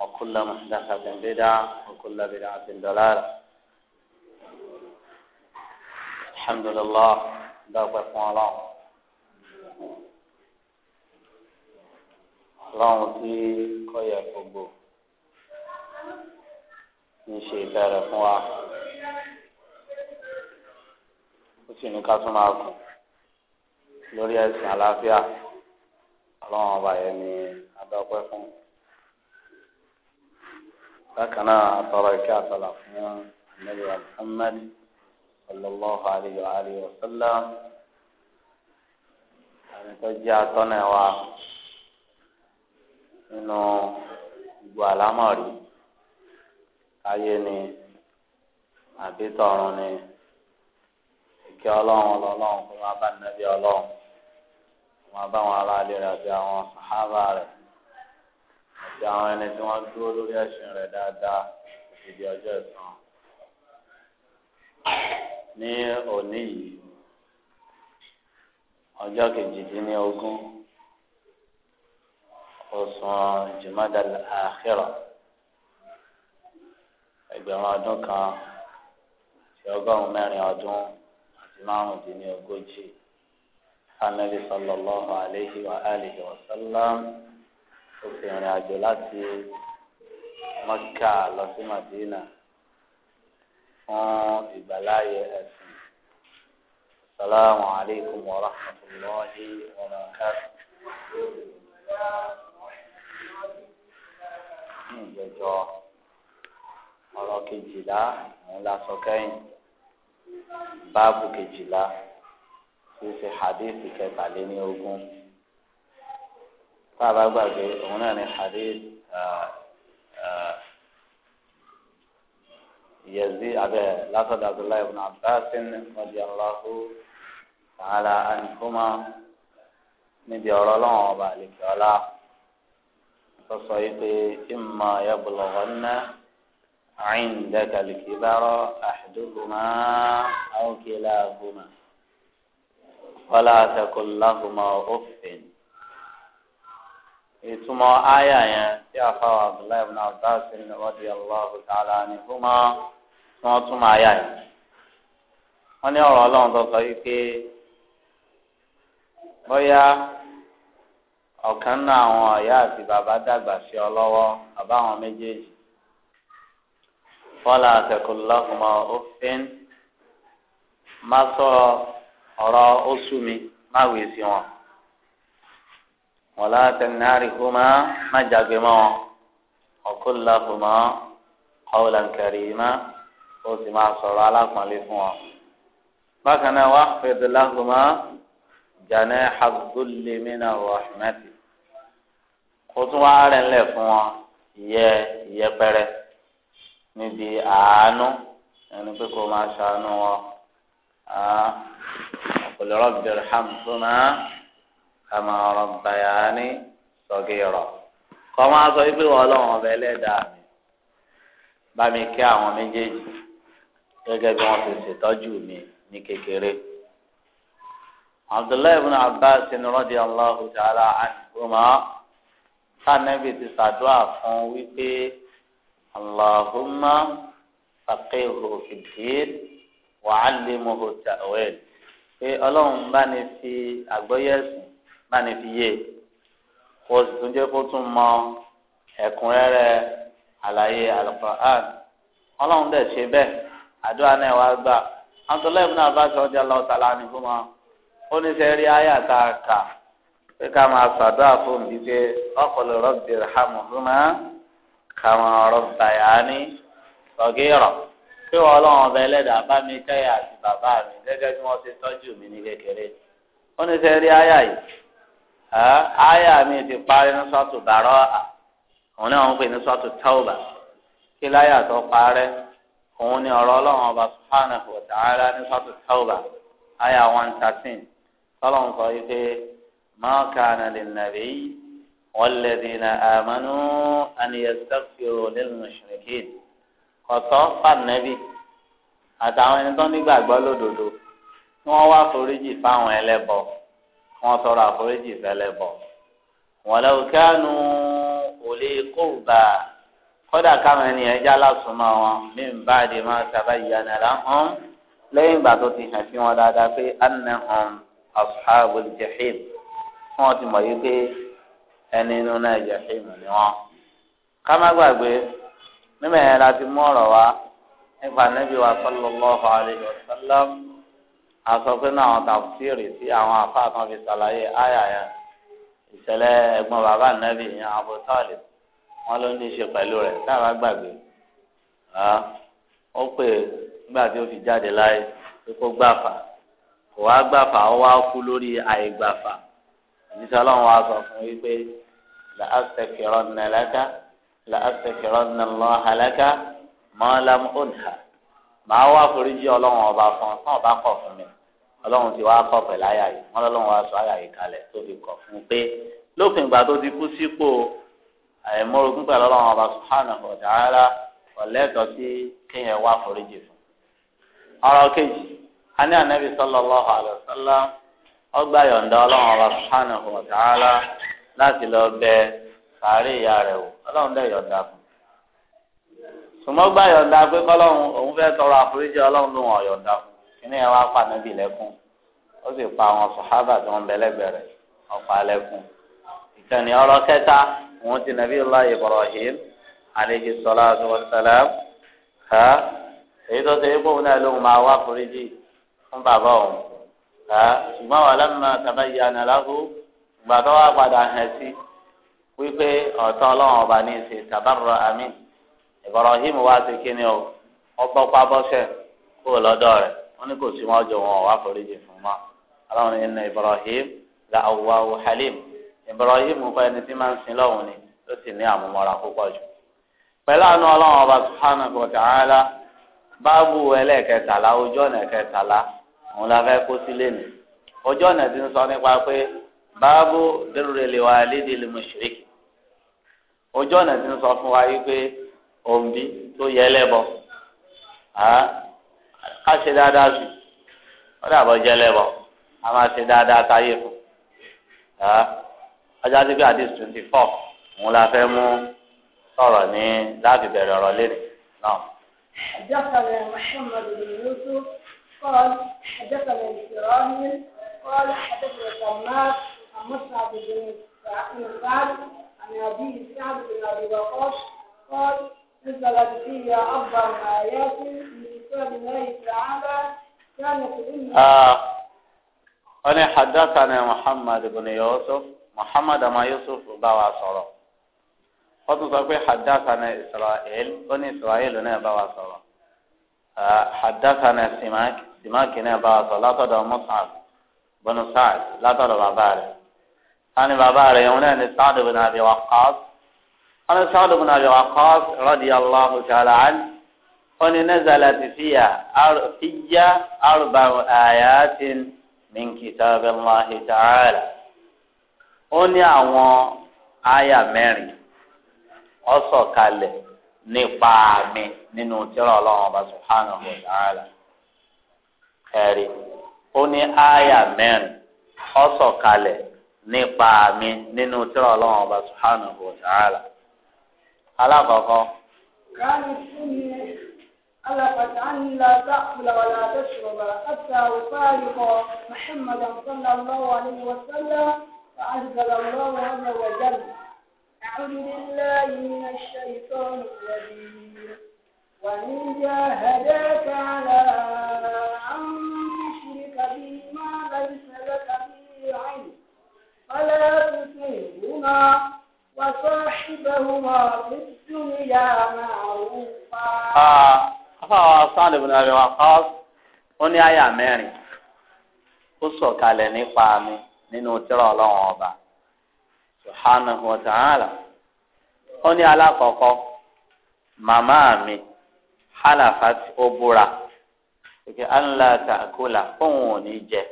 وكل محدثة بدعة وكل بدعة ضلالة الحمد لله دعوة الله ọlọ́run tí kọ́yà gbogbo ń ṣe ìfẹ́ rẹ̀ fún wa ó sì ní ká tún máa kù lórí ẹ̀sìn àlàáfíà ọlọ́run ọba yẹn ni adọ́pẹ́ fún un bákan náà àtọrọ ìkẹ́ àtọlà fún anabi muhammad sallallahu alayhi wa alayhi wa sallam àmì tó jẹ́ atọ́nà wa nínú gbogbo àlámọ̀rí ayé ni àbí tọ̀run ni ìkẹ́ ọlọ́run lọ́lọ́run fún wa bá nàbí ọlọ́run wọn bá wọn ará ilé àti àwọn sàhábà rẹ̀ ti àwọn ẹni tí wọ́n dúró lórí ẹ̀sìn rẹ̀ dáadáa ti di ọjọ́ ẹ̀san. ní òní yìí ọjọ́ kejìdínlógún oṣù jùmọ́dà àkírọ̀ ẹgbẹ̀rún ọdún kan àti ọgọ́rùn-ún mẹ́rin ọdún àti márùndínlógójì anabi sallallahu alayhi wa alihi wa sallam tó fi rìn àjò láti Mọ́kà lọ sí Màdínà fún ìgbàláyé ẹ̀sìn. Salaamu alaykum wa rahmatulahi wa barakatuh. Ní ìjẹjọ́ ọ̀rọ̀ kejìlá òun la sọ kẹ́yìn. Báàbù kejìlá ti ṣe hadithi tábà gbàgbé òun náà ní hadith yazid abẹ látọ̀dọ̀ abdullahi ibn abbas radiyallahu ta'ala anhuma níbi ọ̀rọ̀ ọlọ́run ọba àlèkè ọlá sọsọ yìí pé imma yablughanna عندك الكبر أحدهما أو كلاهما فلا تكن لهما أف ìtumọ̀ àyà yẹn tí a fa abdullahi ibn abbas radiyallahu ta'ala anhuma tí wọ́n túmọ̀ àyà yẹn wọ́n ní ọ̀rọ̀ ọlọ́run tó sọ wípé bóyá ọ̀kan náà àwọn ọ̀yá àti bàbá dàgbà sí ọ lọ́wọ́ bàbá àwọn méjèèjì fọlá òfin má sọ ọ̀rọ̀ mi má sí wọn. ولا تنهرهما ما جاكما وقل لهما قولا كريما وسمع صلى الله عليه وسلم فكان واخفض لهما جناح الذل من الرحمة kótó wa rẹ̀ ńlẹ̀ fún wọn yẹ yẹpẹrẹ níbi àánú ẹni pé kó máa ṣàánú wọn. àpòlọ́rọ̀ bẹ̀rẹ̀ hàm tó máa kàmá ọ̀rọ̀ bàyáni sọ̀gẹ̀rọ̀ kọ́ máa sọ pé wọ́n lọ́wọ́ ọbẹ̀ ẹlẹ́dàá mi bá mi kí àwọn méjèèjì gẹ́gẹ́ bí wọ́n ti ṣètọ́jú mi ní kékeré. Abdullahi ibn Abbas radiyallahu ta'ala anhuma sanabi ti ṣàdúrà fún wípé Allahumma faqihu fid-din wa 'allimhu pé ọlọ́run bá ní fi àgbọ́yé náà ní fi yé e. kó o sì tún jẹ́ kó tún mọ ẹ̀kúnrẹ́rẹ́ àlàyé Al-Qur'an ọlọ́run dẹ̀ ṣe bẹ́ẹ̀ àdúrà náà wá gbà àtúntò ibn Abbas radiyallahu ta'ala anhuma ó ní sẹ́ rí ayé àtàkà pé ká máa ṣàdúrà fún mi pé ọkùnrin rabbi irhamhuma kama rabbayani sagira pé wọ́n lọ́wọ́ ọba ẹlẹ́dàá bá mi kẹ́yà àti bàbá mi gẹ́gẹ́ bí wọ́n ti tọ́jú mi ní kékeré ó ní sẹ́ rí ayé yìí aya mi ti parí ní sọ́tù bàrọ́ òun náà ń pè ní sọ́tù tọ́ọ̀bà kí láyà tó parẹ́ òun ni ọ̀rọ̀ ọlọ́run ọba subhanahu wa ta'ala ní sọ́tù tọ́ọ̀bà aya one thirteen tọ́lọ́run sọ yìí pé ma kana lin-nabiy wal-ladhina amanu an yastaghfiru lil-mushrikeen kọ̀tọ́ àtàwọn ẹni tó nígbàgbọ́ lódodo wọ́n wá foríjì fáwọn ẹlẹ́bọ̀ọ́ wọn tọrọ àforíjì fẹlẹbọ walau kanu uli qurba kódà káwọn ènìyàn já lásùnmọ́ wọn min ba'di ma tabayyana lahum lẹ́yìn ìgbà tó ti hàn sí wọn dáadáa pé annahum ashabul jahim wọn ti mọ̀ yí pé ẹni inú náà jahim ni wọn. ká má gbàgbé nígbà yẹn la mú ọ̀rọ̀ wa nípa Ànábì wa sallallahu alayhi wa sallam asọ̀pẹ́ náà àwọn tàfsírì sí àwọn afáàkàn fi ṣàlàyé àyà yẹn ìṣẹ̀lẹ̀ ẹ̀gbọ́n bàbá nẹ́bí yẹn Abu Talib wọn ló ní í ṣe pẹ̀lú rẹ̀ dábàá gbàgbé ó pè nígbà tí ó fi jáde láyé pé kó gbàfà kò wá gbàfà ó wá kú lórí àìgbàfà ìjíṣẹ́ wa sọ fún yí pé la astaghfiranna laka màá wá foríjì ọlọ́run ọba fún ọ tán ọba kọ̀ fún mi. ọlọ́run ti wá kọ́ pẹ̀lú àyà yìí wọ́n lọ́lọ́run wá sọ àyà yìí kalẹ̀ tó fi kọ̀ fún un pé lópin ìgbà tó ti kú sípò àìmọ́rogún pẹ̀lú ọba wa ọ̀lẹ́tọ̀ sí kéèyàn wá foríjì fún. ọ̀rọ̀ kejì láti lọ bẹ sàárè ìyá rẹ̀ wò ọlọ́run dẹ̀ sùmọ́gbà yọ̀ǹda pé kọ́lọ́run òun fẹ́ tọrọ àforíjì ọlọ́run ó sì pa àwọn sọ̀hábà tó ń bẹ̀lẹ́gbẹ̀rẹ̀ ọ̀pọ̀ alẹ́kùn. ìkànnì ọ̀rọ̀ kẹta òun ti nàbí ọlá Ibrahim aleyhi salatu wa salam ha èyí tó ṣe é kóhun náà lóhun máa wá foríjì fún bàbá òun ha ṣùgbọ́n wà lẹ́mọ̀ tàbá yìí ànàlágó ìgbà tó wá padà hàn sí wípé ọ̀tọ́ ọlọ́run ọba ní ìṣe tàbárọ̀ àmín Ibrahim wá sí kíni o ọgbọ́pá bọ́sẹ̀ kúrò lọ́dọ̀ rẹ̀ wọ́n ní kò sí wọn jọ wọn ò wá foríjì fún wọn. aláwọn ẹnna Ibrahim la awuawu halim Ibrahim kọ ẹni tí máa ń sin lọ́wọ́ ni ó sì ní àmúmọ́ra púpọ̀ jù pẹ̀lú àánú ọlọ́run ọba subhanahu wa ta'ala báàbù ẹlẹ́ẹ̀kẹtàlá ojú ọ̀nà ẹ̀kẹtàlá òun la fẹ́ kó ni ojú ọ̀nà ti ń sọ nípa pé báàbù wa lédè lè ojú ọ̀nà ti ń sọ fún wa a máa ṣe dáadáa táyé fún ọjọ́ àti pé àdìs twenty four òun la fẹ́ mú sọ̀rọ̀ ní láti bẹ̀rẹ̀ ọ̀rọ̀ lẹ́nu náà. حدثنا محمد بن يوسف قال حدثنا إبراهيم قال حدثنا سماك عن مصعب بن سعد عن أبي سعد بن أبي وقاص قال نزلت في أربع آيات من كتاب الله تعالى كانت إن أنا حدثنا محمد بن يوسف محمد ما يوسف بوا صلاة فتنصف حدثنا إسرائيل بن إسرائيل نه بوا صلاة حدثنا سماك سماك نه بوا صلاة تدعو مصعب بن سعد لا ترى باباره أنا باباره يونان سعد بن أبي وقاص أنا سعد بن أبي وقاص رضي الله تعالى عنه أن نزلت فيها أر... فيها أربع آيات min kitab Allah ta'ala ó ní àwọn àyà mẹ́rin ó sọ̀kalẹ̀ nípa mi nínú tírà Ọlọ́run ọba subhanahu wa ta'ala ẹ̀rí ó ní àyà mẹ́rin ó sọ̀kalẹ̀ nípa mi nínú tírà Ọlọ́run ألقت لا تأكل ولا تشرب حتى أفارق محمدا صلى الله عليه وسلم فأنزل الله عز وجل أعوذ بالله من الشيطان الرجيم وإن جاهداك على أن تشرك بي ما ليس لك به علم فلا تطيعهما وصاحبهما في الدنيا معروفا آه. afáwọn sáàlì bùnú àbí wọn kọ́ ó ní àyà mẹ́rin ó sọ̀kalẹ̀ nípa mi nínú tírà ọlọ́run ọba subhanahu wa ó ní alákọ̀ọ́kọ́ màmá mi halafat ó búra pé anla ta'kula fóun ò ní jẹ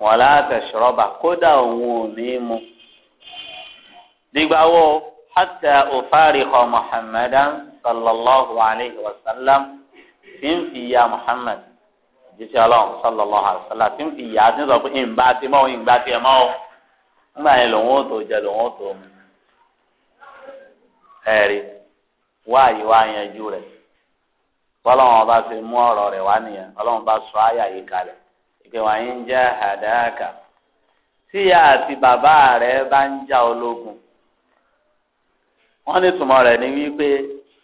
wọn láti ṣọrọba kódà òun ò ní mu nígbà wo muhammadan. sallallahu alayhi wa sallam fi fi ya muhammad jíṣẹ́ ọlọ́run sallallahu alayhi wa sallam fi fi ya àti sọ pé ìgbà tí mọ́ ìgbà tí jẹ lòun ó tó mu ẹ̀rí wáyé wá yanjú rẹ̀ fọlọ́wọ́n bá fi mú ọ̀rọ̀ rẹ̀ wá nìyẹn sọ àyà yìí ìpè àdáàkà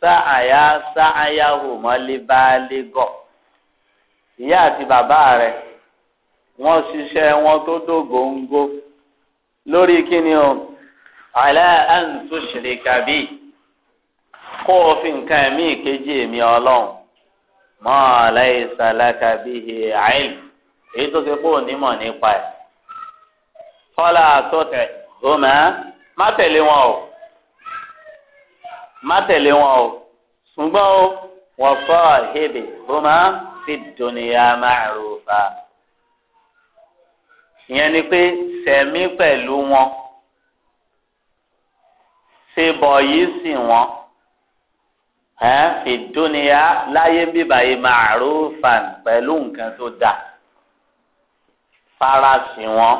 sáàyà sáàyàwò mọ́lébálégọ̀. ìyá àti bàbá rẹ̀ wọ́n ṣiṣẹ́ wọn tó dó góńgó lórí kíni o àlẹ́ àǹtó ṣèlékà bíi kó o fi nǹkan ẹ̀mí ìkejì èmi ọlọ́run mọ́ àlẹ́ ìsàlákà bíi àìlù èyí tó ti kó onímọ̀ nípa ẹ̀ fọ́lá àtọ́tẹ̀ gómẹ́ má tẹ̀lé wọn o. má tẹ̀lé wọn o ṣùgbọ́n o wọ́n sọ àhébè bó máa fi dùnìyà ma'rufa. ìyẹn ni pé sẹ̀mí pẹ̀lú wọn ṣe bọ̀ yìí sì wọn fi dùnìyà láyé bíbáyé ma'rufa pẹ̀lú nǹkan tó dáa farasi wọn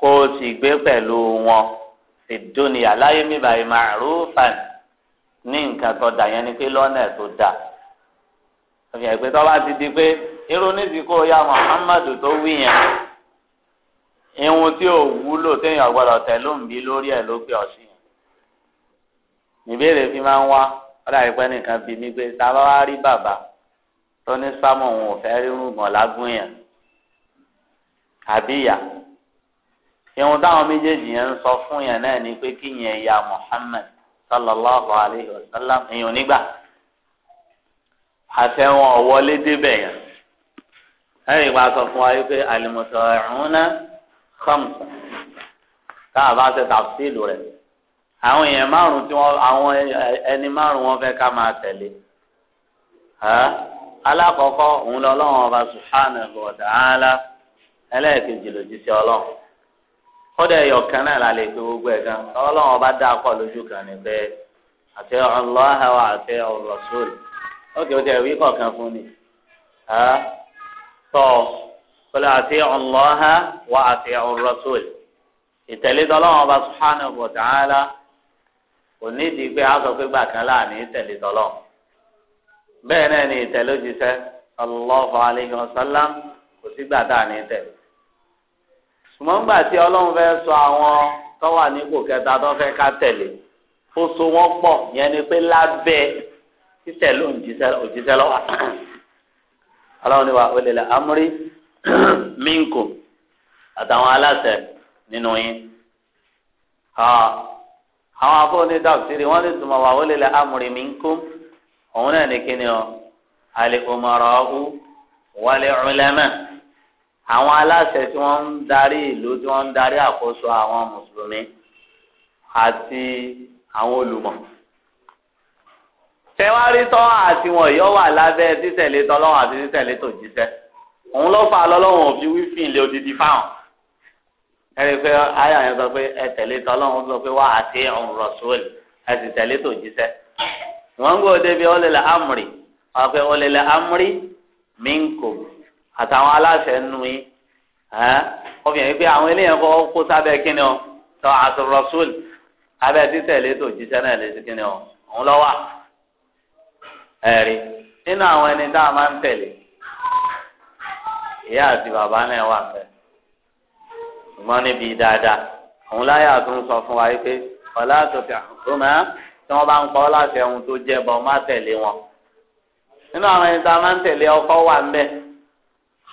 kó o sì gbé pẹ̀lú wọn ìdóni aláyé mi báyìí màrúfàn ní nǹkan tó dà yẹn ni pé lọ́nà tó dà òfin ẹ̀gbẹ́ tó bá ti di pé irú níbi kó ya Muhammadu tó wí yẹn irun tí ò wúlò téèyàn gbọdọ̀ tẹ̀lé ń bí lórí ẹ̀ ló gbé ọ sí yẹn ìbéèrè fi máa ń wá ọ̀dà ìpẹ́ nìkan bí mi pé tá bá rí bàbá tó ní sámọ̀ òun ò fẹ́ rí rúgbọ̀n lágún yẹn àbí irun táwọn méjèèjì yẹn ń sọ fún yẹn náà ni pé kí yẹn ya Muhammad sallallahu alayhi wa sallam èèyàn nígbà àtẹwọn ọwọlé débẹ yẹn ẹyìn máa sọ fún wa yìí pé àlùmọ̀tò ẹ̀rúnná khamsa káà bá ṣe tàfsíìlù rẹ̀ àwọn èèyàn márùn tí wọn àwọn ẹni márùn wọn fẹ́ ká máa tẹ̀lé alákọ̀ọ́kọ́ òun ọba subhanahu wa ta'ala ẹlẹ́ẹ̀kejì lòdì sí ọlọ́run. kọ́dà ẹ̀yọ̀ kan náà la lè fi gbogbo ẹ̀ gan ọlọ́run ọba dá akọ lójú kan ní pé àti àti ókè ó kọ̀ọ̀kan fún ni tọ́ pẹ̀lú àti ọlọ́hà wà àti ọlọ́sọ́ọ̀lù ìtẹ̀lé tọ́lọ́run ọba subhanahu wa kò ní ìdí pé a sọ pé gbà kan ìtẹ̀lé tọ́lọ́run bẹ́ẹ̀ náà ni ìtẹ̀lé kò sí gbà tá à ní ìtẹ̀lé. ṣùgbọ́n gbà tí ọlọ́run fẹ́ sọ àwọn tó wà nípò kẹta tó fẹ́ ká tẹ̀lé ó so wọ́n pọ̀ yẹn ni pé lábẹ́ títẹ̀lé òjíṣẹ́ lọ́wọ́ ọlọ́run ni wà olè lẹ́ amúrí minkum àtàwọn aláṣẹ nínú yín àwọn afọ́ni dàkítírì wọ́n lè túmọ̀ wà olè lẹ́ amúrí minkum òun náà ní kíni ọ al umara'u wal ulama àwọn aláṣẹ tí wọ́n ń darí ìlú tí wọ́n ń darí àkóso àwọn mùsùlùmí àti àwọn olùmọ̀ tẹwárí tọ́ àti wọn yọ wà lábẹ́ títẹ̀lé tọ́lọ́wọ́n àti títẹ̀lé tòjíṣẹ́ òun ló fa lọ́lọ́wọ́n òfin wífìn lé odidi fáwọn ẹ̀rí pé ayé àyàn sọ pé ẹ tẹ̀lé tọ́lọ́wọ́n sọ pé wá àti ọ̀hún rọ̀sùwẹ̀lì ẹ sì tẹ̀lé tòjíṣẹ́ wọ́n ń gbọ́ débi ọ̀lẹ́lẹ̀ amúrì wọ́n pe ọ̀lẹ́lẹ̀ mí ń kò àtàwọn aláṣẹ nù yín obìnrin pé àwọn eléyàn kọ́ kó sábẹ́ kíni o tọ́ àtúrọ̀sùl abẹ́ títẹ̀lé tó jíṣẹ́ náà létí kíni o òun lọ́wọ́ ẹ̀rí nínú àwọn ẹni tá a máa ń tẹ̀lé ìyá àti bàbá náà wà fẹ́ ṣùgbọ́n níbi dáadáa òun láyà tó ń sọ fún wa pé ọ̀la àtòkè àkókòmọ́ tí wọ́n bá ń pa ọ́ láti tó jẹ́ bọ́ má tẹ̀lé wọn nínú àwọn ẹni tá a máa ń tẹ̀lé ọkọ wà ń bẹ́ẹ̀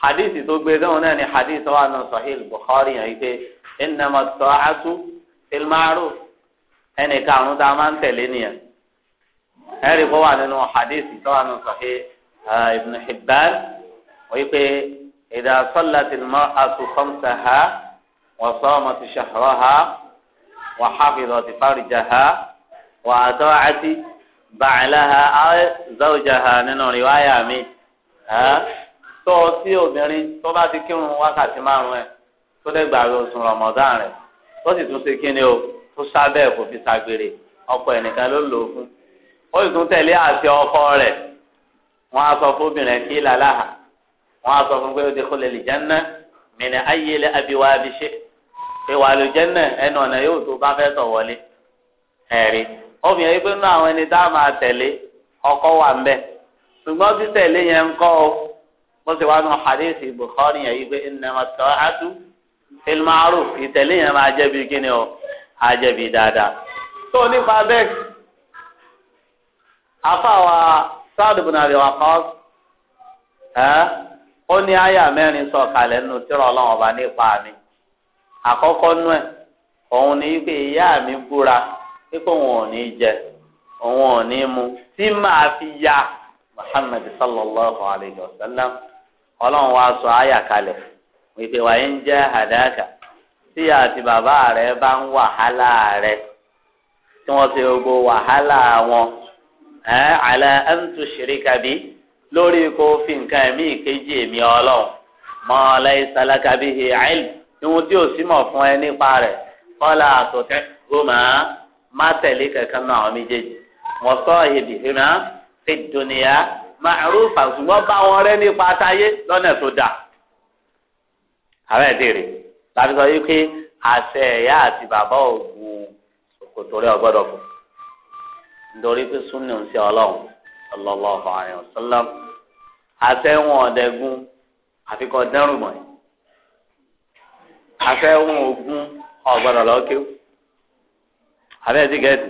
hadithi tó gbé dáhùn náà ni hadithi tó wà nù sahih bukhari yẹn pé innama ta'atu fil ma'ruf ẹnì karùn-ún tá a máa ń tẹ̀lé nìyẹn ẹ̀rí kó wà nínú hadithi tó wà nù sahih ibn hibban wọ́n pé idha sallat al-mar'atu khamsaha wa samat shahraha wa hafizat farjaha wa ata'at ba'laha aw zawjaha nínú riwaya mi. tọ́ ọ sí obìnrin tó bá ti kírun wákàtí márùn ẹ tó dẹ̀ gbàgbé oṣù rọmọdán rẹ tó sì tún ṣe kíni o tó sábẹ́ kò fi ṣàgbèrè ọkọ ẹnìkan ló lò ó fún ó sì tún tẹ̀lé àti ọkọ rẹ̀ wọ́n á sọ fún obìnrin kí làlàhà wọ́n á sọ fún pé ó ti kólé lè jẹ́nà mìíràn ayé lè abiwá abiṣẹ́ ìwà lè jẹ́nà ẹnu ọ̀nà yóò tó bá fẹ́ tọ̀ wọlé ẹ̀rí obìnrin yìí pé nínú àwọn ẹni tá a máa tẹ̀lé ọkọ wà ń ṣùgbọ́n títẹ̀lé yẹn ń kọ́ o. bó ṣe wá nù hadith Bukhari yẹn yìí pé innama ta'atu fil ma'ruf ìtẹ̀lé yẹn máa jẹ́ bí kíni o àjẹbí dáadáa. tó nípa bẹ́ẹ̀ afáwa Sa'd ibn Abi Waqqas ẹ́ ó ní àyà mẹ́rin sọ kalẹ̀ nù tírà Ọlọ́run ọba nípa mi àkọ́kọ́ nú ẹ̀ òun ní pé ìyá mi búra pípé òun ò ní jẹ òun ò ní mu tí màá fi ya Muhammad sallallahu alayhi wa sallam. ọlọ́run wa sọ àyà kalẹ̀ wípé wàá ń jẹ́ àdáàkà tí àti bàbá rẹ bá ń wàhálà rẹ tí wọ́n ti gbogbo wàhálà wọn ẹ̀ àlẹ́ ẹ̀ ń tu Lori bí lórí kó fi nǹkan ẹ̀mí ìkejì èmi ọlọ́run mọ́ ọlẹ́yìn sálákàbí hìáìl ìhun tí ò sí mọ̀ fún ẹ nípa rẹ̀ kọ́lá àtọ̀tẹ́ gómà má tẹ̀lé kankan náà àwọn méjèèjì wọ́n sọ fi dùnìyà. màrúfà ṣùgbọ́n bá wọn rẹ́ nípa táyé lọ́nà tó dáa. ààrẹ dèrè tàbí sọ yìí pé àṣẹ ẹ̀yà àti bàbá ògùn òkòtò rẹ̀ ọgbọ́dọ̀ fún nítorí pé súnni ń ṣe ọlọ́run sallallahu alaihi wasallam àṣẹ wọn ọ̀dẹ́gun àfikọ́ dẹ́rùmọ̀ yìí àṣẹ wọn ògùn ọ̀gbọ́dọ̀ lọ́kẹ́wò ààrẹ dìgẹ́dì.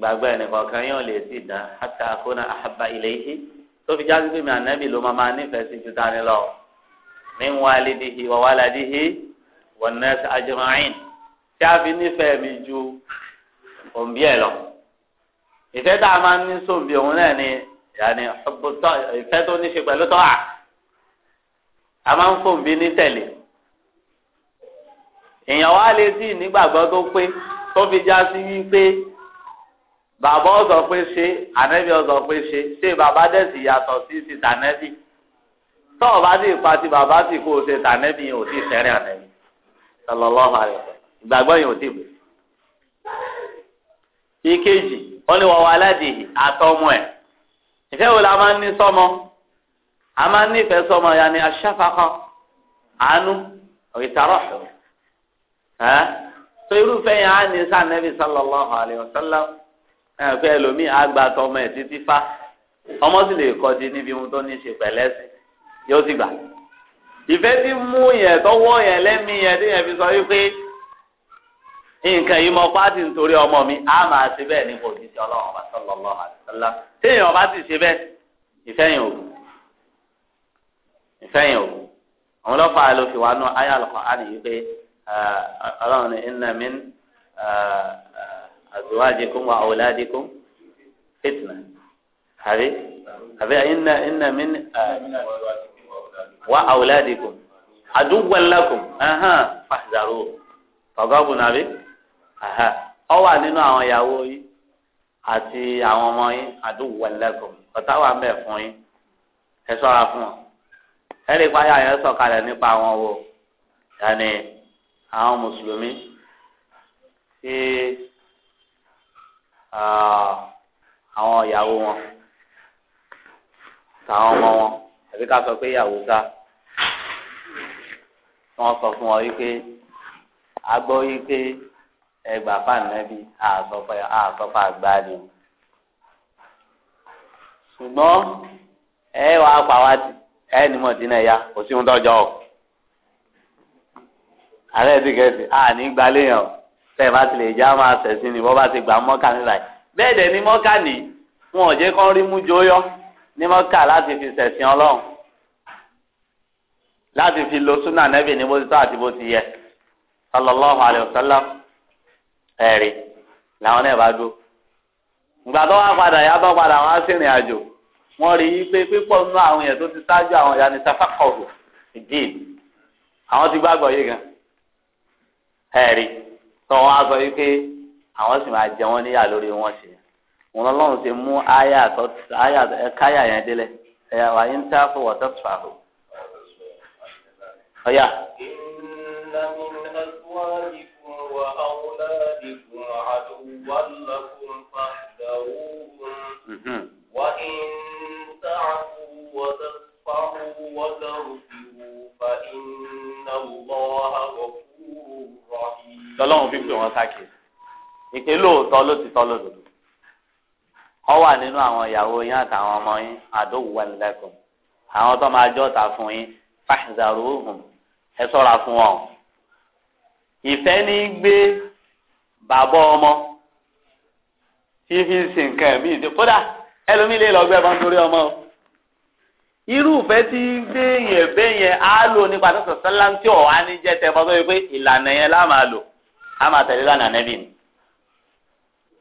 gbàgbọ́ ẹnìkan kan yóò lè ti dá hàtà àkóná àhàbà ilé yìí tó fi jáde pé mi ànábì ló máa máa nífẹ̀ẹ́ sí ju tani lọ ní wàlídìhì wàwàládìhì wọnẹsì àjùmáyìn tí a fi nífẹ̀ẹ́ mi ju òǹbí ẹ̀ lọ. ìfẹ́ tá a máa ń ní sóǹbì òun náà ni yàní ìfẹ́ tó ní ṣe pẹ̀lú tọ́wà a máa ń fòǹbì ní tẹ̀lé. èèyàn wá lè tí ìnígbàgbọ́ tó pé tó fi já wípé bàbá ọ̀sọ̀ pé ṣe ànẹ́bí ọ̀sọ̀ pé ṣe ṣé bàbá dẹ̀sì yàtọ̀ sí ti tànẹ́bí tọ́ ọ̀bá sì pa ti bàbá sì kó o ṣe tànẹ́bí yẹn ò tí ì fẹ́rẹ̀ ànẹ́bí sallallahu alaihi wasallam ìgbàgbọ́ yẹn ò tí ì pè. ìkejì wọn ni wọn wà aládìhì àtọmọ ẹ ìfẹ́ wo la máa ń ní sọmọ a máa ń nífẹ̀ẹ́ sọmọ ya ni aṣáfakọ àánú ìtarọ̀ ẹ̀ tó irúfẹ́ yẹn á ní sànẹ́bí sallallahu ẹ̀fẹ́ ẹlòmíì àgbà tọmọ ẹ̀ títí fá ọmọ sì lè kọ́ di níbi ohun tó ní í ṣe pẹ̀lẹ́ sí yóò sì gbà. ìfẹ́ tí mú yẹn tọwọ́ yẹn lẹ́mí yẹn tí yẹn fi sọ wípé nǹkan yìí mọ pátì nítorí ọmọ mi á máa ṣe bẹ́ẹ̀ ní kò ní ṣe ọlọ́run ọba sallallahu alaihi wasallam téèyàn bá sì ṣe bẹ́ẹ̀ ìfẹ́ yẹn ò ìfẹ́ yẹn ò àwọn ọlọ́fà ló fi wá nú ayé àlùkò á nìyí pé ọlọ́run ní inna azwajikum wa auladikum fitna àbí àbí inna inna min wa auladikum aduwwan lakum ahan fahzaru fagabu nabi aha ó wà nínú àwọn ìyàwó yìí àti àwọn ọmọ yìí aduwwan lakum ọ̀tá wà ń bẹ fún yín ẹ ṣọ́ra fún wọn ẹ lè pa ayé àyẹsọ kalẹ̀ nípa àwọn wo yàní àwọn mùsùlùmí tí. Ah, àwọn ìyàwó wọn tàwọn ọmọ wọn àbí ká sọ pé ìyàwó ká wọn sọ fún ọ wípé a gbọ́ wípé ẹgbà fànẹ́bí àsọfà àgbáàlì ṣùgbọ́n ẹ wàá pa wá ẹ ní mọ̀dínà ya kò sí ohun tọ́jọ́ ààrẹ ti kẹ́sì àní gbalẹ̀ yàn. tẹ́ bá ti já máa tẹ̀sí ni wọ́n bá ti gbà mọ́kà nílà yìí bẹ́ẹ̀ ni mọ́kà ní rí mú jóyọ́ fi ṣẹ̀sìn ọlọ́run láti fi lo súnà nẹ́bì ní bó ti tọ́ àti ti yẹ sallallahu alayhi ẹ̀rí làwọn náà bá dúró ìgbà tó wá padà yá padà wá sí ìrìn àjò wọn rí i pé pípọ̀ nínú àwọn ti àwọn ìyá ni ìdí àwọn ti gbàgbọ́ yìí gan tọ́ wọn á sọ yìí pé àwọn sì máa jẹ wọn níyà lórí wọn ṣe wọn lọ́run ṣe mú káyà yẹn délẹ̀ ẹ̀yà wà yín tá fún wọ́tọ́ tó àhó. ọ̀yà. وإن تعفوا فإن الله غفور lọ́lọ́run fi pè wọ́n káàkiri ìpè lóòótọ́ ló ti tọ́ lódodo ọ wà nínú àwọn ìyàwó yín àtàwọn ọmọ yín àdóhùn wà lẹ́kọ̀ọ́ àwọn tó máa jọ́ ta fún yín fàṣìzàrò òhùn ẹ sọ́ra fún wọn. ìfẹ́ ní gbé bàbá ọmọ fífi sìnkẹ́ mi kódà ẹlòmíì lè bá ń torí ọmọ o. iru tí béèyàn béèyàn á lò nípa tó sọ̀tàn láńtí ọ̀ á ní jẹ́ tẹ́ bọ́tọ́ wípé ìlànà yẹn lá máa lò á máa tẹ̀lé lánàá nẹ́bí ni.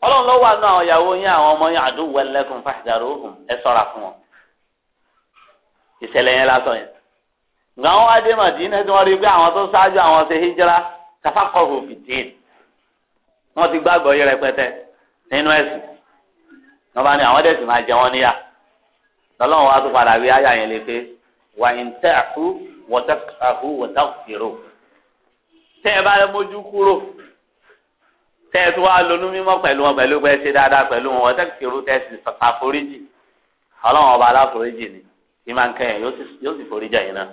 ọlọ́run lọ́wọ́ àánú àwọn ìyàwó yín àwọn ọmọ yín àdúgbò ẹlẹ́kùn fàṣàrò ẹ sọ́ra fún wọn. ìṣẹ̀lẹ̀ yẹn lásán yẹn. ǹgbà wọn wá dé tí rí pé àwọn tó ṣáájú àwọn ṣe lọ́lọ́run wa tún padà wí ayà yẹn lè pé wà ń tẹ́ àkú wọ́tẹ́ àkú wọ́tẹ́ òkèrò tẹ́ ẹ bá lè mójú kúrò tẹ́ ẹ tún wá lónú mímọ́ pẹ̀lú wọn pẹ̀lú pé ṣe dáadáa pẹ̀lú wọn wọ́tẹ́ òkèrò tẹ́ sì àforíjì ọlọ́run ọba aláforíjì ni ìmọ̀ nǹkan yẹn yóò sì foríjà yẹn náà.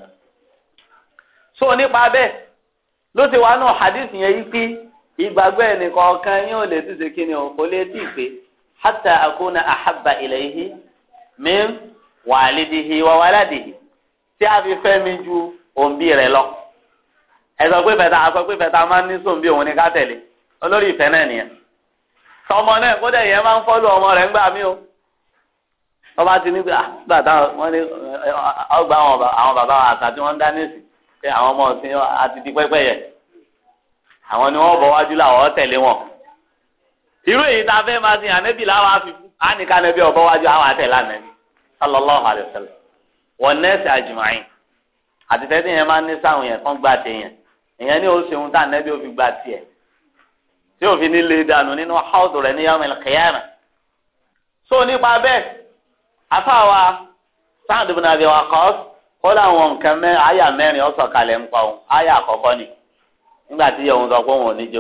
so nípa bẹ́ẹ̀ ló ti wá nù hadith yẹn yí pé ìgbàgbọ́ ẹnìkan kan yóò wàlídìhì wà tí a fi fẹ́ ju òǹbí rẹ lọ. ẹ pé fẹ́ta sọ pé fẹ́ta máa ń ní sòǹbí òun ni ká tẹ̀lé olórí ìfẹ́ náà nìyẹn. tọmọ náà kó dẹ̀ yẹn ọmọ rẹ̀ ńgbà mí o. wọ́n bá ti ní pé àgbà ah, táwọn wọ́n ní ọgbà àwọn bàbá àṣà tí wọ́n ń dá nísì pé àwọn ọmọ ọ̀sìn àti pẹ́pẹ́ yẹ. àwọn ni wọ́n bọ̀ wájú wọn. irú èyí a fẹ́ máa sin ànẹ́bì láwọn àfikún á sallallahu alayhi wa sallam wọn nẹ́ẹ̀sì àjùmáyìn àtẹ̀tẹ̀ tí yẹn máa ń ní sáwọn yẹn kán gba yẹn ìyẹn ní oṣù ìhun tá ànẹ́bí ó fi gba tiẹ̀ tí òfin nílé dànù nínú haudu rẹ̀ ní so nípa bẹ́ẹ̀ afáwa Sa'd kó láwọn nǹkan mẹ́ àyà mẹ́rin ọ̀sọ̀ kalẹ̀ ń pa òun ni nígbà tí sọ pé òun ò ní jẹ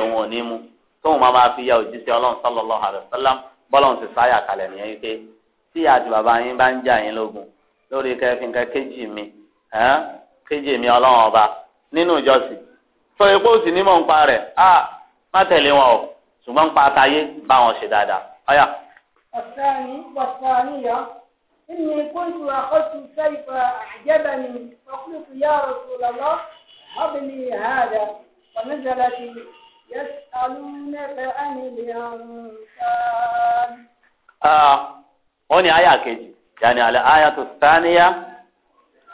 òun ò fi ya òjíṣẹ́ ọlọ́run sallallahu tí àti yín bá ń jà yín lógun lórí mi kéjì mi ọba nínú ìjọsìn sọ epo sì ní mọ̀ ń pa rẹ̀ a má tẹ̀lé wọn o ṣùgbọ́n pa wọn ṣe dáadáa wọ́n ní àyà kejì yàní àlẹ́ àyà tó sáníyà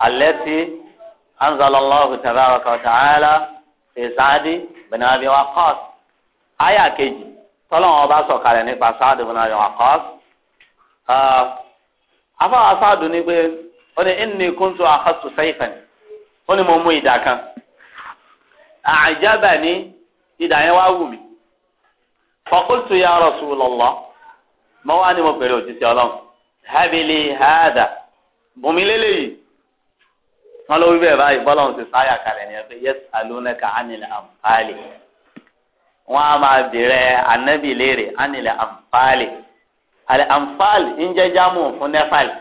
àlẹ́ tí anzalallahu tabaraka wa ta'ala fi sáàdì bin abi waqas àyà kejì tọ́lọ́wọ́n bá sọ̀kalẹ̀ nípa sáàdì bin abi waqas afáwọn sáàdù ni pé ó ní inni kuntu akhadtu sayfan ó ní mo mú ìdá kan àjábà ní ìdá yẹn wá wù mí fa qultu ya rasulallah wá ní mo pèrè òjíṣẹ́ ọlọ́run habili hada bùnmi lélẹyìí wọn lọ wí bẹ́ẹ̀ báyìí bọlọrun ti sáyà kalẹ̀ ní ẹgbẹ yẹs alonaka anilẹ anfali wọn a máa bẹ̀rẹ̀ anabi léèrè anilẹ anfali alẹ anfali ń jẹ jámù fún nẹfàlì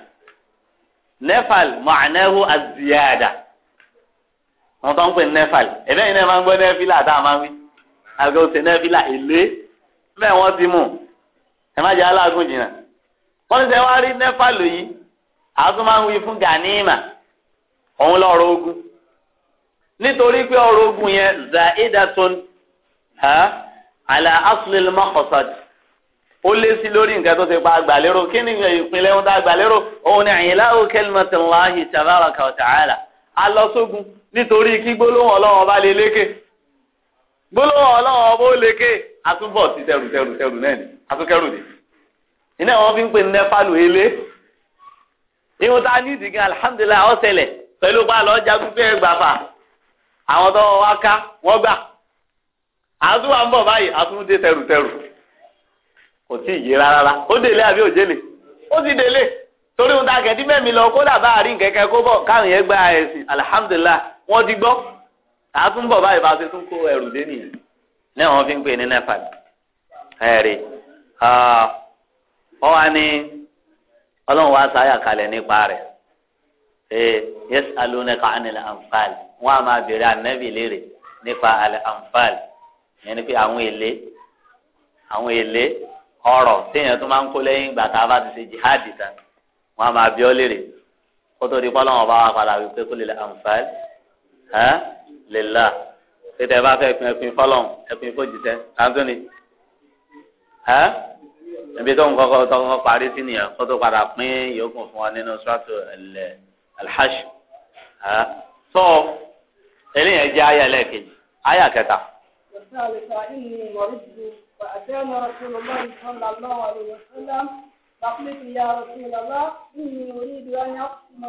nẹfàlì mọ̀ánẹ́hù aziyada wọn tó ń pè nẹfàlì ẹ̀bẹ́ yìí náà máa ń gbọ́ nẹfìlà tá máa ń wí àgbẹ̀ òsè nẹfìlà èlé bẹ́ẹ̀ wọ́n ti mú ẹ má jẹ́ alágùn jìnnà. wọ́n ti wá rí nẹ́fà lòyìí àtún fún ganima òun ogun nítorí pé ọ̀rọ̀ ogun yẹn ala aslil maqsad ó lé sí lórí nǹkan tó ti pa àgbàlérò kí ni ìpínlẹ̀ òun ni àyìnlá kalimatillahi tabaraka wa ta'ala a lọ nítorí kí gbólóhùn lè lékè gbólóhùn lékè àtúbọ̀ sí tẹrù tẹrù tẹrù náà ni iná wọn fi ń pè ní nẹ́fàlù elé ihun tá a ní ìdìgín alihamdulilayi ọ̀sẹ̀lẹ̀ pẹ̀lú pa lọ́ọ́ jagun pé ẹgbà fà àwọn tó wá ká wọ́n gbà àtúwà ń bọ̀ báyìí àtúndé tẹrùtẹrù kò tí ì yé rárá ó délé àbí òjèlè ó ti délé torí ohun tá a kẹ́tí mẹ́mi lọ kódà bá a rí nkẹ́kẹ́ kó bọ̀ káwọn yẹn gba ẹ̀sìn alihamudulilayi wọ́n ti gbọ́ àtúnbọ̀ báyìí bá a ti tún kó ẹrù dé nìyẹn náà wọ́n fi ń pè ní nẹ́fà ẹ̀rí. Ah ọ wá ní ọlọ́run wá sáyà kalẹ̀ nípa rẹ̀ ee yẹs alunaka anil anfal wọn a máa béèrè anabi léèrè nípa alẹ anfal yẹn ni pé àwọn èlé àwọn èlé ọrọ̀ téèyàn tó máa ń kó lẹ́yìn ìgbà tá a bá ti ṣe jihadi tán wọn a máa bí léèrè kótó di kọ́lọ́run ọba wa padà wípé kó lè lẹ anfal ẹ lè la tètè bá fẹ́ pin ẹpin fọlọ́n ẹpin fòjìṣẹ́ tàǹtó ni ẹ níbi tó ń kọ́kọ́ tó kọ́kọ́ parí sí nìyẹn kó tó padà pín yòókù fún wa nínú sọ́tò ẹ̀lẹ́ alhash tó eléyẹn jẹ́ ayé ẹlẹ́ẹ̀kejì ayé àkẹta. فأتانا رسول الله صلى الله عليه وسلم فقلت يا رسول الله إني أريد أن أقسم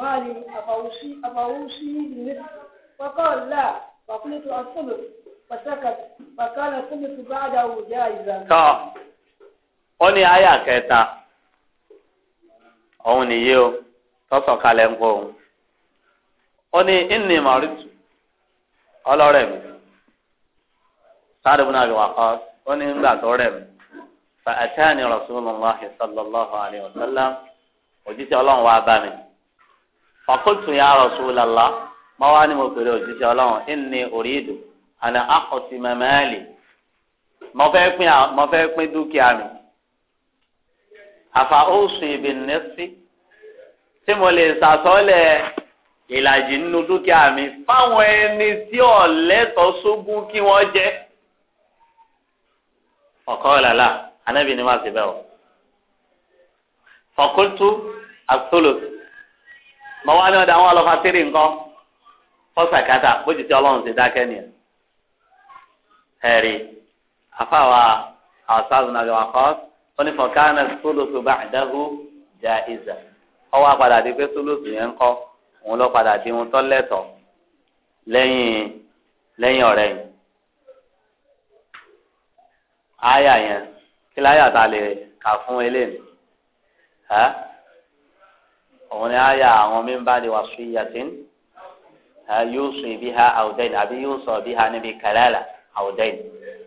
مالي أفوشي أفوشي بالنصف فقال لا فقلت الثلث فسكت فكان الثلث بعده جائزا. ó ní àyà kẹta òun nìyí o tọ́sọ̀ kalẹ̀ ń kó òun ó ní ìní màrìtù mi sáré bùnà àbí wàkọ́ ó ńgbà tó rẹ̀ mi fa àtẹ́ni rasulillah sallallahu alayhi wa òjíṣẹ́ ọlọ́run wá bá mi fakultu ya rasulallah ma wá mo pèrè òjíṣẹ́ ọlọ́run ìní uridu àná àkọsí mẹ́mẹ́lì mo pín dúkìá mi. àfà oṣù ìbìnnísí tí mo lè ṣàsọ́lẹ̀ ìlàjì nínú dúkìá mi fáwọn ẹni tí ọ̀lẹ́tọ̀ sógún kí wọ́n jẹ́ ọ̀kọ́ ọ̀làlà anábì ni wọ́n ti bẹ̀ wọ̀ fọ̀kútù àtúlù mọ wá ní ọ̀dà àwọn ọlọ́fà tírì nǹkan fọ́sàkátà bójú tí ọlọ́run ti dákẹ́ nìyẹn ẹ̀rí àfàwà àwọn sáàzùn àjọ àkọ́sí wọ́n ní fọ̀nkánà sólóso bá àdáhù já ìzà ọwọ́ apàdà di pé sólóso yẹn ń kọ́ òun lọ padà di ohun tó lẹ́tọ̀ lẹ́yìn lẹ́yìn ọ̀rẹ́ yìí. áyà yẹn kí láyà ta lè kà fún eléyìí ẹ́ òun ni áyà àwọn mímbá ni wà sí yàtín yóò sùn ibi ha àwùjẹ́ àbí yóò sọ ibi ha níbi kàlálà àwùjẹ́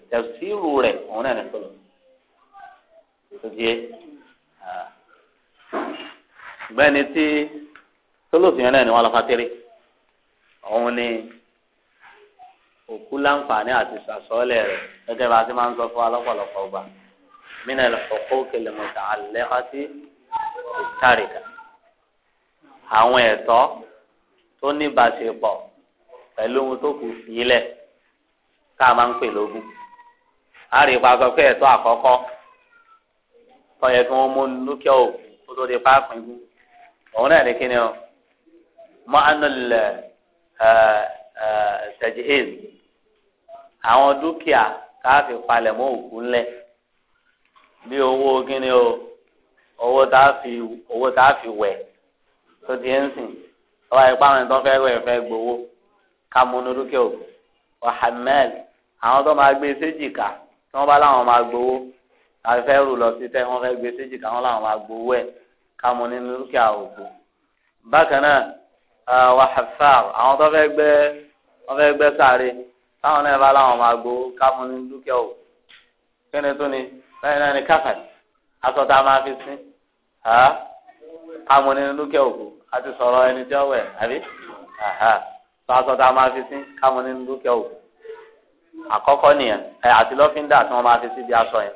tẹ̀síìrù rẹ̀ òun náà ní sólóso díẹ̀ gbẹ́ni tí tólófin yẹn náà ni wọ́n lọ fatiri òun ni òkú láǹfààní àti sàsọ́ọ̀lẹ̀ rẹ̀ gẹ́gẹ́ bá a ti máa ń sọ fún alọ́pọ̀lọpọ̀ ọgbà mina al-huquq al-muta'alliqati bit-tarika àwọn ẹ̀tọ́ tó ní ìbáṣepọ̀ pẹ̀lú ohun tó kù sílẹ̀ ká máa ń pè lógún a rí ipa sọ pé ẹ̀tọ́ àkọ́kọ́ ọyẹ kí wọn mú dúkìá òkú kó tó di páàkì igun òun náà ní kíni ọ mọ anulẹ sẹjihéz àwọn dúkìá káàfin palẹ̀ mọ́ òkú ńlẹ̀ bí owó kíni o owó tá a fi owó tá a fi wẹ̀ tó ti ń sìn ọba ìpá àwọn ẹ̀tọ́ fẹ́ wẹ̀ fẹ́ gbowó ká mú nu dúkìá òkú ọ̀hánmẹ́ẹ̀lì àwọn tó máa gbé séjìká tí wọ́n bá láwọn máa gbowó afẹ́ rù lọ sí tẹ́ wọ́n fẹ́ gbé séjì káwọn làwọn máa gbowó ẹ̀ káwọn ní dúkìá ògbó. bákan náà wà hafar àwọn tó fẹ́ gbẹ́ wọ́n fẹ́ gbẹ́ sáré táwọn náà bá làwọn máa gbowó káwọn ní dúkìá ògbó. kíni tó ni lẹ́yìn náà ni káfẹ́ aṣọ tá a máa fi sí káwọn ní dúkìá ògbó a ti sọ̀rọ̀ ẹni tí ó wẹ̀ àbí aṣọ tá a máa fi sí káwọn ní dúkìá ògbó àkọ́kọ́ nìyẹn àti lọ́fíńdà tí wọ́n máa fi sí bí aṣọ yẹn.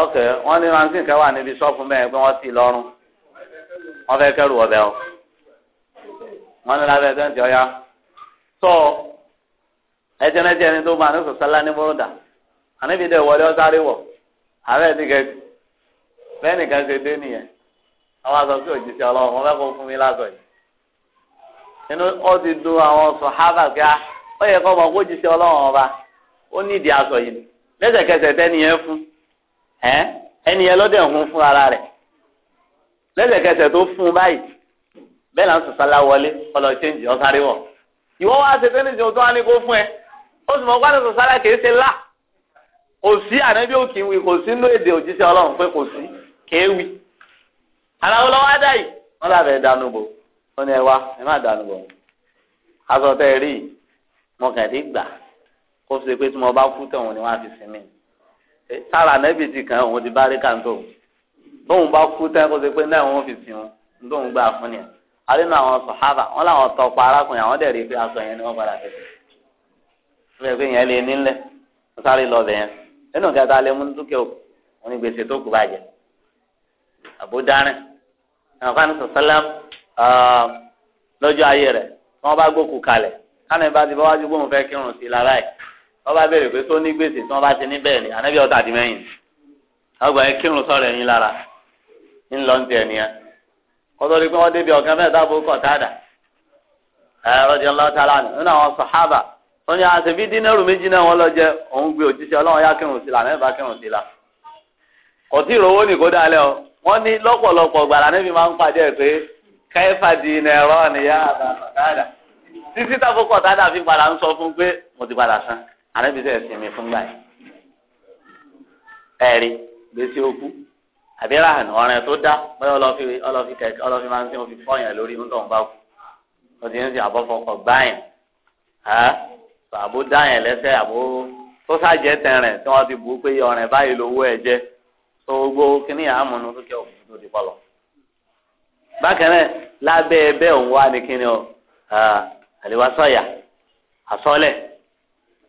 ok wọ́n ní rankin kan wà níbi ṣọ́ọ̀fù mẹ́rin pé wọ́n ti lọ́rùn wọ́n fẹ́ kẹ́rù o wọ́n ní lábẹ́ ẹ̀sẹ̀ ń tẹ́ ọ ya tó ẹ̀jẹ̀nẹ́jẹ̀ ni tó máa ní sọ̀sálá ní bọ́rọ̀dà àníbi dẹ̀ wọlé ọ̀sáré wọ̀ ààrẹ ti kẹ́ bẹ́ẹ̀ nìkan ṣe dé nìyẹn àwọn aṣọ òjijì ọlọ́run wọn fẹ́ kó fún mi lásọ yìí inú ó ti dùn àwọn sọ̀hábà kí á ah, ó yẹ kó ẹ ẹni yẹn lọ́dẹ̀ ń fún ara rẹ̀ lẹ́sẹ̀kẹsẹ̀ tó fún un báyìí bẹ́ẹ̀ là ń sọ̀sálà wọlé ọlọ́ ṣéǹjì ọ̀sáré wọ̀ ìwọ wá ṣe fẹ́ẹ́ níṣẹ́ tó wá ní kó fún ẹ ó sì mọ̀ wá ní sọ̀sálà kìí ṣe lá kò sí ànábì òkì wí kò sí inú èdè òjíṣẹ́ ọlọ́run pé kò sí kèé wí. aláwo lọ́wọ́ á dà yìí wọ́n lábẹ́ dànù bò wọ́n ní ẹ wá ẹ má dànù bò aṣọ tẹ́ ẹ rí yìí mo kàn ti gbà kó ṣe pé tí mo bá kú tẹ̀wọ̀n ni wọ́n á fi sinmi Eh, sára nẹ́bì ti kàn òun ti bá rí kàńtó tóun bá kú tẹ́ kó ṣe pé náà wọ́n fi sìn òun gbà fún ni alẹ́nu àwọn sọ̀hábà wọn làwọn tọpọ arákùnrin àwọn pé aṣọ yẹn ni wọ́n padà fẹ́ẹ́ fún yẹn nílẹ̀ wọ́n sáré lọ nínú kẹta mú dúkìá òkú wọn ni gbèsè tó kù bàjẹ́ àbúdárin lọ́jọ́ ayé rẹ̀ wọ́n wọ́n bá béèrè pé tó ní gbèsè tí wọ́n bá ti ní bẹ́ẹ̀ ni ànábì ọ̀tá àti mẹ́yìn ọgbà yẹn kírun sọ̀rọ̀ ẹ̀yìn lára ńlọ ń tiẹ̀ nìyẹn kọ́tọ́ ni pé wọ́n débi ọ̀gá mẹ́ta bó kọ̀ táàdà ẹ̀rọ̀dì ọlọ́tàlá ni nínú àwọn sàhábà wọ́n ní àṣẹbí dínẹ́rù méjì náà wọ́n lọ jẹ́ òun gbé òjíṣẹ́ ọlọ́run yá kírun sí la mẹ́fà kírun sí la kò tí ìrówó ní kó dalẹ̀ o wọ́n ní lọ́pọ̀lọpọ̀ gbàrà níbi máa ń pàdé ẹ̀ pé kẹfà dínẹ́rọ̀ nìyá àtàkọ̀ táàdà títí táfó kọ̀ táàdà fi padà ń sọ àrẹ́bíṣẹ́ sinmi fúngbà yẹn ẹ̀rí gbèsè okú àbí ráhàn ọ̀rẹ́ tó dá bóyá ọlọ́fi ọlọ́fi kẹ̀kẹ́ ọlọ́fi máa ń sìn òfin fọ́yàn lórí ń tọ̀hún bá kú ó ti ń sìn àbọ̀fọkọ̀ gbá yẹn ẹ́ àbó dá yẹn lẹ́sẹ̀ àbó tó sájẹ́ tẹ̀rẹ̀ tí wọ́n ti bù ú pé ọ̀rẹ́ báyìí lówó ẹ̀ jẹ́ tó gbogbo kíní àmúnú tó kẹ́ òfin tó di pọ̀lọ̀. bákan lábẹ́ ẹbẹ́ òun wá ní kíní o àlèwà sọ̀yà àsọ́lẹ̀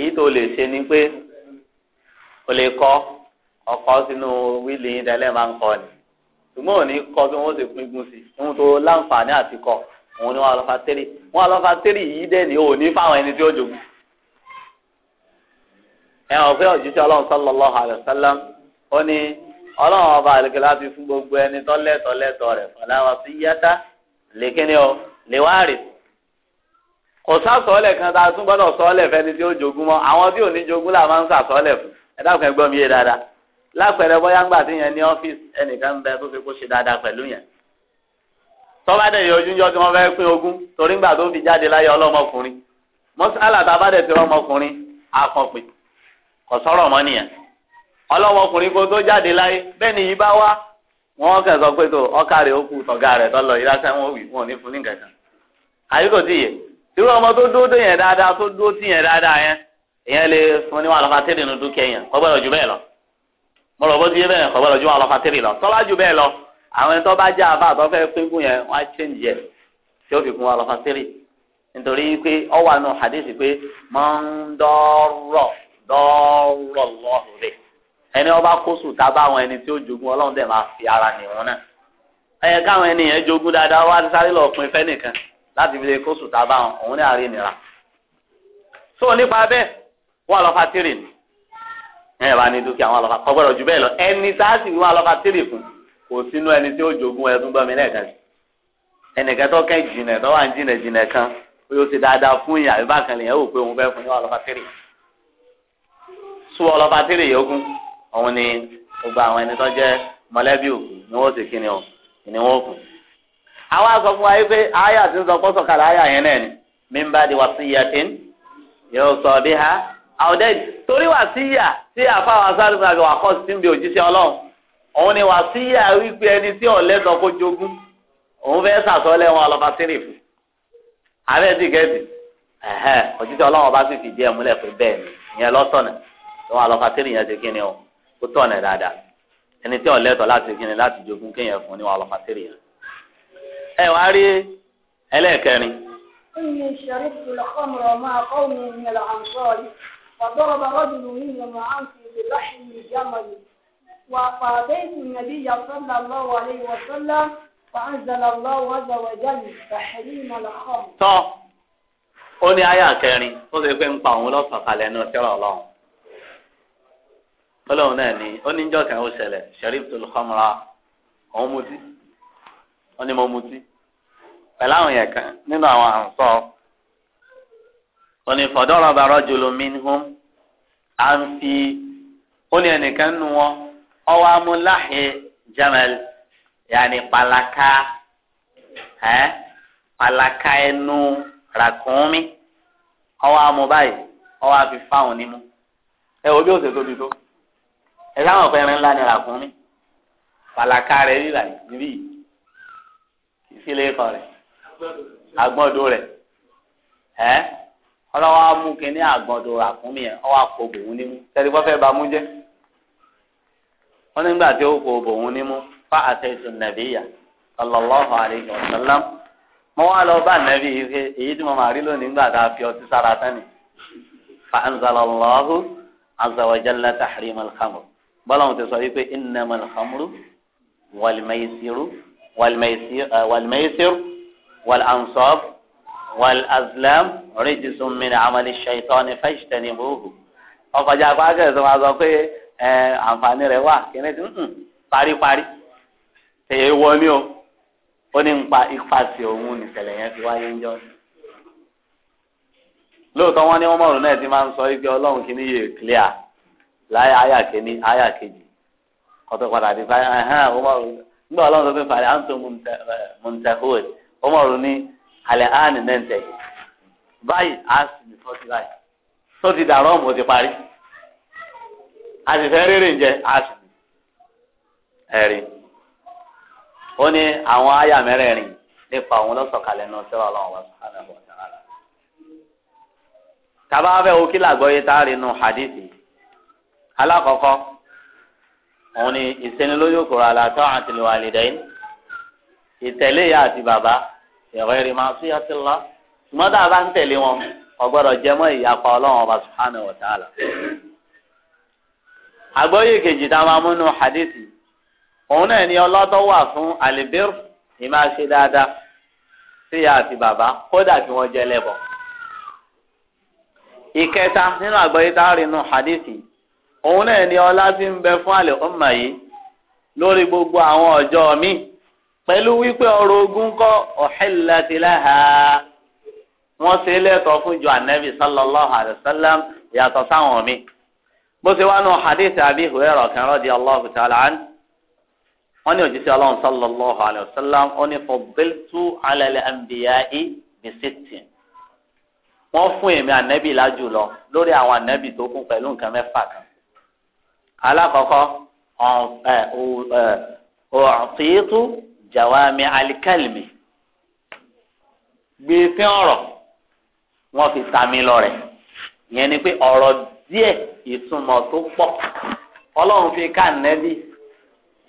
èyí tó lè ṣe ni pé o lè kọ ọkọ sínú wíìlì yín máa ń ni ṣùgbọ́n ò kọ bí wọ́n ṣe pín sí ohun tó láǹfààní kọ òun ni wọn tere tẹ́rì wọn àlọ́fà yìí dẹ́ ni ò fáwọn ẹni tí ó jogún ẹ hàn pé òjíṣẹ́ ọlọ́run ó ní ọlọ́run ọba gbogbo ẹni rẹ̀ yáta lè wá kò sá sọ́ọ̀lẹ̀ kan tá a tún gbọ́dọ̀ sọ́ọ̀lẹ̀ fẹ́ni tí ó jogún mọ́ àwọn tí ò ní jogún là máa ń sà sọ́ọ̀lẹ̀ fún ẹ dákun ẹ gbọ́ mi yé dáadáa lápẹẹrẹ bóyá ńgbà tí yẹn ní ọ́fíìsì ẹnìkan ń bẹ tó fi kó ṣe dáadáa pẹ̀lú yẹn tọ́ba dẹ̀ yọjú yọ tí wọ́n fẹ́ pín ogún torí ńgbà tó fi jáde láyé ọlọ́mọkùnrin mọ́sálà tá ti rọ́mọkùnrin àkànpè kò sọ̀rọ̀ mọ́ nìyẹn ọlọ́mọkùnrin kó tó jáde láyé bẹ́ẹ̀ ni yìí bá wá wọ́n kàn sọ pé tó ọkà ó kù tọ̀gá rẹ̀ tọ́lọ ìlàsẹ̀ wọn wì wọn ò ní fún ní kankan àyíkò tí yẹ irú ọmọ tó dúró dé yẹn dáadáa tó dúró tì yẹn dáadáa yẹn èyàn lè fún ní wọn àlọ́ fatẹ́rì nínú dúkìá yẹn kò gbọ́dọ̀ bẹ́ẹ̀ lọ mo rọ̀ bó ti yé bẹ́ẹ̀ kò gbọ́dọ̀ jù wọn àlọ́ fatẹ́rì lọ tọ́lá jù bẹ́ẹ̀ lọ àwọn tó bá jẹ́ àbá àtọ́ fẹ́ pínkù yẹn wọ́n á change yẹ tí ó fi kún wọn àlọ́ nítorí pé ọ wà nù hadith pé máa ń dọ́rọ̀ dọ́rọ̀ lọ́rẹ̀ láti fi lè kó sùtà bá wọn òun ní àárín nira so nípa bẹ́ẹ̀ wọn lọ fa tírì ni ẹ bá ní dúkìá wọn lọ fa kọgbọdọ jù bẹ́ẹ̀ lọ ẹni tá a sì ní wọn lọ fa tírì fún kò sínú ẹni tí ó jogún ẹdún gbọmí lẹ́ẹ̀kan ẹnìkan tó kẹ jìnà tó wà ń jìnà jìnà kan pé ó ti dáadáa fún yàrá bákan lèyàn ò pé òun fẹ́ fún yàrá lọ fa tírì sú ọlọ fa tírì yókùn òun ni gbogbo àwọn ẹni tó jẹ mọ̀lẹ́bí òkú ni wọn ò kí ni o ni wọn ò àwọn àgọ́ fún wa yìí pé àyà ti sọ pọ́sọ̀ náà ni di yóò sọ bí ha àwòdẹ́ torí wàsíyà tí àfàwọn sáré sàbẹ̀ wà kọ́ sí bí òjíṣẹ́ ọlọ́run òun ni wàsíyà wípé ẹni tí ọ̀lẹ́sọ̀ jogún òun fẹ́ ọlọ́ba òjíṣẹ́ ọlọ́run sì fìdí ẹ̀ múlẹ̀ pé bẹ́ẹ̀ ni ìyẹn ẹ wá rí ẹlẹ́ẹ̀kẹrin. inni sharibtu al-khamra ma'a qawmin فضرب رجل منهم عنفي بلحم جمل وقابلت النبي صلى الله عليه وسلم فأنزل الله عز وجل تحريم الخمر. tọ́ ó ní àyà kẹrin ó ṣe pé ń pa òun lọ́sọ̀kalẹ̀ ní ọ̀sẹ̀ ọlọ́run ọlọ́run náà ni ó ní jọ́kẹ́ ó ṣẹlẹ̀ sharibtu al-khamra òun mutí wọ́n ní mo mutí pẹ̀lú àwọn yẹn kan nínú àwọn àǹsọ́ wọ́n ní fọ̀dọ́rọ̀ bàrọ̀ jòló minhum à ń fi ó ní ẹnìkan nù wọn ọwọ́ amúláhì jamal yàní pàlàkà ẹ́ pàlàkà ẹnu ràkúnmí ọwọ́ amú báyìí ọwọ́ àfi fáwọn onímú ẹ wo bí ó ṣe tóbi tó ẹ sáwọn ọ̀pẹ ńlá ni ràkúnmí pàlàkà rẹ̀ rí rà níbí yìí kílé kan rẹ̀ agbọ́dọ̀ rẹ̀ ẹ́ ọlọ́wọ́ á mú kínní agbọ́dọ̀ àkúnmí yẹn ọwọ́ àpò bòun nímú tẹ́lẹ̀ bọ́fẹ́ bá mú jẹ́ wọ́n nígbà tí ó kò bòun nímú fa àtẹ̀sùn nàbíyà sallallahu alayhi wa sallam mo wá lọ bá nàbí ike èyí tí mo máa rí lónìí nígbà tá a fi ọtí sára tán fa anzalallahu azza wa jalla tahrim ti sọ yìí pé innamal khamru wal والميسر والأنصاف والأزلام رجس من عمل الشيطان فاجتنبوه ọkọjá pàákẹ́ ẹ̀sọ́ máa sọ pé ẹ àǹfààní rẹ̀ wà kíní tí ń paríparí èyí wọ ní o ó ní nípa ipasẹ̀ òun nìṣẹ̀lẹ̀ yẹn ti wáyé ń jọ ni. lóòótọ́ wọn ní wọ́n mọ̀rún náà ti máa ń sọ wípé ọlọ́run kìíní yè clear láyà áyà kìíní áyà kejì kọ́tọ́ padà ti bá ẹ̀hán ó mọ̀rún nígbà wọn lọ́wọ́ fẹ́ fàlẹ́ àǹtọ̀ mọ̀ntàkùn ọmọ rò ní àlẹ́ àánì náà ń tẹ̀ báyìí á sì ní fọ́tí báyìí tó ti dàrọ́ ọ̀mù ti parí a sì fẹ́ rírì ń jẹ á sì ní ẹ̀rí ó ní àwọn àyà mẹ́rẹ̀ẹ̀rin nípa òun lọ́sọ̀kalẹ̀ náà sọ́rọ̀ ọlọ́run wa sọ̀kalẹ̀ bọ̀ sọ̀kalẹ̀ tàbá alákọ̀ọ́kọ́ òun ni ìsẹ́nilójú kòrò àlàtọ́ àti lùwàlìdẹ́yìn ìtẹ̀lé ìyá àti bàbá ẹ̀rọ ìrìn máa fi àti lọ ṣùgbọ́n tá a bá ń tẹ̀lé wọn ọgbọ́dọ̀ jẹ́ mọ́ ìyapa ọlọ́run ọba subhanahu wa ta'ala. àgbọ́yé kejì tá a máa múnú hadithi òun náà ni ọlọ́dọ̀ wà fún àlìbír ìmá ṣe dáadáa sí ìyá àti bàbá kódà kí wọ́n jẹ́ lẹ́bọ̀. ìkẹta nínú àgbọ́yé tá a rí nù hadithi òun náà ni ọlá ti ń bẹ fún àlè ọmọ yìí lórí gbogbo àwọn ọjọ́ mi pẹ̀lú wípé ọrọ̀ ogun kọ́ ọ̀hẹ́lẹ́tìláha wọ́n ṣe lẹ́tọ̀ọ́ fún ju ànẹ́bí sallallahu alayhi wa sallam yàtọ̀ sáwọn mi bó ṣe wá nù hadith àbí ìhùwẹ́rọ̀ kan radiyallahu ta'ala an wọ́n ní òjíṣẹ́ ọlọ́run sallallahu alayhi wa sallam ó ní fọ̀bẹ́lítú alẹ́lẹ́ àǹbíyáì ní sítìn wọ́n fún èmi ànẹ́bí lájú lọ lórí àwọn ànẹ́bí tó kún pẹ̀lú nǹkan mẹ́fà kan alákọ̀ọ́kọ́ ọ̀ọ̀tìtù jawami alikalimi gbèsè e ọ̀rọ̀ wọ́n fi sami lọ́rẹ̀ ìyẹn ni pé ọ̀rọ̀ díẹ̀ ìtumọ̀ tó pọ̀ ọlọ́run fi ká nẹ́bí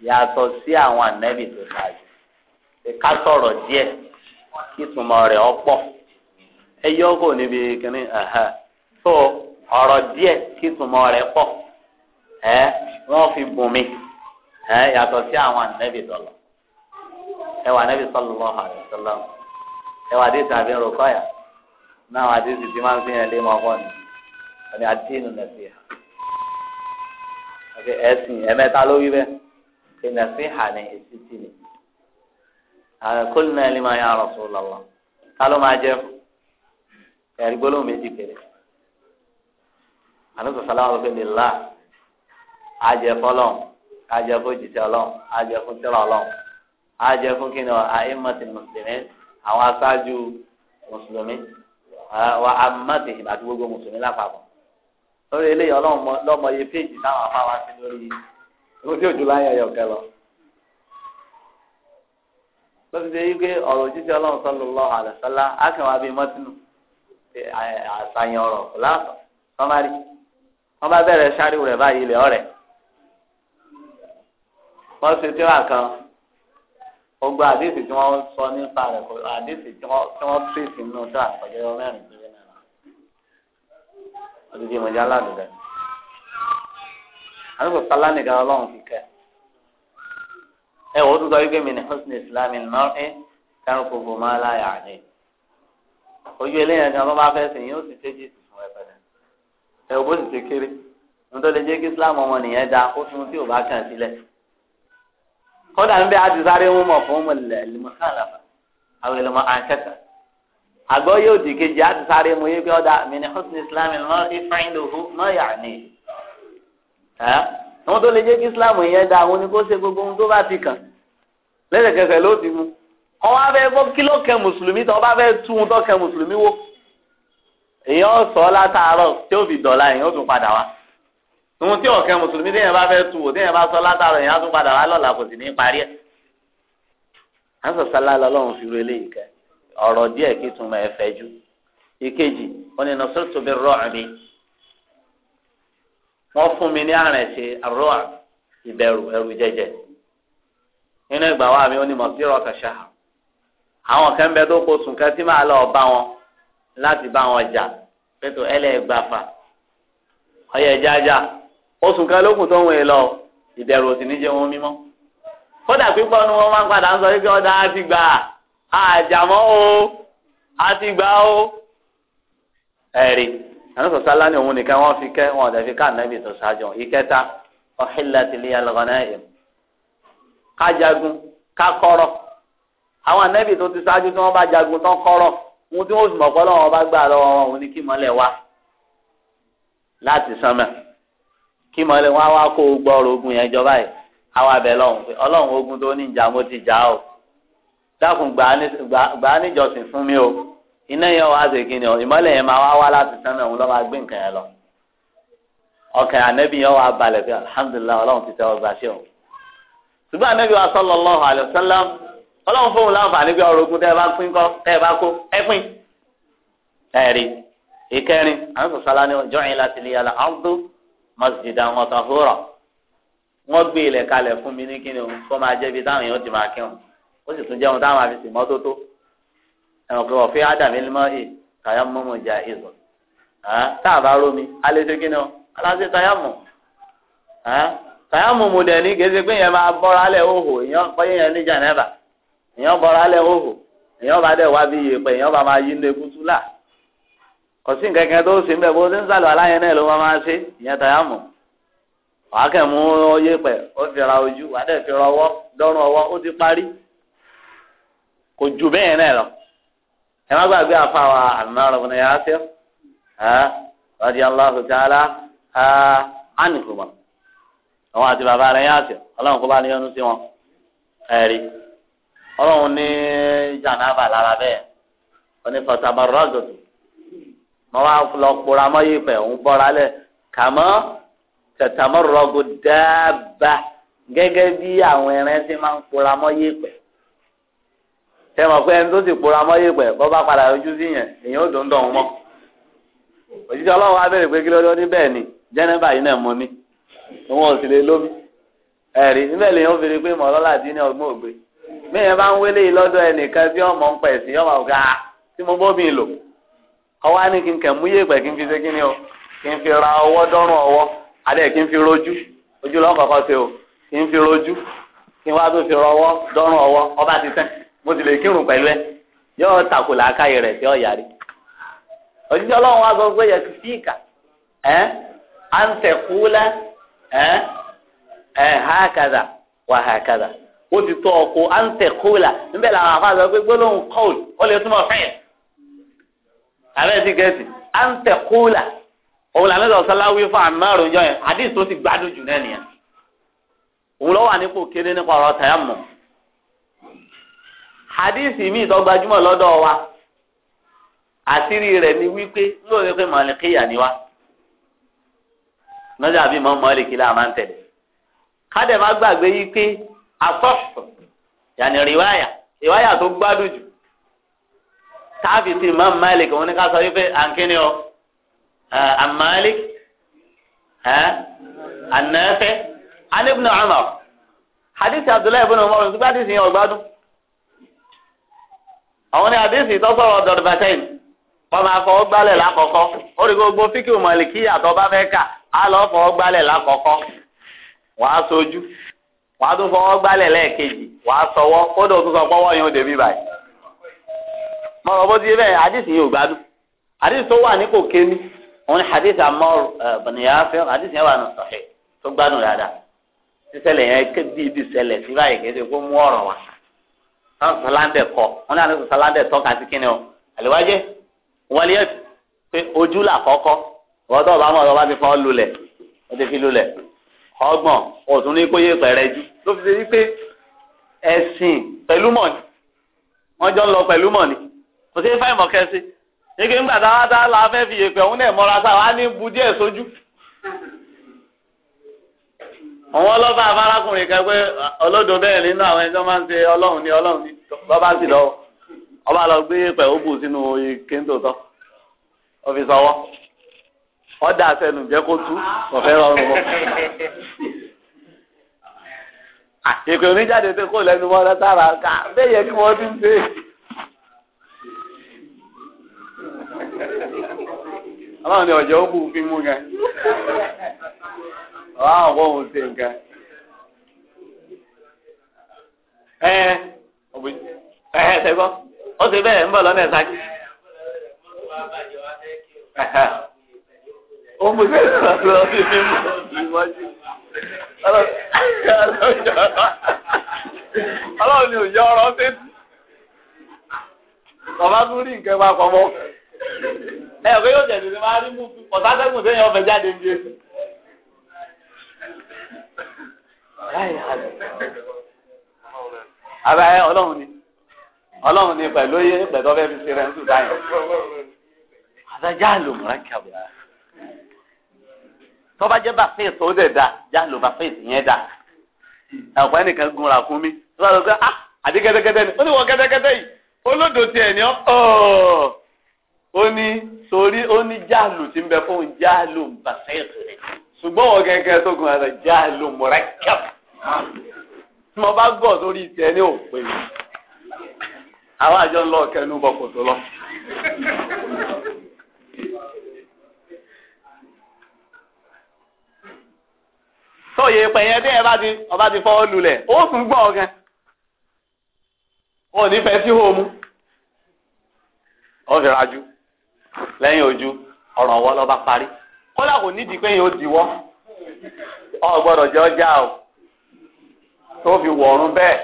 yàtọ̀ sí àwọn ànẹ́bí tó ṣáájú ká sọ̀rọ̀ díẹ̀ kí ìtumọ̀ rẹ̀ ọ̀pọ̀ ẹ yọ kò níbi kìnnìkan ọ̀rọ̀ díẹ̀ ìtumọ̀ rẹ̀ pọ̀. ẹ wọn fi bùn mi ẹ yàtọ̀ sí àwọn ànẹbì dọlọ ẹ wà alaihi wasallam ẹ wà àdéhùn tàbí rọkọyà náà àwọn àdéhùn ti máa ń fi hàn lé ni wọn ni àdéhùn nàṣíhà àti ẹ̀sìn ẹ̀mẹ́ta ló wí bẹ́ẹ̀ ṣe ya máa jẹ gbólóhùn ajẹfọlọ ajẹfọ jìtẹlọ ajẹfọ tẹlọlọ ajẹfọ kínní àìmọtì mùsùlùmí àwọn aṣáájú mùsùlùmí wa amadi àti gbogbo mùsùlùmí lápapọ̀ lórí eléyìí ọlọmọ lọmọ yìí péjì táwọn afáwa sí lórí lórí òjò láyé ẹyọ kẹlọ lọ́sí ṣe wípé ọ̀rọ̀ òjíṣẹ́ ọlọ́run sallallahu alaihi wasallam ákànwá bíi mọ́tínù àṣàyàn ọ̀rọ̀ kò láàtọ̀ sọ́mari wọ́n bá bẹ̀rẹ̀ ṣáríwò rẹ̀ báyìí ilẹ̀ wọ́n ṣe tíra kan gbogbo àdéhùn tí wọ́n sọ nípa rẹ̀ kò àdéhùn tí wọ́n tírèsì nínú tíra kọjá yọ mẹ́rin péré náà odidi ìmọ̀já aládùúgbò àdúgbò sálá nìkan ọlọ́run ti kẹ́ ẹ wọ́n tún sọ wípé mi ní husni islami mọ́rin kẹrin kò bò má láyà àdé ojú eléyàn gan bá bá fẹ́ sìn yóò ti tẹ́jì sí fún ẹ pẹ̀lẹ́ ẹ wò bó ti ti kéré nítorí jẹ́ kí islam ọmọ nìyẹn da ó fi mu tí ò bá kàn sílẹ̀ kódà ń bẹ àti sáré ń mọ̀ fún mọ̀lẹ́lẹ́mọ̀sálàfà àwọn ẹlẹ́mọ̀ àǹkẹ́sà àgọ́ yóò di kejì àti sáré mu yé pé ọ̀dà mìíràn husni islam náà ìfẹ́ǹdòfó náà yà ní. àwọn tó lè jẹ́ kí islam yẹn da àwọn oníkó ṣe gbogbo ohun tó bá ti kàn lẹ́sẹ̀kẹsẹ̀ ló ti mu. wọ́n wá fẹ́ bọ́ kí ló kẹ mùsùlùmí tó bá fẹ́ tú un tó kẹ mùsùlùmí wó. èèyàn sọ látàárọ̀ tí ó fi dọ̀la èèyàn ó tún padà wá tòun tí ọ̀kẹ́ mùsùlùmí téèyàn bá fẹ́ tu wò téèyàn bá sọ látàrọ̀ yẹn á tún padà wá lọ́la kò sì ní parí ẹ̀. á sọ sálá lọ́lọ́run fi ro eléyìí kẹ́ ọ̀rọ̀ díẹ̀ kí tún máa fẹ́ ju. ìkejì wọn ni nọ́sọ̀tò bí rọ́ọ̀ mi wọ́n fún mi ní àrùn ẹ̀sẹ̀ rọ́ọ̀ ìbẹ̀rù ẹ̀rù jẹjẹ. nínú ìgbà wa mi ó ní mọ̀síọ̀rọ̀ kàṣà àwọn kan tó kó sùn kan máa lọ bá wọn láti bá wọn jà pẹ̀tọ̀ ẹlẹ́gbàfà ọyẹ jájá oṣù kan lókun tó ń wẹ̀ lọ ìbẹ̀rù òsì níjẹ́ wọn mímọ́ kódà pípọ́ ni wọ́n máa ń padà ń sọ wípé ọ̀dà àti gbà àjàmọ́ o àti gbà o ẹ̀rí àwọn sọ̀sọ́ alá ní òun nìkan wọ́n fi kẹ́ wọn ọ̀dà fi ká ànábì tó ṣáájú ìkẹta ọ̀hìnlá tìlí alghana'im kájagun kákọ́rọ́ àwọn ànábì tó ti ṣáájú tí wọ́n bá jagun tán kọ́rọ́ ohun tí wọ́n sì mọ̀ pọ́ lọ́wọ́ wọn bá gbà lọ́wọ́ wọn òun ni kí mọ́lẹ̀ wá láti sánmà. kí mọ̀lẹ́ wọn á wá kó gbọ́ ọ̀rọ̀ ogun yẹn jọ báyìí àwọn abẹ pé ọlọ́run ogun tó ní ìjà mo ti gbà á fún mi o iná yẹn wàá ṣe kíni o ìmọ̀lẹ̀ yẹn máa wá wá láti sánà nǹkan yẹn lọ ọkàn ànẹ́bí yẹn wàá balẹ̀ pé alhamdulilayi ọlọ́run ti ṣe o ṣùgbọ́n ànẹ́bí wa ọlọ́run fóun láǹfààní pé ọrọ̀ ogun tẹ́ bá masjidan wa tahura wọ́n gbé ilẹ̀ kalẹ̀ fún mi ní kíni o kó máa jẹ́ ibi táwọn èèyàn ti máa kírun ó sì tún jẹun táwọn àfisì mọ́tótó ẹ̀wọ̀n pé ọ̀fẹ́ ádámì ló mọ́ ì kàyà jà ìzọ̀ tá a bá rómi alẹ́ kíni o aláṣẹ tayamọ̀ tayamọ̀ mo dẹ̀ ní gèsè pé yẹn máa bọ́ra alẹ́ òhò èèyàn pọ́yé yẹn ní jàǹdẹ́bà èèyàn bọ́ra alẹ́ òhò èèyàn bá dẹ̀ wá bí iye pẹ̀ èèyàn bá máa yí ní ekútú láà kọsí nkankan tó sì ń bẹ bó ti ń sàlù aláyẹn náà ló máa máa ṣe ìyẹn tàyà mọ wàá kẹ mú oyè pẹ ó fi ra ojú wàá dẹ fi ra ọwọ́ dọrùn ọwọ́ ó ti parí kò jù bẹ́ẹ̀ náà lọ ẹ má gbàgbé àfàwà àmàlà ọ̀nà yà á ṣe ẹ radiyallahu ta'ala ẹ ánìkùmọ àwọn àti bàbá rẹ yà á ṣe ọlọ́run kó bá ní ọdún sí wọn ẹ̀rí ọlọ́run ní jàǹdà bà lára bẹ́ẹ̀ onífọ̀tàbà rọ́gọ̀tù mọ wá lọ kpọrọ àmọ yìí pẹ òun bọra lẹ kàmọ tẹtàmọ rọgò dáàbà gẹ́gẹ́ bí àwọn ẹrẹ ti máa ń kpọrọ àmọ yìí pẹ tẹmọ pé ẹni tó ti kpọrọ àmọ yìí pẹ bọba padà ojú sí yẹn èyàn ó dùn dùn mọ òjijì ọlọ́wọ́ abẹ́rẹ́ pé kí ló ní bẹ́ẹ̀ ni jẹ́nẹ́bà yìí náà mọ ní wọn ò sì lè lómi ẹ̀rí níbẹ̀ lèyàn ó fèrè pé mọ̀lọ́lá dín ní ọgbọ́n ògbé mí yẹn bá ń wélé yìí lọ́dọ̀ ẹnìkan tí ọmọ ń pẹ̀ sí ọmọ ọ̀gá ah, tí mo bọ́ mi lò. ọwọ́ á ní kí n kẹ̀ mú yéèpẹ̀ kí n fi ṣe kí ni o kí n fi ra ọwọ́ dọ́rùn ọwọ́ adé kí n fi o kí n fi rojú kí n wá ọba ti tẹ́ mo sì lè kírun pẹ̀lú ẹ yóò làákàyè rẹ̀ tí ó yàrí òjijì ọlọ́run wá sọ pé fi à ń wà ó ti tọ́ à ń níbẹ̀ làwọn pé gbólóhùn kọ́ọ̀lù ó lè àbẹ́ ti gẹ̀ẹ́sì à ń tẹ̀ kóòlà òun làmẹ́ sọ sọlá wí fún àmì márùn jọ yẹn àdìs tó ti gbádùn jù náà nìyẹn òun lọ́wọ́ àníkò kéde nípa ọ̀rọ̀ tẹ̀yà mọ̀ àdìs mi ìdọ́gbajúmọ̀ lọ́dọ̀ wa àṣírí rẹ̀ ni wípé lóòrè pé mọ̀lẹ́kìyà ni wa lọ́jà bíi mọ́ mọ́lẹ́kì là máa ń tẹ̀lé kádẹ̀ má gbàgbé yí pé àtọ́fù yàní rìwáyà rìwáyà tó gbádùn jù káàbì sí imam malik òun ni ká sọ wípé ànkíní o amalik anáfẹ́ anibnu umar hadith abdullahi ibn umar ọ̀run sígbà hadith yẹn àwọn ni hadith ìtọ́sọ̀rọ̀ dọ̀dọ̀bàtẹ́yìn wọ́n máa fọwọ́ gbálẹ̀ lákọ̀ọ́kọ́ ó rí gbogbo bá fẹ́ kà á lọ wàá sojú wàá tún lẹ́ẹ̀kejì wàá sọwọ́ kódà mọ ọ bó ti bẹ́ẹ̀ hadith yìí ò gbádùn hadith tó wà ní kò kémi òun ni hadith Ammar eh, bin Yasir hadith yẹn wà nù sahih tó gbádùn dáadáa sísẹlẹ̀ yẹn kébí ibi sẹlẹ̀ sí báyìí kéde kó mú ọ̀rọ̀ wá sọ́n sọ́láńdẹ̀ kọ wọn ní àdéhùn sọ́láńdẹ̀ tọ́ka sí kíni o àlùwájẹ́ wọlé ẹ̀ pé ojú là kọ́kọ́ ọ̀dọ́ ọba mọ̀ ọba ti fọ́ lulẹ̀ ó fi lulẹ̀ ọgbọ̀n ọ̀tún ní kóyè pẹ̀rẹ́ jù ló fi ṣe wípé ẹ̀sìn pẹ̀lú mọ̀ ni wọ́n jọ ń lọ pẹ̀lú mọ̀ ni kò sí fáìmù ọ̀kẹ́ sí ike ńgbà dáadáa la fẹ́ fi yèpẹ̀ òun náà mọ́ra sáà wá ní bu díẹ̀ sójú. àwọn ọlọ́ba afárákùnrin kan pé ọlọ́dọ bẹ́ẹ̀ nínú àwọn ẹjọ́ máa ń ṣe ọlọ́run ní ọlọ́run ní lọ́ba sì lọ́wọ́ ọba lọ gbé yèpẹ̀ ó bù sínú ike ńtòótọ́ ó fi sọwọ́ ọ̀dà àtẹnu jẹ́ kó tú ọ̀fẹ́ rọrùn mọ́. ìpè oníjáde tó kò lẹ́nu mọ́ lọ́tàrà ká bẹ́ẹ̀ yẹ kí wọ́n ti ń ṣe é. ọlọ́run ni ọ̀jẹ̀ ó fi mú gan ọ̀hún àwọn ohun ṣe nǹkan. ẹ ẹ bẹ́ẹ̀ ń bọ̀ lọ́nà ẹ̀ ó mú sí ìrọ̀lẹ́ ọdún mímú ìwọ́jú ọlọ́run ni òjò ọ̀rọ̀ ṣe. bàbá tún rí nǹkan papọ̀ mọ́. ẹ ọ̀gá yóò tẹ̀lé ní máa rí mú fún ọ̀sásẹ́gun tẹ̀yìn ọ̀fẹ́ jáde ní èsì. Àbá ẹ ọlọ́run ni ọlọ́run ni pẹ̀lú pẹ̀lú ọbẹ̀ fi ṣe rẹ̀ ń sùn da, já yẹn da. ẹnìkan gunra mi. Tọ́ba ah, ó ní torí ó ní jáàlù tí ń bẹ fún jáàlù bàṣẹ́ẹ̀tì rẹ̀ ṣùgbọ́n wọ́n gẹ́gẹ́ tó gun àrẹ jáàlù mọ̀rẹ́kẹ́p tí mo bá gọ̀ sórí ìtẹ́ ní òpin àwọn àjọ ńlọ kẹnu bọ kòtò lọ. sóye pẹ̀yẹ bí ẹ bá ti ọba ti fọ́ lulẹ̀ ó tún gbọ́ ọ̀gẹ́ ò ní fẹ́ sí homu rájú. lẹ́yìn ojú ọ̀ràn ọwọ́ lọ́ba parí kódà kò nídìí pé ó diwọ́ ọ jẹ́ o tó fi bẹ́ẹ̀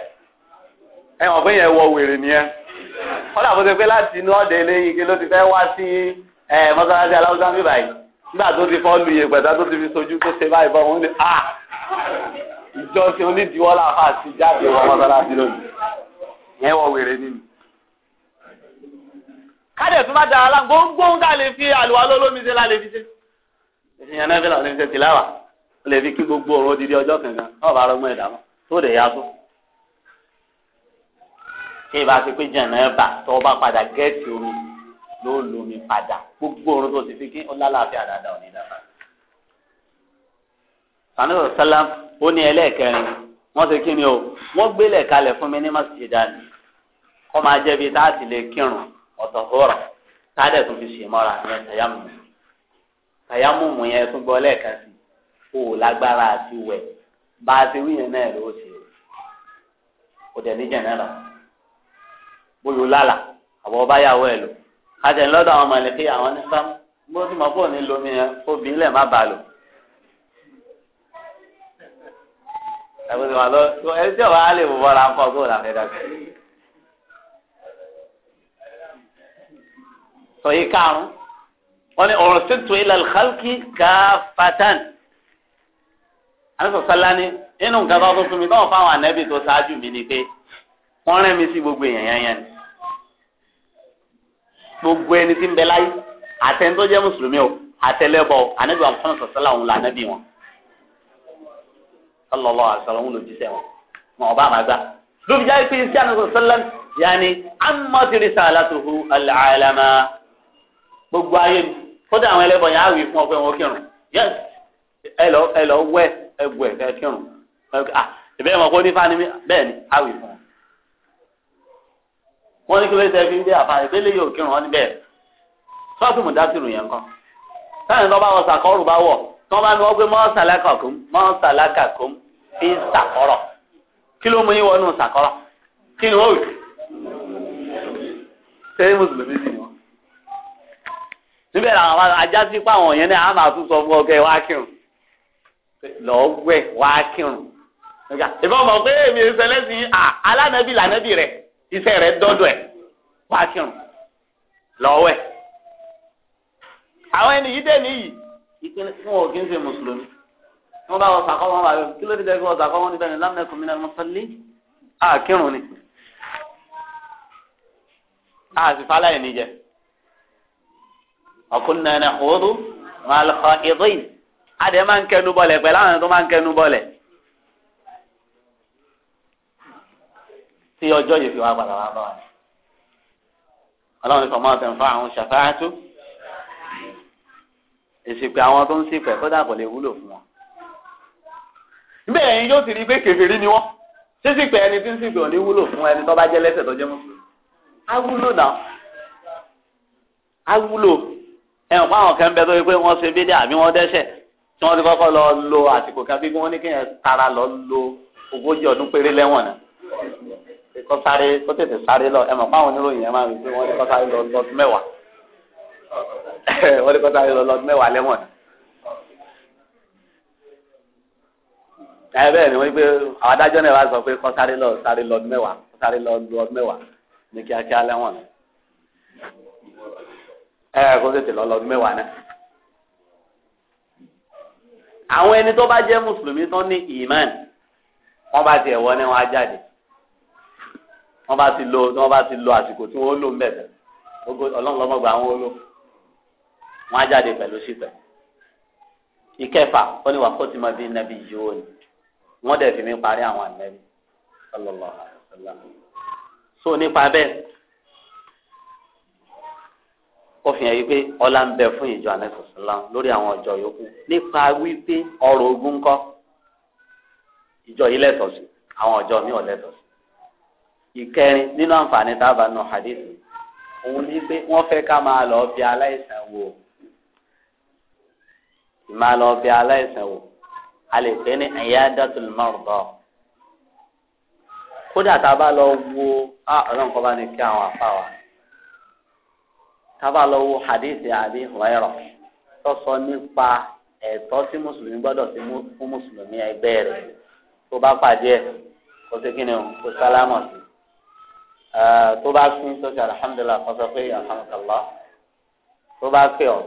ẹ pé yẹn wọ wèrè nìyẹn kò ṣe pé láti inú ọ̀dẹ eléyìí ló ti fẹ́ wá sí ẹ mọ́sálásí báyìí nígbà tó lu iye pẹ̀tà tó ti fi sojú tó ṣe báyìí ìjọsìn onídìíwọ́ làfà jáde wọ mọ́sálásí lónìí yẹn wọ wèrè nìyẹn. kádẹ̀ tún bá dára láǹ gbóngbóng tá a lè fi àlùwà lólómi ṣe la lè fi ṣe. ìyẹn náà fi kí gbogbo òun odidi kankan náà bá rọgbọ́n ẹ̀dá tó lè yá tó. ṣé na ti pé jẹ̀nà ẹ̀ bà tọ́ bá padà omi ló padà gbogbo òun tó ti fi kí ó lálàáfíà dáadáa òní dáadáa. sani ó ní ẹlẹ́ẹ̀kẹrin wọ́n ti o wọ́n gbélé kalẹ̀ fún ọ̀tọ̀ hóra tun tó fi ṣe mọ́ra yẹn tàyámùmù tàyámùmù yẹn tún gbọ́ lẹ́ẹ̀kan sí o ò lágbára àti wẹ̀ bá a ti wí yẹn náà ló ṣe o dẹ̀ ní jẹ̀nẹ́rà bóyá lálà àbọ̀ ọba yàwó ẹ̀ lò àtẹ̀ lọ́dọ̀ àwọn mọ̀lẹ́kí àwọn ní sáà bó ti mọ̀ pọ̀ ní lomi yẹn obìnrin lẹ̀ má bàa lò. ẹ̀bùn ti wà lọ ẹ̀jẹ̀ wà á lè wọ́ra fọ́ bó làfẹ́ dàgbẹ́. sọyí karùn wọn ni ọ̀rọ̀ sètò ilà alhalki káfàtàn alẹ́sọ̀sálá ni inú nǹkan tó tuntun mi náà fáwọn ànábì tó ṣáájú mi ni pé wọ́n rẹ́ mi sí gbogbo èèyàn yẹn ni gbogbo ẹni tí ń bẹ láyé àtẹni tó jẹ́ mùsùlùmí o àtẹlẹ́bọ ànábì wọn fọ́nà sọ̀sálà òun là ànábì wọn sọlọ́lọ́ àṣàlọ́ òun ló jíṣẹ́ wọn wọn ọba àmàgbà lóbi jáde pé iṣẹ́ ànábì sọ̀sálà yàní àmọ́ ti rí gbogbo ayé ni kódà àwọn ẹlẹ́bọn yẹn á wí fún ọ pé wọn kírun yẹn ẹ lọ ẹ lọ wẹ ẹgbẹ ẹ kírun ah ìbẹ́ẹ̀ mọ̀ kó nífa ni mí bẹ́ẹ̀ ni á wí fún ọ. wọ́n ní kí ló ṣe fi ń gbé àfa ìbẹ́lẹ̀ yóò kírun ọ ní bẹ́ẹ̀ sọ́ọ̀tù mùdásírù yẹn kọ́ sáyẹn tó bá wọ sàkọ́rù bá wọ̀ tó bá ní wọ́n gbé mọ́ọ̀sàlákàkùn mọ́ọ̀sàlákàkùn fi ń sàkọ́rọ̀ kí ló mú yín wọnú sàkọ́rọ̀ kí ni wọ́n wì. ṣé síbẹ̀ làwọn ajá sí pàwọn yẹn náà á máa tún sọ fún ọkẹ wá kírun lọ́ọ́ wẹ̀ wá kírun ìbọn mọ̀ pé èmi ìṣẹ̀lẹ̀sìn alánàbí lànàbí rẹ̀ iṣẹ́ rẹ̀ dọ́dọ̀ ẹ̀ wá kírun lọ́ọ́ wẹ̀. àwọn ẹni yìí dẹ̀ níyì ìpínlẹ̀ fún òkè ń ṣe mùsùlùmí wọn bá wọn sàkọ́ wọn bá yọ kí ló dé dẹ́gbẹ́ wọn sàkọ́ wọn níbẹ̀ ni lámẹ́kùn mi náà mo sọ lé àkírun ni àsìfáláyé níjẹ ọkùnrin náà ọ̀rọ̀ wọn àlọ́ ìdín adé máa ń kẹnu bọ̀lẹ̀ pẹ̀lú àwọn tó máa ń kẹnu bọ̀lẹ̀. tí ọjọ́ yìí fi wá padà wá bá wa ní. ọlọ́run fọmọ àtẹnfà àwọn ṣàfáàtú èsìpè àwọn tó ń ṣìpẹ̀ kódà kò lè wúlò fún wọn. bẹ́ẹ̀ yóò ti rí pé kèfèrí ni wọ́n sísìpẹ̀ ẹni tí ń ṣìpẹ̀ ò ní wúlò fún ẹni tó bá jẹ́ lẹ́sẹ̀ tó jẹ́ mọ́. á náà á ẹ ò fáwọn kan bẹ tó yẹ pé wọ́n ṣe bídíà àbí wọ́n dẹ́ṣẹ̀ tí wọ́n ti kọ́kọ́ lọ lo àsìkò kan bí wọ́n ní kéèyàn tara lọ lo ogójì ọdún péré lẹ́wọ̀n náà kó sáré kó tètè sáré lọ ẹ mọ̀ fáwọn oníròyìn yẹn máa ń rí pé wọ́n ní kó sáré lọ lọ́dún mẹ́wàá wọ́n ní kó sáré lọ lọ́dún mẹ́wàá lẹ́wọ̀n náà. bẹ́ẹ̀ ni wọ́n pé àwọn adájọ́ náà wá sọ pé kọ́ sáré lọ sáré lọ mẹ́wàá kọ́ sáré lọ ọdún mẹ́wàá ní kíákíá lẹ́wọ̀n ni ẹ kó tètè lọ lọ́dún mẹ́wàá náà. àwọn ẹni tó bá jẹ́ mùsùlùmí tó ní iman. wọ́n bá ti ẹ̀wọ́ ní wọn á jáde wọ́n bá ti lo wọ́n bá ti lo àsìkò tí wọ́n lò ń bẹ̀rẹ̀ ọlọ́run lọ́mọgbà àwọn olò wọ́n á jáde pẹ̀lú sípẹ̀. ìkẹfà ó ní wàá kó tí mo bí nàbí yìí ó ní wọ́n dẹ̀ fi mí parí àwọn ànẹ́bí sallallahu alaihi so nípa bẹ́ẹ̀ ó fi hàn yí pé ọlá ń bẹ fún ìjọ anẹsọsọlá lórí àwọn ọjọ́ yòókù nípa wípé ọrọ̀ ogun ńkọ́ ìjọ yìí lẹ́tọ̀ọ́ sí àwọn ọjọ́ mi ò lẹ́tọ̀ọ́ sí. ìkẹrin nínú àǹfààní tábà nù hadith òun ni pé wọ́n fẹ́ ká máa lọ bí aláìsàn wò máa lọ bí aláìsàn wò a lè pè ní iyadatul marda kódà tá a bá lọ wo ah, ọlọ́run bá ní kí àwọn àfa wa tábà lọ wo hadith àbí Hurairah tó sọ nípa ẹ̀tọ́ tí mùsùlùmí gbọ́dọ̀ sí fún mùsùlùmí ẹgbẹ́ rẹ̀ tó bá pàdé ẹ̀ kó sí kí ni o kó sálámọ̀ sí tó bá pín sọ́sì alhamdulilah kó sọ pé alhamdulilah tó bá pè ọ́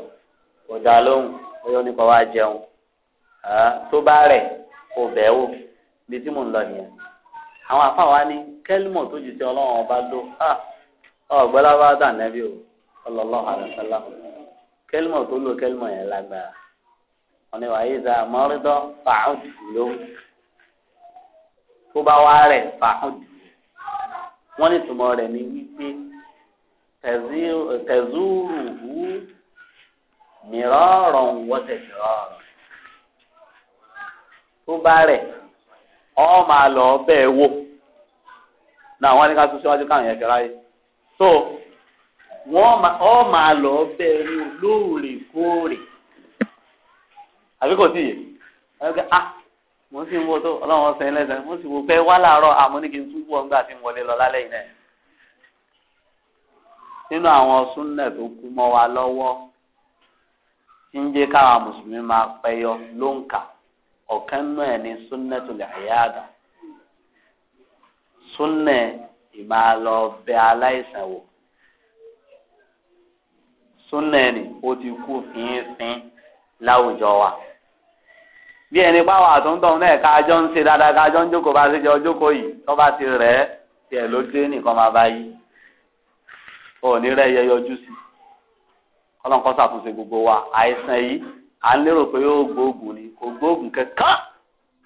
kò dá lóhùn oyún nípa wá jẹun tó bá rẹ̀ kò bẹ́ẹ̀ wò bí tí mò ń lọ nìyẹn àwọn afáwa ní kẹ́límọ̀ tó jù sí ọlọ́run ọba ló ah, ọ̀gbọ́n lábá dà nẹ́bí o sallallahu alaihi wasallam kẹlmọ tó lò kẹlmọ yẹn lágbára wọn ni wàá yé za mọrídọ fàáhùd ló tó bá wá rẹ fàáhùd wọn ní tùmọ̀ rẹ̀ ní wípé tẹzúrùhù mìíràn wọtẹ mìíràn tó bá rẹ ọ máa lọ bẹ́ẹ̀ wò náà wọn ní ká tún síwájú káwọn yẹn fi ráyè so. wọ́n ọ máa lọ bẹ̀rù lóòrèkóòrè àbí sí yìí gbé ah mo sì ń wo tó ọlọ́run ọ̀sẹ̀ ẹlẹ́sẹ̀ mo sì wò pé wá láàárọ̀ ah, n yìí náà nínú àwọn súnnẹ̀ tó kú lọ́wọ́ tí ń mùsùlùmí máa pẹyọ ló ń kà súnà ẹni ó ti kú fínfín láwùjọ wa bí ẹni páwọn àtúntàn náà kájọ ń ṣe dáadáa kájọ ń jókòó bá ṣe jọ jókòó yìí tó bá ti rẹ̀ ẹ́ tiẹ̀ ló dé nìkan máa bá yí òní rẹ̀ yẹ yọjú sí ọlọ́run kọ́ ṣàtúnṣe gbogbo wa àìsàn yìí à ń lérò pé yóò gbóògùn ni kò gbóògùn kankan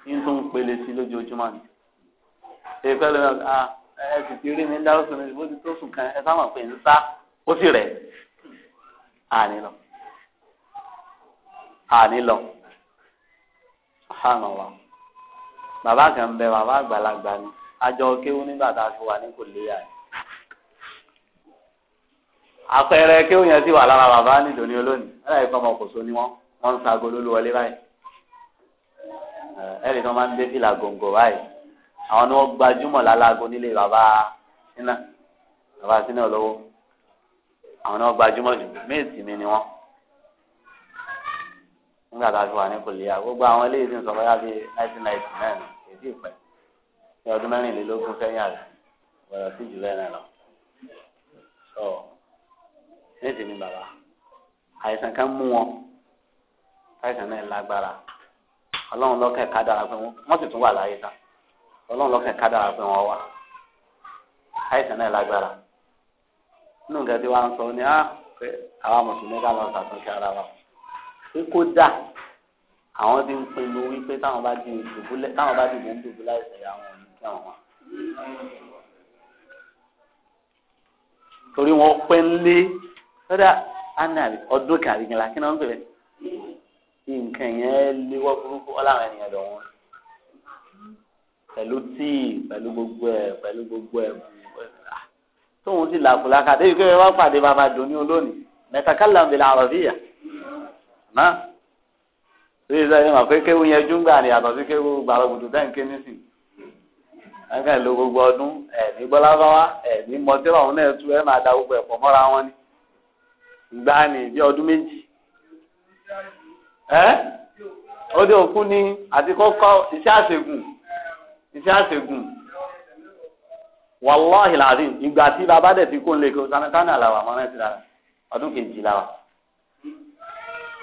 ní tó ń pele sí lójoojúmọ́ ni èèfẹ́ lóyún ọ̀gá ah, ẹ sì ti rí mi dárò sí mi bó ti tó sùn kan ẹ sáwọn pè ń sá ó sì rẹ̀ àní lọ àní lọ hàn wá bàbá kan bẹ bàbá àgbàlagbà ni àjọ kéwú nígbà tá a fi wà ní kò léyà ni àpẹẹrẹ kéwú yẹn sì wà lára bàbá nìdòní olónìí ẹlẹ́yìn kan ọmọ kòso ni wọ́n wọ́n ń sago lólu wọlé báyìí ẹ̀rì kan máa ń dé fìlà gòǹgò báyìí àwọn ni wọ́n gbajúmọ̀ lálago nílé bàbá sínà bàbá sínà olówó àwọn náà gbajúmọ̀ jù méjì mi ni wọ́n nígbà tá a fi wà ní kòlíyà gbogbo àwọn eléyìí ti ń sọ bóyá bíi nineteen ninety nine èyí ìpẹ́ ní ọdún mẹ́rìnlélógún sẹ́yìn àrẹ ọ̀rọ̀ sí jù bẹ́ẹ̀ náà lọ. sọ méjì ni bàbá àìsàn kan mú wọn àìsàn náà lágbára ọlọ́run lọ́kàn ká dára pé wọ́n sì tún wà láyé sá ọlọ́run lọ́kàn ká dára pé wọ́n wà àìsàn náà lágbára nínú nǹkan tí wọ́n á sọ ni ah, pé àwa mùsùlùmí ká lọ ṣàtúnṣe ara wa pé kó dà àwọn ti ń pinnu wípé táwọn bá di ìdùbúlẹ̀ táwọn bá dìbò ń dùbúlẹ̀ àìsàn àwọn ò ní kí àwọn wà. torí wọn pẹ́ ń lé lọ́dà ọdún kàríkìlá kí náà ń bẹ̀rẹ̀ nǹkan yẹn léwọ́ burúkú ọláwọn ènìyàn lọ́wọ́ pẹ̀lú tíì pẹ̀lú gbogbo ẹ̀ pẹ̀lú gbogbo ẹ̀ bù tóun sì làkùlàkà débi pé wọ́n pàdé bàbá dùnú olónìí mẹtàkàlà ń bèèrè àròbíyà náà ṣé ìṣe ẹni mà pé kéwu yẹn júngbà ni àtọ̀ sí kéwu gbàrọ̀gùdù dẹ́ǹké nísìn ẹ̀ka ìlú gbogbo ọdún ẹ̀mí gbọ́lábáwá ẹ̀mí mọtẹ́rọ̀ ọ̀hún náà tú ẹ̀ máa da gbogbo ẹ̀pọ̀ mọ́ra wọn ni ìgbà ni bí ọdún méjì ẹ́ ó dé òkú ni àti kọ́kọ́ iṣẹ́ àṣegùn iṣẹ́ àṣegùn wàláhì làdín ìgbà tí bàbá dẹ̀ ti kó lè kó sanitana làwà mọ́ náà ti dára ọdún kejì làwà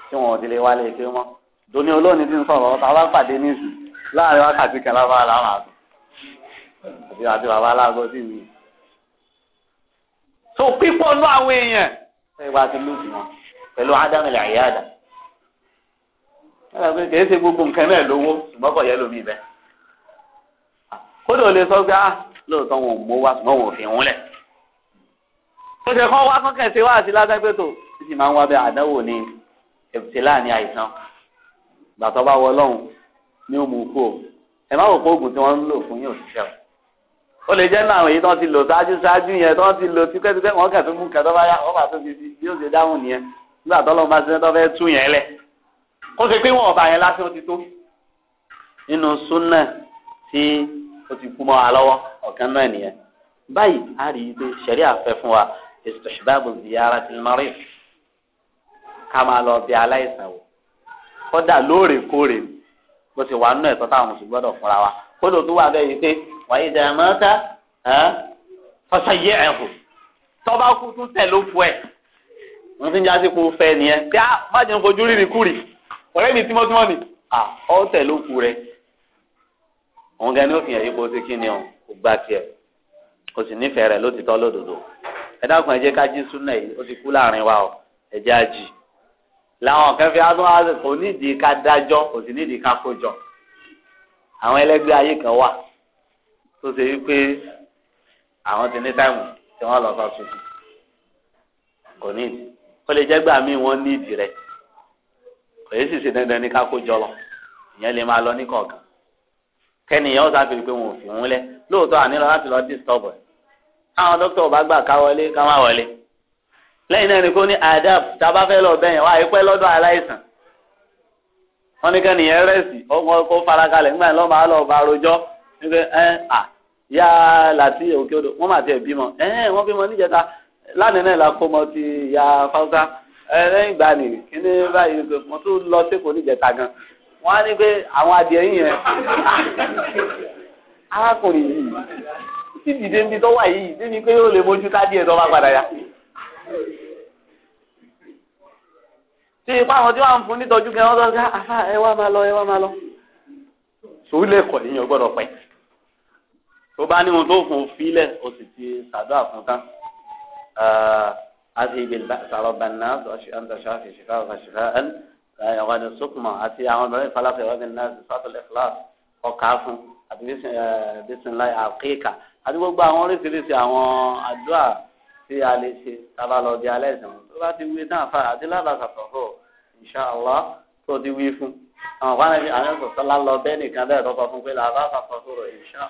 tí wọn ò ti lè wálé ké mọ́ doni olóòní ti ń sọ̀rọ̀ ọ̀tá bá pàdé ní ìsù láàrin wákàtí kan lábá làwọn àgbẹ̀ àti àti bàbá aláàgọ́ sí mi. so pípọ̀ nú àwọn èèyàn ẹ wá ti lùtì wọn pẹ̀lú ádámẹ̀lẹ̀ àyíyáàdà ẹ ṣe gbogbo nǹkan náà lówó ṣùgbọ́n kọ̀ yẹ lómi bẹ́ẹ̀ kódà lè sọ pé ah lóòótọ́ wọn ò mú wá ṣùgbọ́n wọn ò fi ń lẹ̀. ó ṣe kán wá kọ́kẹ́ ṣe wá àti lásánpẹ́ tó ó sì máa ń wá bẹ́ẹ̀ àdánwò ní èbùtìlá ní àìsàn ìgbà bá wọ ọlọ́run ní òmù kú o ẹ má wò pé oògùn tí wọ́n ń lò fún yóò ṣiṣẹ́ o. ó lè jẹ́ náà èyí tó ti lò ṣáájú ṣáájú yẹn tó ti lò tíkẹ́tíkẹ́ wọ́n kẹ̀ tó mú kẹ́ bá yá wọ́n bá tó ti ó ti kú mọ́ wa lọ́wọ́ ọ̀kan náà nìyẹn báyìí a rí i pé sẹ̀rí àfẹ́ fún wa istihbabu ziyaratil marid ká máa lọ bí aláìsàn wò kódà lóòrèkóòrè bó ti wà nínú ẹ̀tọ́ táwọn mùsùlùmí gbọ́dọ̀ fúnra wa kódà tó wà bẹ́ẹ̀ yìí pé wàá ìdá mọ́tà fọṣọyẹ ẹ̀hù tọ́ba kú tún tẹ̀ ló fọ ẹ̀ wọ́n ti ń jásí kó fẹ́ nìyẹn bí a má jẹun fojú rírì kúrì ọ̀rẹ́ mi tímọ́tímọ́ ni ọ̀ tẹ̀ ló kú rẹ̀ òun gan ni ó fi hàn yípo sí kíni o kò gbà tiẹ̀ kò sì nífẹ̀ẹ́ rẹ̀ lótìtọ́ lódodo ẹ dákun ẹ jẹ́ ká jí súnà yìí ó ti kú láàrin wa o ẹ jẹ́ àjì làwọn kẹfẹ́ adúláwọ̀ kò nídìí ká dájọ́ kò sì nídìí ká kójọ àwọn ẹlẹ́gbẹ́ ayé kan wà tó ṣe wípé àwọn ti ní táìmù tí wọ́n lọ sọ tuntun kò ní ó lè jẹ́ gbà mí wọ́n ní rẹ̀ kò yẹ sì ṣe dandan ní ká kójọ lọ ìyẹn lè máa lọ ní kọ̀ọ̀kan kẹ́nìyàn ó sáfìrí pé wọn ò fi òun lẹ lóòótọ́ àní lọ láti lọ disturb ẹ̀ àwọn dókítà ò bá gbà ká wọlé ká má wọlé lẹ́yìn náà ni kò ní adab tábà fẹ́ lọ bẹ́yẹn wá ìpẹ́ lọ́dọ̀ aláìsàn wọ́n ní kẹ́nìyàn rẹ́sì ọgbọ́n kó farakalẹ̀ nígbà yẹn lọ́ máa lọ bá rojọ́ nígbà ẹ à yá láti òkè odò wọ́n máa tiẹ̀ bímọ ẹ wọ́n bímọ níjẹta lánàá náà la kó mọ ti ya fáwọ́sá ẹ lẹ́yìn ìgbà nìyí kíní báyìí mo tún lọ sí kò níjẹta gan wọ́n á ní pé àwọn adìẹ yìí yẹn arákùnrin yìí tí dìde ń bi tó wà yìí débi pé ó lè mójú tá díẹ̀ tó bá padà yá. ṣé ipa àwọn tí wọ́n fún nítọ́jú kẹ́ wọ́n sọ pé àfà ah, ah, ẹ wá máa lọ ẹ wá máa lọ. sòwúlẹ̀ kọ̀ níyàn gbọ́dọ̀ pẹ́ tó bá ní ohun tó fún un fílẹ̀ o sì ti ṣàdúrà fún tán àti ìgbèlè sàrọ̀ bàná àti àṣà àfi ṣìfà àfi ṣìfà ẹni. Eh, ọ̀gá ni sukuma àti àwọn obìnrin falafel ọ̀gá ni nurse sọ́tò lẹ́flas ọ̀ka fún àti bisimilayi eh, àkíkà àti gbogbo àwọn oríṣiríṣi àwọn àdúrà tí a lè ṣe tábà lọ di alẹ́ ìsìn tó bá ti wí náà fa àti lábàṣà sọ̀rọ̀ insha allah tó ti wí fún àwọn ọ̀gá ni àwọn sọ̀tọ́ lálọ bẹ́ẹ̀ nìkan bẹ́ẹ̀ tọ́kọ fún pé làbàṣà sọ̀rọ̀ insha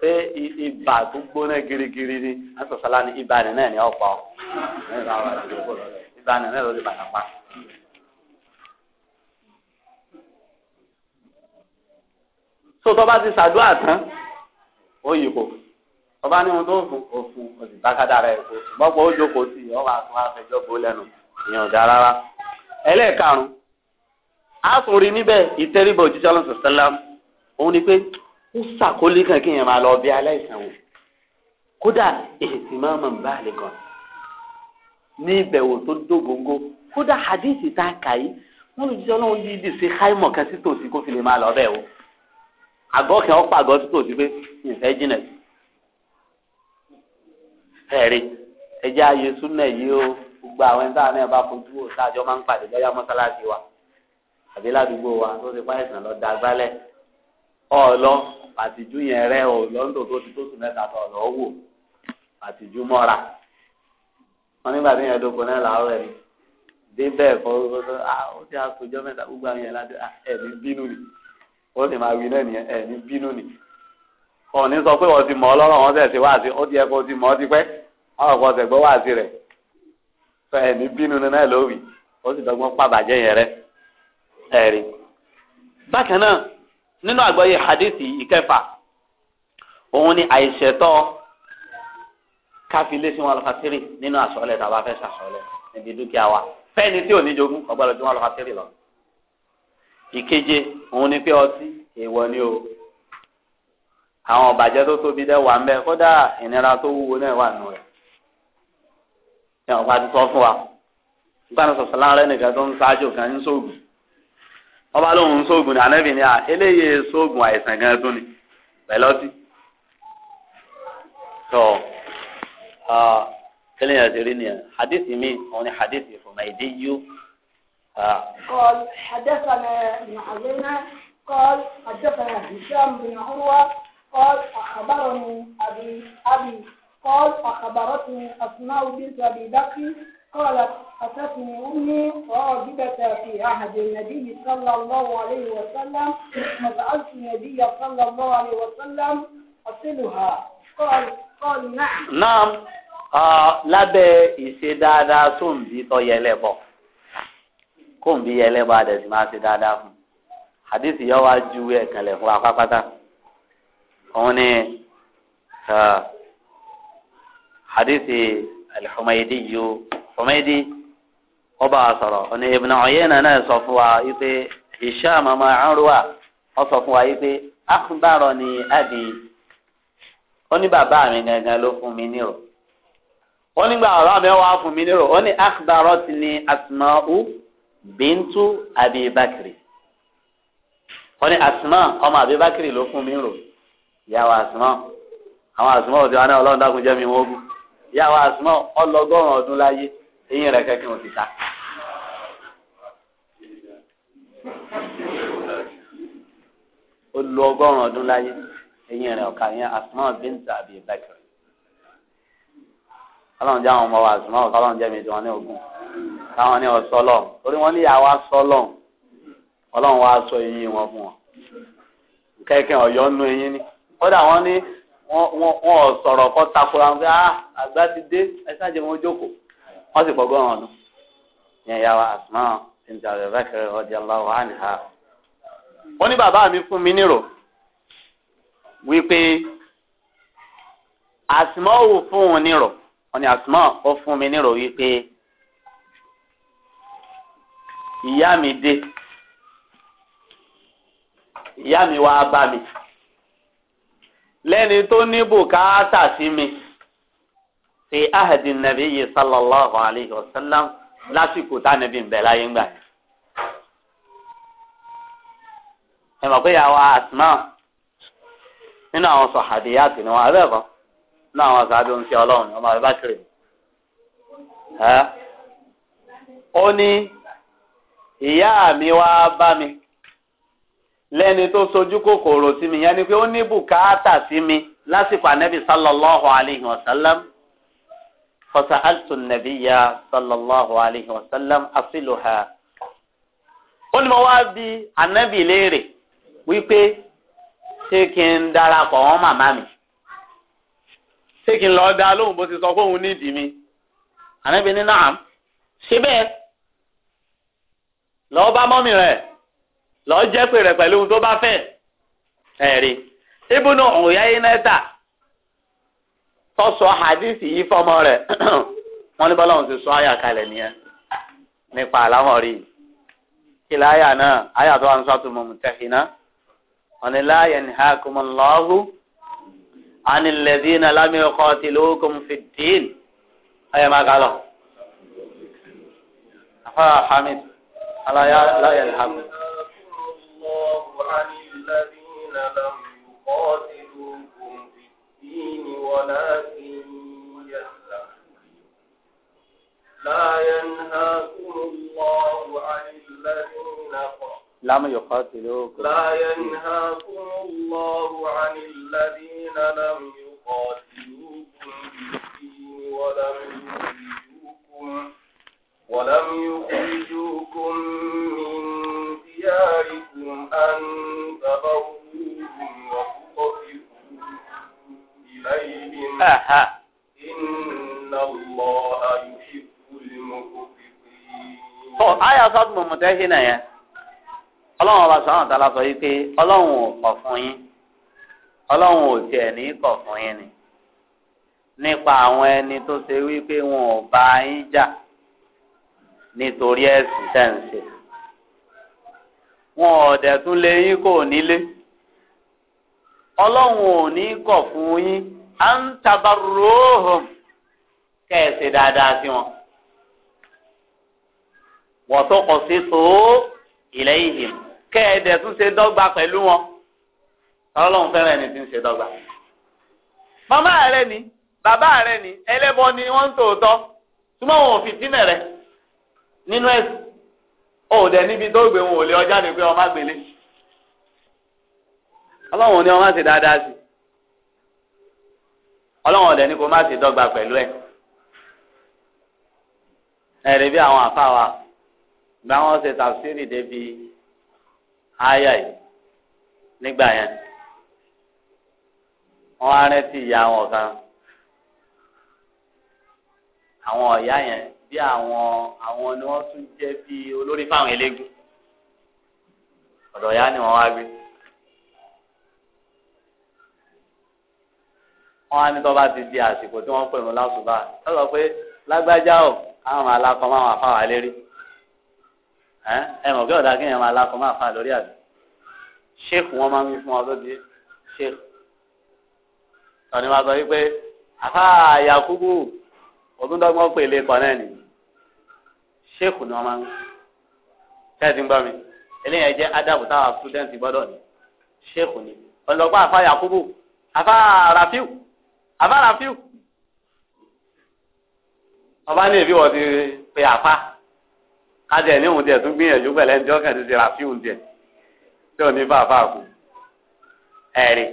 pé ibà tó gbóná girigiri ni asọ̀sọ́lá ni ibà ni náà ni ọ̀pọ̀ ibà ni náà ló lè bàtà pa. so tọ́ba ti ṣàdúrà tán ó yí kò tọ́ba ní ohun tó fún òfun òsì bákàdá rẹ̀ kò gbọ́pọ̀ ó jókòó sí ọba tó wá fẹjọ́ bó lẹ́nu ìyẹn ò dá rárá. ẹlẹ́ẹ̀karùn-ún a tún rí níbẹ̀ ìtẹ́ríbọ̀ òjíṣẹ́ ọlọ́sọ̀ọ́sẹ́lá òun ni pé ó sàkólé kan kí yẹn máa lọ bí aláìsàn wò kódà èsì máa mọ̀ bá àlè kan ní ìbẹ̀wò tó dógóńgó kódà hadith tá a kà yìí wọ́n lè jẹ́ ọlọ́run yìí dì sí háìmọ̀ kan sí tòsí kó fi lè máa lọ bẹ́ẹ̀ o àgọ́ kan ọ̀pọ̀ àgọ́ sí tòsí pé ìfẹ́ jìnà sí ẹ̀rí ẹjẹ́ ayé súnà yìí o gbogbo àwọn ẹni táwọn náà bá fojú wò sáàjọ máa ń pàdé bóyá mọ́sálásí wa àbí ládùúgbò wa tó ti pàìsàn lọ dàgbálẹ̀ ọ̀ọ́lọ́ àtìjú yẹn rẹ o lọ́ńdọ̀ tó ti mẹ́ta tó lọ́ wò àtìjú mọ́ra wọn nígbà tí yẹn náà débẹ̀ ó ti àtòjọ́ mẹ́ta gbogbo àwọn yẹn láti bínú ni ó sì máa wí náà bínú ni sọ pé wọ́n ti mọ̀ ọ́ lọ́rọ̀ sí ó ti yẹ kó ti mọ̀ ọ́ ọ̀rọ̀ kan tẹ̀gbọ́ wáàsí rẹ̀ bínú ni náà nínú àgbọ́yé hadithi ìkẹfà òun ni àìṣẹ̀tọ́ káfílé sí wọn lọ́fàtírì nínú àsọ̀lẹ̀ tàbá fẹ́ sàsọ̀lẹ̀ níbi dúkìá wa fẹ́ni tí ò ní jogún ọgbọ́dọ̀ tí wọn lọ́fàtírì lọ. ìkeje òun ni pé ọtí èèwọ̀ ni o àwọn ọ̀bàjẹ́ tó tóbi dẹ́ wà ń bẹ kódà ìnira tó wúwo náà wà nù rẹ̀ ẹ̀ ọ̀pá ti sọ fún wa nígbà tó sọ̀sọ̀ láàárẹ̀ nìkan tó ń ṣáájú kan ń ṣòògùn ọba lóhun sóògùn ní anẹ́bì ni à eléyè sóògùn àìsàn gan tún ni pẹ̀lọ́tì. tó kílẹ̀ yẹn ti rí nìyẹn hadithi mi òun ni hadithi Humaydi yó. قال حدثنا ابن عيينة قال حدثنا هشام بن عروة قال أخبرني أبي أبي قال أخبرتني أسماء بنت أبي بكر قالت أتتني أمي راغبة في عهد النبي صلى الله عليه وسلم فسألت النبي صلى الله عليه وسلم أصلها قال قال نعم نعم lábẹ́ ìṣe dáadáa tó ń bí tọ́ yẹlẹ́ bọ̀ kó ń bí yẹlẹ́ bọ̀ adẹ̀sí máa ṣe dáadáa fún àdìsí yọ wá ju ẹ̀kànlẹ̀ fún apápátá òun ni àdìsí al-Humaydi yìí ó. Humaydi ọba àsọ̀rọ̀ ọ̀nà Ibn Uyayna náà sọ fún wa wípé Hisham ọmọ Urwa wọ́n sọ fún wa wípé akhbarani abi ó ní bàbá mi gangan ló fún mi nírò ó nígbà ọ̀rọ̀ mi wá fún mi nírò ó ní akhbaratni Asma'u bintu Abi Bakri ó ní Asma ọmọ Abi Bakri ló fún mi rò ìyàwó Asma àwọn Asma òdi náà ọlọ́run dákun jẹ́ mi wọ́n gùn ìyàwó Asma ọlọ́gọ́rùn-ún ọdún láyé eyín rẹ̀ kẹ́kẹ́ wọn ti ta. ó lo ọgọ́rùn ọdún láyé eyín rẹ̀ ọ̀ka yẹn Asma bint Abi Bakr. ọlọ́run jẹ́ àwọn ọmọ wa Asma ọ̀ka ọlọ́run jẹ́ mi tí wọ́n ní ogun táwọn ní ọ̀sọ́lọ̀ torí wọ́n ní àwa sọ́lọ̀ ọlọ́run wa sọ eyín wọn fún wọn kẹ́kẹ́ ọ̀yọ́ nú eyín ni kódà wọ́n ní wọ́n sọ̀rọ̀ kọ́ takora wọn pé ah, àgbà ti dé ẹ sáà jẹ́ wọn jókòó wọ́n sì kọ́gbọ́n wọn dùn ní ẹ̀yà wa Asma bint Abi Bakr radiyallahu anha. wọ́n ní bàbá mi fún mi nírò wípé Asma ò fún un nírò wọ́n ní Asma ó fún mi nírò wípé ìyá mi dé ìyá mi wá bá mi lẹ́ni tó ní bùkátà sí mi. fi ahadi nabi yi sallallahu alayhi wa sallam lásìkò tá nàbí ń bẹ láyé ńgbà yẹn. ẹ mọ̀ pé àwọn asma nínú àwọn tì ní wọn abẹ́ kan nínú àwọn sàádùn ń fi ọlọ́run ní ọmọ kiri. ó ní ìyá mi wá bá mi lásìkò فسألت النبي صلى الله عليه وسلم أصلها ó ní mo wá bí anabi léèrè wípé ṣé kí n darapọ̀ wọn màmá mi ṣé kí n lọ da lóhùn bó ti sọ pé òun nídìí mi anabi ní naam ṣe bẹ́ẹ̀ lọ́ọ́ bá mọ́mì rẹ̀ lọ́ọ́ jẹ́ pé rẹ̀ pẹ̀lú ohun tó bá fẹ́ ẹ̀rí ibùdó òun yá yín náà ta tọ́sọ hadith yìí fọmọ rẹ̀ wọ́n ní bọ́lá òun ti sọ àyà kalẹ̀ nìyẹn nípa àlámọ̀rí kìlá àyà náà àyà tó wà ń sọ́tún mọ̀mù tẹ̀hìnà wọ́n ní láàyè ní hákùmọ̀ lọ́hù àni lẹ́dínà lámìkọ́ ti lókùn fìdíìn ayé máa kà lọ. afa hamid aláyà láyà ní hákùmọ̀. عن الذين لم يقاتلوكم في الدين ولكن يستهزئون لا ينهاكم الله عن الذين لم يقاتلوكم لا لم يقاتلوكم في ولم يخرجوكم ولم يخرجوكم من دياركم أن تبروهم وتقتلوا tó àyà sọ́dún mọ̀mọ́tẹ́ sí náà yẹn ọlọ́run ọba sọ́hàn Tala sọ yìí pé ọlọ́run ò kọ̀ fún yín ọlọ́run ò tiẹ̀ ní kọ̀ fún yín ni nípa àwọn ẹni tó ṣe wípé wọn ò bá yín jà nítorí ẹ̀sìn tẹ̀ ń ṣe wọn ò dẹ̀ tún lé yín kò nílé. ọlọ́run ò ní kọ̀ fún yín à ń tabarúhùn kẹ̀sì dáadáa sí wọn. wọ́n tó kọ̀ sí tó ilẹ̀ ìhì kẹ́ẹ̀dẹ̀ tún ṣe dọ́gba pẹ̀lú wọn ọlọ́run fẹ́ràn ẹni tí ń ṣe dọ́gba. màmá rẹ ni bàbá rẹ ni ẹlẹ́bọ ni wọ́n ń tòótọ́ túmọ̀ wọn ò fi dínà rẹ nínú ẹ̀sìn ó dẹ̀ níbi tó gbé wọn ò lè ọjà ni pé ọmọ àgbélé. ọlọ́run ni wọ́n má ṣe dáadáa sí ọlọ́run ọ̀dẹ̀ ni kò má ṣe dọ́gba pẹ̀lú ẹ̀ ẹ̀rí bí àwọn àfa wa gba wọn ṣe tàfsírì débi àyà yìí nígbà yẹn wọn á rántí ìyá wọn kan àwọn ọ̀yá yẹn bí àwọn àwọn ni wọ́n tún jẹ́ bí olórí fáwọn eléégún ọ̀dọ̀ ìyá ni wọ́n wá gbé. wọn á ní tó bá ti di àsìkò tí wọn pè mí lásùbà ẹ sọ pé lágbájá o àwọn máa lakọ máa wà fáwọn alérí ẹ mọ̀ pé ọ̀dà kéèyàn máa lakọ máa fà lórí àbí ṣéèkù wọn máa ń fún ọ lóde ṣéèkù tọ́ni máa sọ wípé àfà Yakubu ọdúndọ́gbọ́n pèlè kan náà ni ṣéèkù ni wọ́n máa ń tẹ́sí ń gbọ́ mi eléyàn jẹ́ ádàbò táwọn student gbọ́dọ̀ ni ṣéèkù ni ọ̀nà ọgbà àfà Yakubu àfà Rafiu àbára fíù ọba ní èbí wọ́n ti pe àfa kájẹ ní òun tiẹ̀ tún gbìyànjú pẹ̀lẹ́ ní ọkàn ti ṣe ràfíù tiẹ̀ tí ò ní bá àfa kù ẹ̀rí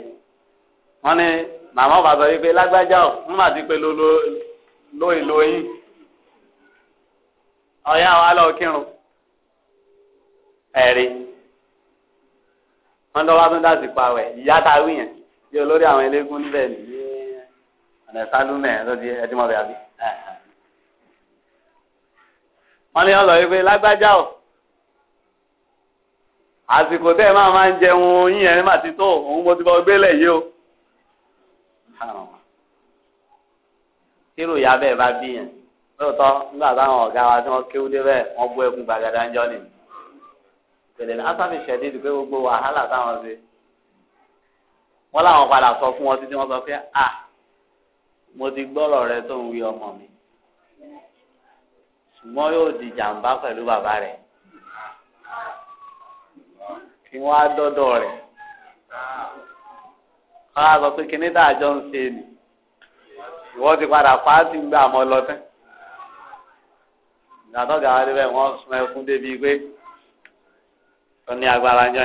wọ́n ní màmá ọba sọ wípé lágbájá ò ń mà ti pe lóyìn lóyìn ọ̀yá wa lọ kírun ẹ̀rí wọ́n lọ́wọ́ tó dá sí pa wẹ̀ ìyá ta wí bí olórí àwọn eléégún níbẹ̀ nìyí mẹsàlúmẹ lọdí ẹdínmọbẹ àbí wọn ní ọlọ yìí pé lágbájá o àsìkò tẹ máa máa ń jẹun yín ẹni máa ti tó òun mo ti bọ gbélé yìí o kírò ìyá bẹ́ẹ̀ bá bí yẹn lóòótọ́ nígbà táwọn ọ̀gá wa tí wọ́n kéwú dé bẹ́ẹ̀ wọ́n bú ẹkún gbàgádá ń jọ́ nìyí pèlè ní asáfi ṣẹ̀dí ìdúpẹ́ gbogbo wàhálà táwọn ṣe wọ́n láwọn padà sọ fún wọn títí wọ́n sọ pé ah mo ti gbọ́rọ̀ rẹ tó ń wí ọmọ mi ṣùgbọ́n yóò di jàǹbá pẹ̀lú bàbá rẹ̀ kí wọ́n á dọ́dọ̀ rẹ̀ wọ́n á sọ pé kíní tá a jọ ń ṣe ni ìwọ ti padà pàṣẹ gbà mọ́ lọ́tẹ́ ìgbàdàn gàwá débẹ̀ wọ́n sun ẹkún débi pé ó ní agbára jọ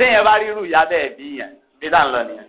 yẹn bá rí irú ìyá bẹ́ẹ̀ bí yẹn bí dáńlọ nìyẹn.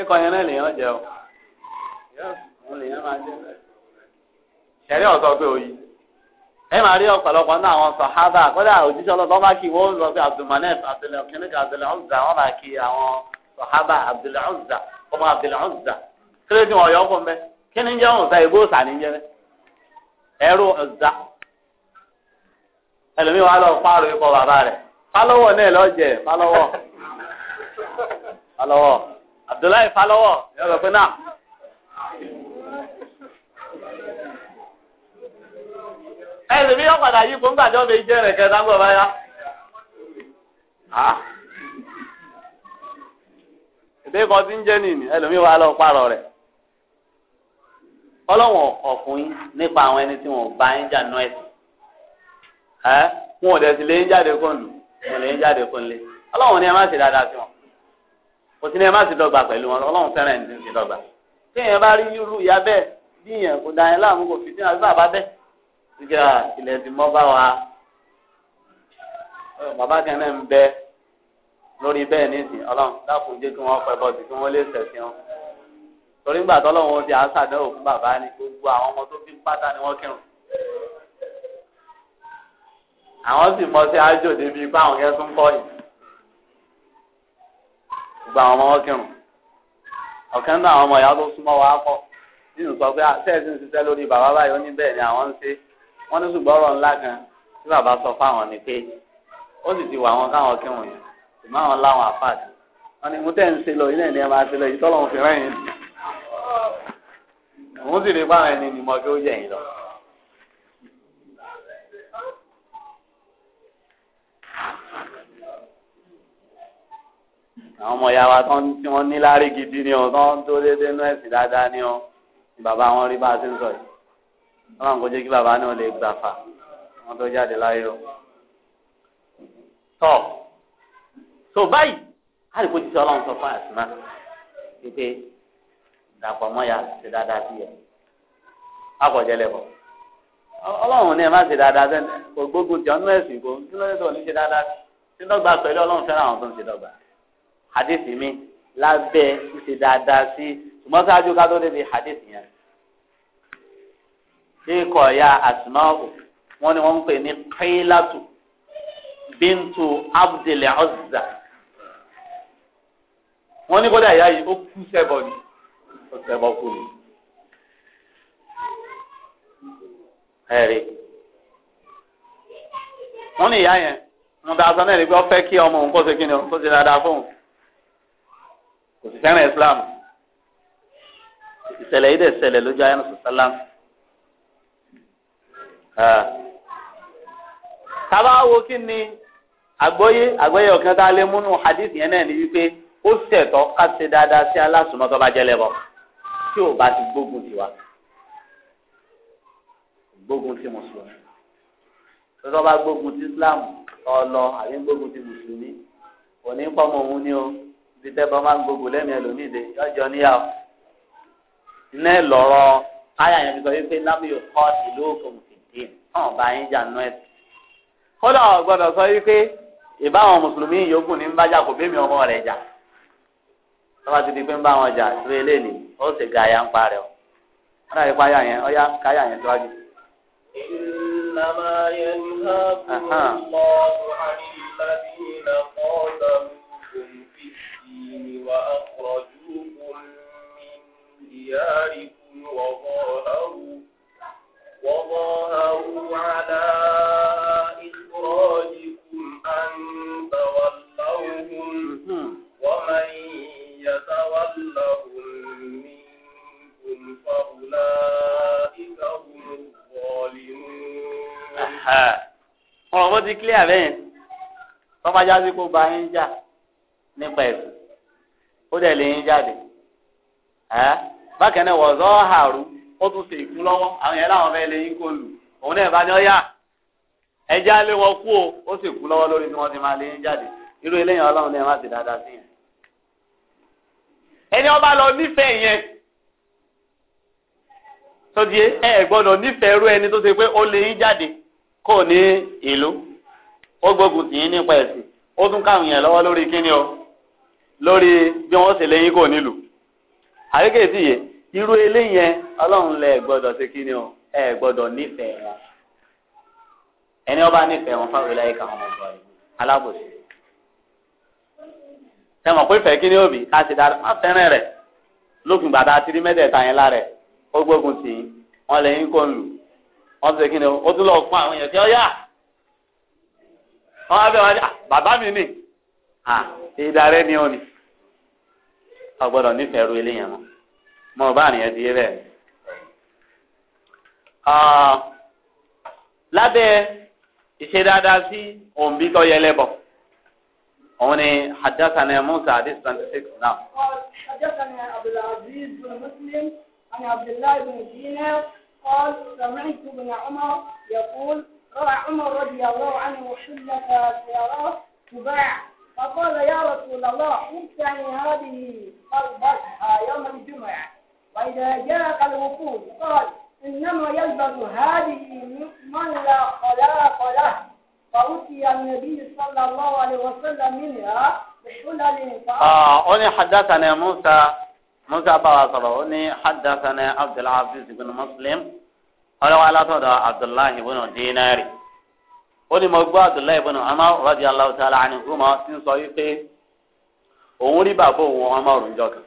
ikọ̀ na náà lèèyàn jẹ o òun lèèyàn máa jẹ sẹ̀rí ọ̀sọ́ pé òyì ẹ máa rí ọ̀pọ̀lọpọ̀ náà àwọn sọ̀hábà kódà òjíṣẹ́ ọlọ́dọ́ bá kí wọ́n lọ kí àwọn sọ̀hábà abdulhuzza ọmọ abdulhuzza kílódé tí wọ́n yọ fún lọ na Abdullahi Falọwọ yóò sọ pé náà. ẹsẹ̀ mi yọ padà yí kó ńgbà tí jẹ́ rẹ̀ kẹta ń ah. kan ń jẹ́ wà lọ pààrọ̀ rẹ̀. ọlọ́wọ̀n ọkùnrin nípa àwọn ẹni tí wọ́n bá ń jà nù wọn ò dẹ̀ sí ń jáde wọn lè ń kò sí ní ẹ má sì dọ́gba pẹ̀lú wọn ọlọ́run fẹ́ràn ẹni tí ń sì dọ́gba tí èèyàn bá rí irú ìyá bẹ́ẹ̀ bí èèyàn kò dá yẹn láàmú kò fi sí àbí bàbá bẹ́ẹ̀ ìjà ilẹ̀ ti mọ́ bá wa bàbá kan náà ń bẹ lórí bẹ́ẹ̀ nísìn ọlọ́run dákun jẹ́ kí wọ́n pẹ́ bọ́ọ̀dù kí wọ́n lè sẹ̀sìn wọn torí ńgbà tọ́lọ́run ti àṣàdánwò fún bàbá ni gbogbo àwọn ọmọ tó bí pátá ni wọ́n kírun àwọn sì mọ sí àjò débi ipá àwọn yẹn tún kọ́ yìí gbogbo àwọn ọmọ wọn kírun ọ̀kan náà àwọn ọmọ ìyá tó súnmọ́ wa kọ́ nínú sọ pé sẹ́ẹ̀sì ń ṣiṣẹ́ lórí bàbá báyìí ó ní bẹ́ẹ̀ ni àwọn ń ṣe wọ́n ní ṣùgbọ́n ọ̀rọ̀ ńlá kan tí bàbá sọ fáwọn ni pé ó sì ti wà wọn káwọn kírun yẹn ṣùgbọ́n àwọn láwọn àfáàdì wọn ni mo tẹ́ ń ṣe lọ ilé ìní ẹ máa ṣe lọ èyí tọ́lọ́run fi rẹ́yìn òun sì ẹni ni mo kí ó yẹ̀yìn lọ. àwọn ọmọ ìyá wa tán tí wọ́n ní lárí gidi ni ọ̀ tán tó déédéé nú ẹ̀sìn dáadáa ni ọ̀ ni bàbá wọn rí bá a ti ń sọ yìí wọ́n máa ń kojú kí bàbá náà lè gbà fà wọ́n tó jáde láyé o. tọ́ tó báyìí àlùkò ti sọ ọlọ́run sọ fún àìsàn pípé dàpọ̀ mọ́ ya ṣe dáadáa sí ẹ̀ akọ̀jẹ̀lẹ̀ bọ̀ ọlọ́run ní ẹ má ṣe dáadáa sẹ́ni kò gbógun ti ọ̀nú ẹ̀sìn kò kí ló dé tó ní ṣe dáadáa hadith mi lábẹ́ ṣíṣe dáadáa sí ṣùgbọ́n ṣáájú ká tó débi hadith yẹn. kíkọ̀ ya asma'u wọn ni wọ́n ń pè ní qailatu bintu abdul uzza wọ́n ní kódà ìyá yìí ó kú sẹ́bọ̀ ni ó sẹ́bọ̀ kú ni. ẹ̀rí wọ́n ní ìyá yẹn mo bá aṣọ náà rí pé ó fẹ́ kí ọmọ òun kó ṣe kí ni òun ṣe dáadáa fóun kò sì fẹ́ràn islam ìṣẹ̀lẹ̀ yìí dẹ̀ ṣẹlẹ̀ lójú ayé nàṣọ sálám. tábà wo kí ni àgbọ́yé àgbọ́yé ọ̀kan tá a lè múnú hadith yẹn náà ni wípé ó ṣẹ̀tọ́ ká ṣe dáadáa sí aláṣùmọ́ tó bá jẹ́ lẹ́bọ̀ tí ò bá ti gbógun tiwa gbógun ti mùsùlùmí tó bá gbógun ti islam ọlọ àbí gbógun ti mùsùlùmí òní pọ́nmọ́ òun ni o títẹ́bọ máa ń gbogbo lẹ́mìí ẹlòmíì dé yọjọ níyàwó iná ẹ lọ́rọ́ ayé àyàn nígbà wípé lábíyò kọ́ ìlú òkòwò fìdí náà bá yín jà nú ẹ̀sìn. kódà ọ̀gbọ́dọ̀ sọ wípé ìbáwọn mùsùlùmí yòókù ní ń bájà kò bẹ́mi ọmọ rẹ̀ jà lọ́wọ́ ti di pé ń bá wọn jà ìwé eléyìí ó sì ga àyà ń parẹ́ o wọ́n dàbí pa àyà yẹn ọ̀yá káyà yẹn síwájú. إنما ينهاكم الله عن الذين قاتلوا به وأخرجوكم من دياركم وظاهروا وظاهروا على إخراجكم أن تولوهم ومن يتولهم منكم فأولئك هم الظالمون ọ̀rọ̀ bó ti clear bẹ́ẹ̀ tọ́ba jásí kó ba yín jà nípa ẹ̀sùn ó dẹ̀ lè yín jáde ẹ́ bákan wọ̀zọ́ àrù ó tún ṣe ìkú lọ́wọ́ àwọn yẹn láwọn fẹ́ lè yín kó lù òun náà bá ní ọ́yà o ó sì kú lọ́wọ́ lórí bí wọ́n ti máa lè yín jáde irú eléyàn ọlọ́run náà má ti dáadáa sí yẹn. ẹni ọba lọ nífẹ̀ẹ́ yẹn sọdí ẹ gbọ́dọ̀ nífẹ̀ẹ́ irú ẹni tó ṣe pé ó lè yín jáde kò ní ìlú ó gbógun tì yín nípa ẹ̀sìn ó tún káwọn yẹn lọ́wọ́ lórí bí wọ́n ṣe léyìn kò nílùú àríkè sí yẹ irú eléyẹn ọlọ́run lẹ gbọ́dọ̀ ṣe kí ni o ẹ gbọ́dọ̀ nífẹ̀ẹ́ wọn ẹni ọba nífẹ̀ẹ́ wọn fáwọn ìlàyé kan ọmọ ọgbà yìí alábòsí tẹmọ pé ìfẹ́ kí ni òbí ká ṣe dáadáa má fẹ́ràn rẹ̀ lókun gbàdá tìrí mẹ́tẹ̀ẹ̀ta yẹn lára ẹ̀ ó gbógun tì í wọn lẹ́yìn kò ń wọn ṣe kí ni o tún lọ fún àwọn èèyàn tí ó yà wọn á bẹ wọn bàbá mi ni ìdàrẹ́ ni ó ọgbọ́dọ̀ nífẹ̀ẹ́ ru eléyàn mọ́ mọ́ bá àníyàn ti yé bẹ́ẹ̀. lábẹ́ ìṣe dáadáa sí òǹbí tó yẹ lẹ́bọ̀ òun ni hadassana musa hadith twenty six now. hadassana abdulaziz bin muslim عن عبد الله بن دينار قال سمعت ابن عمر يقول رأى عمر رضي الله عنه حلة سيارات تباع فقال يا رسول الله امتعني هذه أربعها يوم الجمعة وإذا جاءك الوفود قال إنما يلبس هذه من لا خلاق له فأتي النبي صلى الله عليه وسلم منها بحلل آه أني حدثنا موسى موسى بواصره أني حدثنا عبد العزيز بن مسلم قالوا على عبد الله بن دينار ó ní mo gbọ́ Abdullahi ibn Umar radiyallahu ta'ala anhuma ti ń sọ wípé òun rí bàbá òun Umar òrùnjọ kan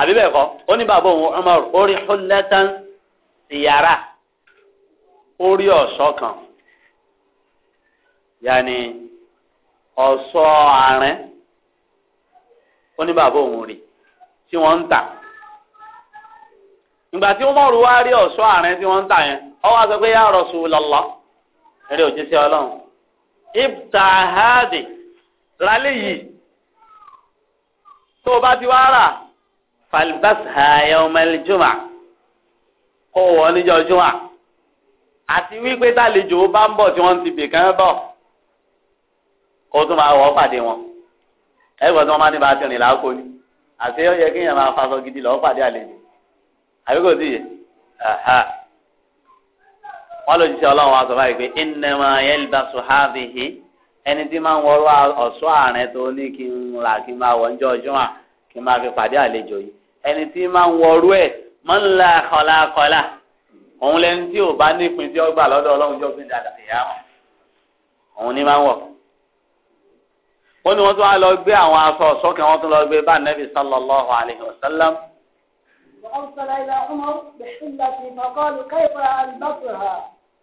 àbí bẹ́ẹ̀ kọ́ ó ní bàbá òun Umar ó rí hullatan tìyàrá ó rí ọ̀ṣọ́ kan yàní ọ̀ṣọ́ àárín ó ní bàbá òun rí tí wọ́n ń tà ìgbà tí Umar wá rí ọ̀ṣọ́ àárín tí wọ́n ń tà yẹn ọwọ́ àti pé ya Rasulullah eré òjíṣẹ́ ọlọ́run ibtahadi rálẹ̀ yìí tó o bá ti wá rà falbasha yawmal jum'a kó o wọ̀ níjọ́ jùmọ̀ àti wípé tàlejò bá ń bọ̀ tí wọ́n ti bìkan bọ̀ kó o tún máa wọ̀ pàdé wọn ẹgbẹ́ tí wọ́n máa ní bá ti rìn láàkó ni àti ó yẹ kéèyàn máa fasọ gidi lọ́ọ́ pàdé àlejò àbí kò sí yẹ wọn lò jíṣẹ́ ọlọ́run wa sọ báyìí pé innama yalbasu hadhihi ẹni tí máa ń wọrọ ọ̀ṣọ́ àárín tó ní kí n ra kí n máa wọ̀ ọjọ́ ọjọ́ hàn kí n máa fi pàdé àlejò yìí ẹni tí máa ń wọrú ẹ̀ man la khalaqala òun lẹni tí ò bá nípìn tí ó gbà lọ́dọ̀ ọlọ́run jọ́ fún dada ìyá wọn òun ni máa ń wọ̀. ó ní wọ́n tún wá lọ gbé àwọn aṣọ ọ̀ṣọ́ kí wọ́n tún lọ gbé bá nẹ́bí sallallahu alayhi wa sallam. wọ́n sọ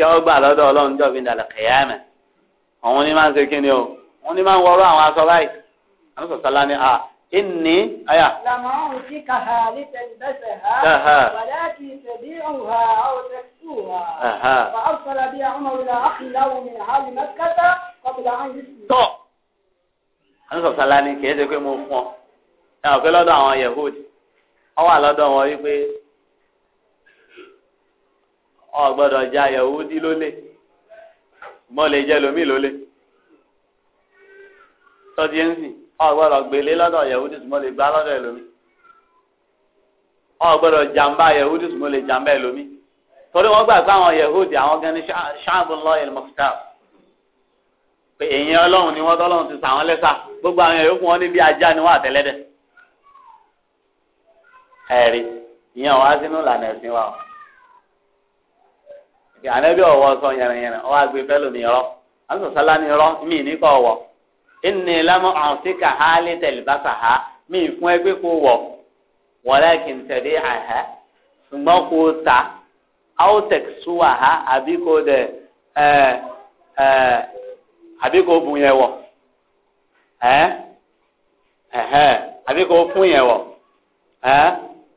tí wọ́n gbà lọ́dọ̀ ọlọ́run jọ fi kẹ̀yàmẹ̀ òun ni máa ń ṣe kí ni o òun ni máa ń wọrọ àwọn aṣọ báyìí àwọn sọ̀tà lá ha a ìní ayà. làmọ́ òun ti ha ní tẹ̀lifẹ̀sẹ̀ ha wàdà kì í ṣèbí òun ha ọ̀hún tẹ̀síù ha fàáfàlà bíi àwọn ọ̀rọ̀ àkìláwò mi àhálì mẹ́kẹ́tà kọ́bùlà á yìí sí. tọ́ àwọn sọ̀tà lá kì í ṣe pé mo fún ọ ẹ̀ ọ̀fẹ́ lọ́dọ̀ àwọn yahudi ọ wà wọn wípé ọ gbọ́dọ̀ jẹ àyẹ̀wò dí lólè mọ lè jẹ lómi lólè tọ́jú ẹ̀ ń sìn ọ gbọ́dọ̀ gbélé lọ́dọ̀ àyẹ̀wò dí mọ lè gbá lọ́dọ̀ ẹ̀ lómi ọ gbọ́dọ̀ jàǹbá àyẹ̀wò dí mọ lè jàǹbá ẹ̀ lómi torí wọ́n gbà pé àwọn yehudi àwọn gan ni ṣáàbùlọ pé èyàn ọlọ́run ni wọ́n tọ́lọ́run ti sàwọn lẹ́sà gbogbo àwọn yòókù wọn ní ajá ni wọ́n àtẹlẹ́dẹ̀ ẹ̀rí ìyẹn wá sínú ìlànà ẹ̀sìn wa o. ànábì ọ̀wọ́ sọ yẹrẹyẹrẹ ọ̀ wá gbé fẹ́lú mi rọ alùsọ̀sálá mi rọ mí ní kọ́ wọ̀ ẹnì lámọ́ ha lé tẹ̀lifásà ha fún ẹgbẹ́ kó wọ̀ wọlé kì í tẹ̀lé àhá ṣùgbọ́n kó ta autex ha àbí kó àbí kó yẹn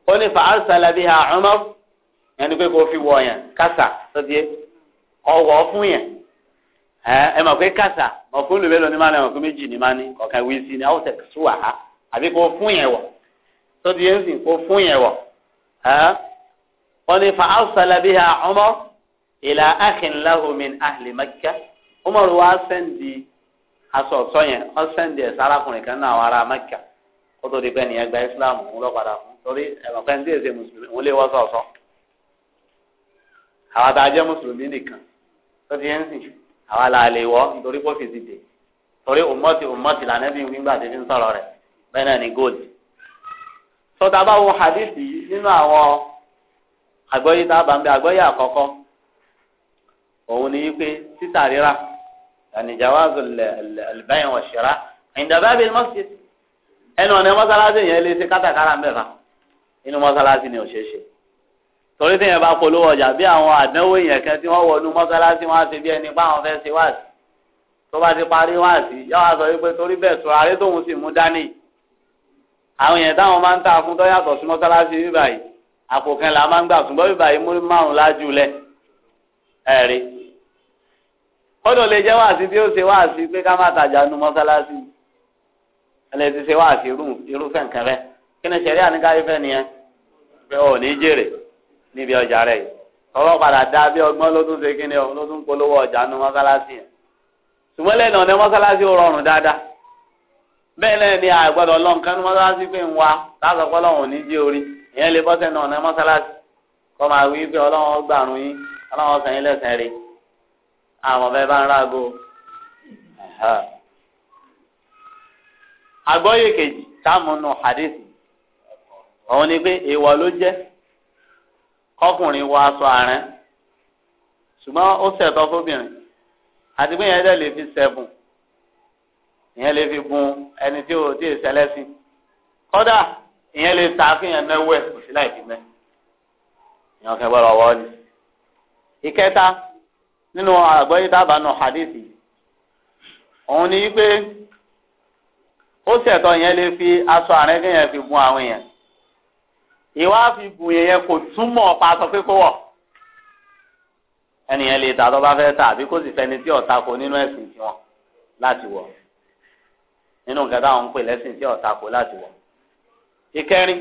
àbí kó ẹni pé kò fi wọ yẹn kásà sọdíẹ ọwọ fún yẹn ẹ mọ̀ pé kásà ọ̀fun lùbẹ́ lọ ní máa ní ọ̀fun méjì ní máa ní ọ̀kan wí sí ní àwọn tẹ̀sí wà á àbí kò fún yẹn wọ̀ sọdíẹ ń sìn kò fún yẹn wọ̀ wọ́n ní fa awusala bíi Umar ìlà ahìnláhùnmin ahìlì Mẹ́kà Umar wa sẹ́ndì aṣọ ọ̀sọ́ yẹn wọ́n sẹ́ndì ẹ̀ kan náà wàrà Mẹ́kà kó tó di pẹ́ nìyẹn gba Islam òun fún torí ẹ̀rọ pẹ́ńtì mùsùlùmí òun lè àwa tá a jẹ́ mùsùlùmí nìkan tó ti yẹn sìn àwa là lè wọ́ nítorí pé òfin ti dè torí òmọ́tì òmọ́tì lànà bí wíńgbà tí fi ń sọ̀rọ̀ rẹ̀ bẹ́ẹ̀ náà ni gold. sọta bá wo hadith yìí nínú àwọn àgbọ́yé tá a bá ń bẹ àgbọ́yé àkọ́kọ́ òun ni wípé títà ríra ànijáwáàzù al-bay' wa shira' inda ẹnu ọ̀nà mọ́sálásí yẹn lè ṣe kátàkárà ń inú mọ́sálásí ni ò ṣeé ṣe torí tí yẹn bá polówó ọjà bí àwọn àdánwò yẹn kan tí wọ́n wọnú mọ́sálásí wọn á ṣe bí ẹni pa àwọn fẹ́ ṣe wáàsí tó bá ti parí wáàsí yóò wá sọ wípé torí bẹ́ẹ̀ sọ àárẹ̀ tóun sì mú dání àwọn yẹn táwọn máa ń ta fún tó yàtọ̀ sí mọ́sálásí bíbà yìí àpò kan là máa ń gbà ṣùgbọ́n bíbà yìí mú márùn lájú lẹ̀ ẹ̀rí kọ́dọ̀ lè jẹ́ wáàsí tí ó ṣe wáàsí pé ká má tajà nu mọ́sálásí ẹlẹ́ ti ṣe wáàsí irúfẹ́ nǹkan rẹ kí ni ṣẹ̀rí àníkáyé fẹ́ nìyẹn ọ̀ ní jèrè. níbi ọjà rẹ̀ yìí ọwọ́ padà dá bí ọgbọ́n ló tún ṣe kíni ọ ló tún polówó ọjà nu mọ́sálásí yẹn ṣùgbọ́n lẹ́nu ọ̀nà mọ́sálásí ó rọrùn dáadáa bẹ́ẹ̀ náà ni àgbàdo pé ń pé ò ní jí orí ìyẹn lè máa wí pé gbàrún yín rí àwọn bá ń kejì táàmù nù hadith òun ni kọkùnrin wọ aṣọ àárẹ̀ ṣùgbọ́n ó ṣẹ̀tọ́ fóbìnrin àti pé yẹn dẹ̀ lè fi sẹ́bùn ìyẹn lè fi bùn ẹni tí ò tí ì sẹlẹ́sìn kódà ìyẹn lè ta kí yẹn náwó ẹ̀ kò sí láì fi mẹ́ ìyẹn kẹ́ gbọ́dọ̀ wọ́ ni. ìkẹta nínú àgbọ̀yé dábàá nù hadith òun ni wípé ó ṣẹ̀tọ́ yẹn lè fi aṣọ àárẹ̀ kí yẹn fi bùn àwọn èèyàn ìwà fi gùn yẹn kò túmọ̀ pa sọ pé kó wọ̀ ẹnìyẹn lè ta tó bá fẹ́ ta àbí kó sì fẹni tí ọ̀tá kò nínú ẹ̀sìn tiwọn láti wọ̀ nínú nǹkan táwọn ń pè lẹ́sìn tí ọ̀tá kò láti wọ̀ ìkẹrin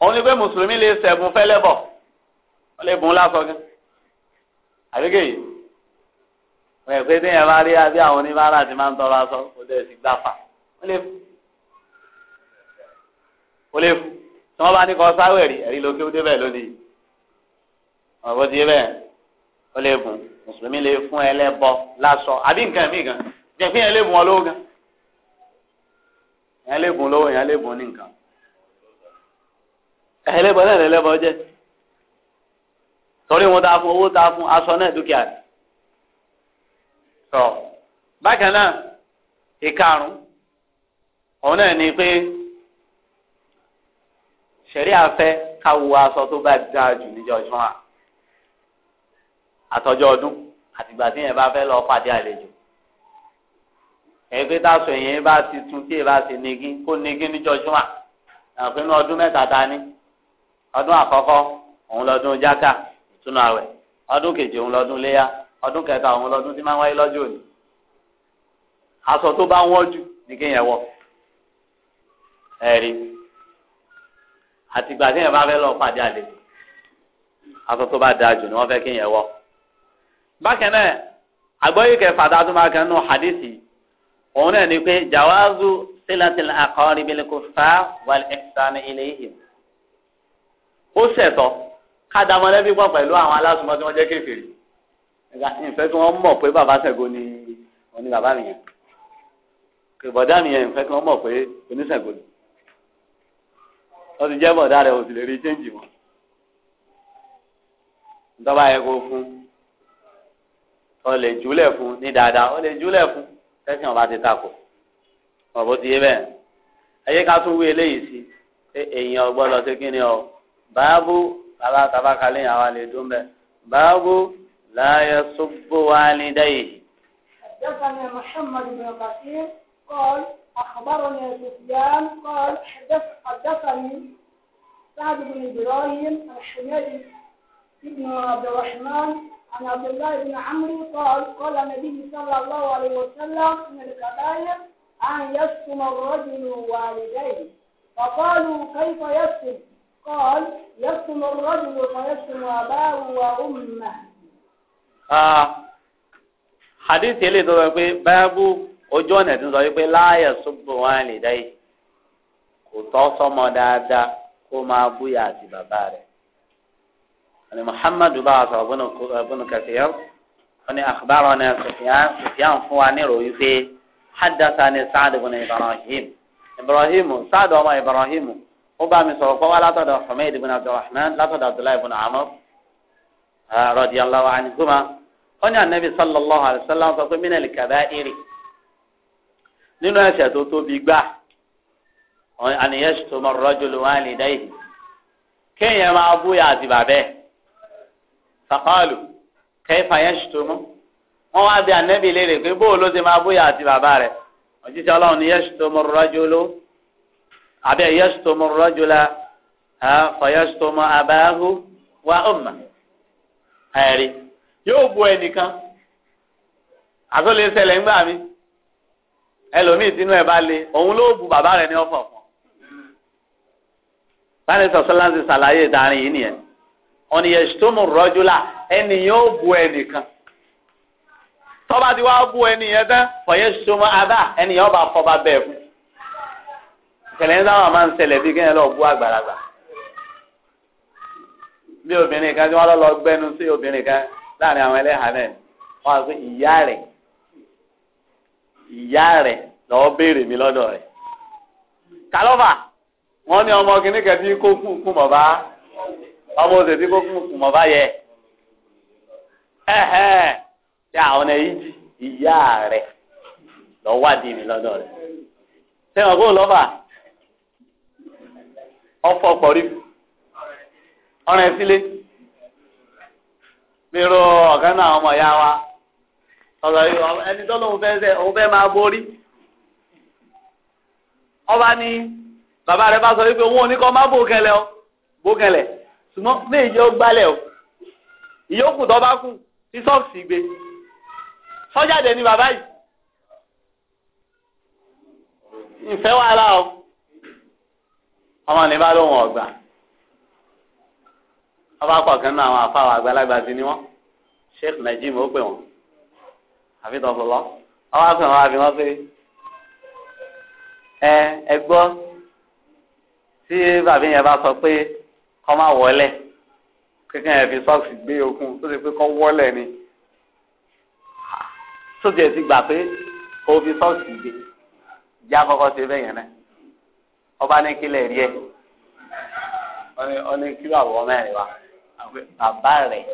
òun ni pé mùsùlùmí lè sẹ̀bùn fẹ́lẹ́bọ̀ wọ́n lè bùn lásọ gan àbíkè yìí wọ́n yẹ pé téèyàn bá rí abí àwọn oníbàárà ti máa ń tọrọ aṣọ kó dẹ̀ sì gbàfà wọ́n lè fún tí wọ́n bá ní kọ́ sáwẹ̀ rí ẹ̀rí lókè ó débẹ̀ lónìí ọ̀bọ̀n ti bẹ́ẹ̀ ó lè bùn mùsùlùmí lè fún ẹlẹ́bọ lásọ àbí nǹkan mí gan jẹ́ pé yẹn lè bùn ọ lówó gan yẹn lè bùn lówó yẹn lè bùn ní nǹkan ẹlẹ́bọ náà lẹ́lẹ́bọ jẹ́ torí wọn ta fún owó ta fún aṣọ náà dúkìá rẹ̀ sọ bákan náà ìkarùn òun náà ni pé ṣẹ̀rí àfẹ́ káwo aṣọ tó bá dáa jù níjọ́ jùmọ̀ àtọ́jọ́ ọdún àtìgbà tí yẹn bá fẹ́ lọ pàdé àlejò ẹgbẹ́ tàṣọ yẹn bá ti tún tí èèbá ti nigi kó nigi níjọ́ jùmọ̀ àpinnu ọdún mẹ́ta ta ni ọdún àkọ́kọ́ òun lọ́dún jákà ìtúnu àwẹ̀ ọdún kejì òun lọ́dún léyà ọdún kẹta òun lọ́dún tí máa ń wáyé lọ́jọ́ òní aṣọ tó bá wọ́n jù ní kéèyàn wọ̀ ẹ̀rí àtìgbà tí yẹn bá fẹ́ lọ pàdé àlejò aṣọ tó bá da jù ni wọ́n fẹ́ kí yẹn wọ̀. bákan náà àgbọ̀yé kẹfà tá a tún máa kàn nù hadisi òun náà ni pé jawazu silatil aqaribi bil kuffar wal ihsan ilayhim. ó ṣẹ̀tọ́ ká da mọ̀lẹ́bí pọ̀ pẹ̀lú àwọn aláṣùmọ̀ tí wọ́n jẹ́ kéfìrí. ìfẹ́ tí wọ́n mọ̀ pé bàbá Ṣàngó ni oní bàbá mi yẹn. kìbọ̀dá mi yẹn ìfẹ́ tí wọ́n mọ̀ pé oníṣàngó ni wọ́n ti jẹ́ bọ̀dá rẹ̀ ò sì lè rí chẹ́ǹjì wọn. ntọ́ba yẹ kó fún ọ lè júlẹ̀ fún ní dáadáa ọ lè júlẹ̀ fún tẹ́sán ọba ti takò ọ̀bọ ti yé bẹ́ẹ̀. ẹyẹ ká tún wí eléyìí sí pé èèyàn gbọ́dọ̀ ṣe kí ni ọ báàbù bàbá tabakalẹ̀ yẹn àwa lè dún bẹ́ẹ̀ báàbù láyé sọ́gbó wa ní dáyé. أخبرنا سفيان قال حدث حدثني سعد بن إبراهيم الحميدي ابن عبد الرحمن عن عبد الله بن عمرو قال قال النبي صلى الله عليه وسلم من الكبائر أن يسكم الرجل والديه فقالوا كيف يسكم؟ قال يسكم الرجل فيسكم أباه وأمه. آه حديث يلي باب ojú ọ̀nà tí ń sọ wípé láàyè ṣubú wọn lè dá yìí kò tọ́ sọmọ dáadáa kó máa búyà àti bàbá rẹ̀ ni muhammadu bá a sọ̀rọ̀ bọ́nu kẹfìyàn wọn ni àkàbàrọ̀ ni sùfìyàn sùfìyàn fún wa nírò wípé hadasa ni sáàdì bọ́nu ibrahim ibrahim sáàdì ọmọ ibrahim ó bá mi sọ̀rọ̀ fọwọ́ látọ̀dọ̀ humaid ibn abdulrahman látọ̀dọ̀ abdullahi ibn amr radiyallahu anhuma wọn ni anabi sallallahu alayhi wa sallam sọ pé minal nínú ẹ̀ṣẹ̀ tó tóbi gbà àníyàn ṣètò mọ rọjòló wọn àlè dáìhì kéèyàn máa bóyá àti bàbẹ fàkọọlù kẹfà yẹn ṣètò mọ wọn wá bí ànẹbí léèrè pé bóòlù ló ti máa bóyá àti bàbá rẹ òjíṣẹ́ Ọlọ́run ni yẹn ṣètò mọ rọjòló àbẹ yẹn ṣètò mọ rọjòlá fọyẹn ṣètò mọ wa ọmọ ẹrí yóò bu ẹnìkan àtúnlẹ̀ ṣẹlẹ̀ mi ẹlòmíì tínú ẹ bá le òun ló bu bàbá rẹ ní ọ̀fọ̀ fún báyìí sọsọlá ti ṣàlàyé ìdarin yìí nìyẹn ọ̀nìyẹ ṣùtòmù rọ́júlà ẹnìyàn ó bu ẹnìkan tọ́ba ti wá bu ẹnìyẹn tán fọyẹ́ ṣùtòmù adá ẹnìyàn ọba fọba bẹ́ẹ̀ fún ìṣẹ̀lẹ̀ ní sábà máa ń ṣẹlẹ̀ bí kéèyàn lọ bu àgbàlagbà bí obìnrin kan tí wọ́n lọ lọ gbẹ́nu sí obìnrin kan láàrin àwọn ẹlẹ́hàá náà wọ́n á sọ ìyá rẹ̀ ìyá rẹ̀ lọ́ọ́ béèrè mi lọ́dọ̀ rẹ̀. kálọ́fà wọ́n ní ọmọ kìíní kẹfí kó kún kún mọ̀ bá ọmọ oṣù tí kó mọ̀ yẹ. ṣé àwọn ẹ̀yí jì ìyá rẹ̀ lọ́ọ́ wádìí mi lọ́dọ̀ rẹ̀. kó lọ́fà pọ̀rí sílé mi ro ọ̀gá náà wa. ọ̀rọ̀ ẹni tó fẹ́ fẹ́ máa borí ọba ni bàbá rẹ bá sọ wípé òun ò ní kọ́ má bò kẹlẹ̀ o bò kẹlẹ̀ ṣùgbọ́n méje ó gbálẹ̀ o ìyókù tó bá kù tí sọ́ọ̀sì gbé sọ́jáde ni bàbá yìí ìfẹ́ wàhálà o ọmọ ní bá lóun ọ̀gbà ọba kọ̀ọ̀kan náà àwọn afáwọn àgbàlagbà sí ni wọ́n Sheikh Najim ó pè wọ́n àfi tọ̀ fọlọ́ ọwọ́ àfihàn wọn àfi wọn pé ẹ ẹ tí bàbá yẹn bá sọ pé kọ́ máa wọlé kékeré fi sọ́ọ̀sì gbé okun tó ti pé kọ́ wọlé ni sójà ti gbà pé kò fi sọ́ọ̀sì gbé já kọ́kọ́ ṣe bẹ́ẹ̀ yẹn náà ní kílẹ̀ rí ẹ ọ ní kílọ̀ àwọ̀ wa bàbá rẹ̀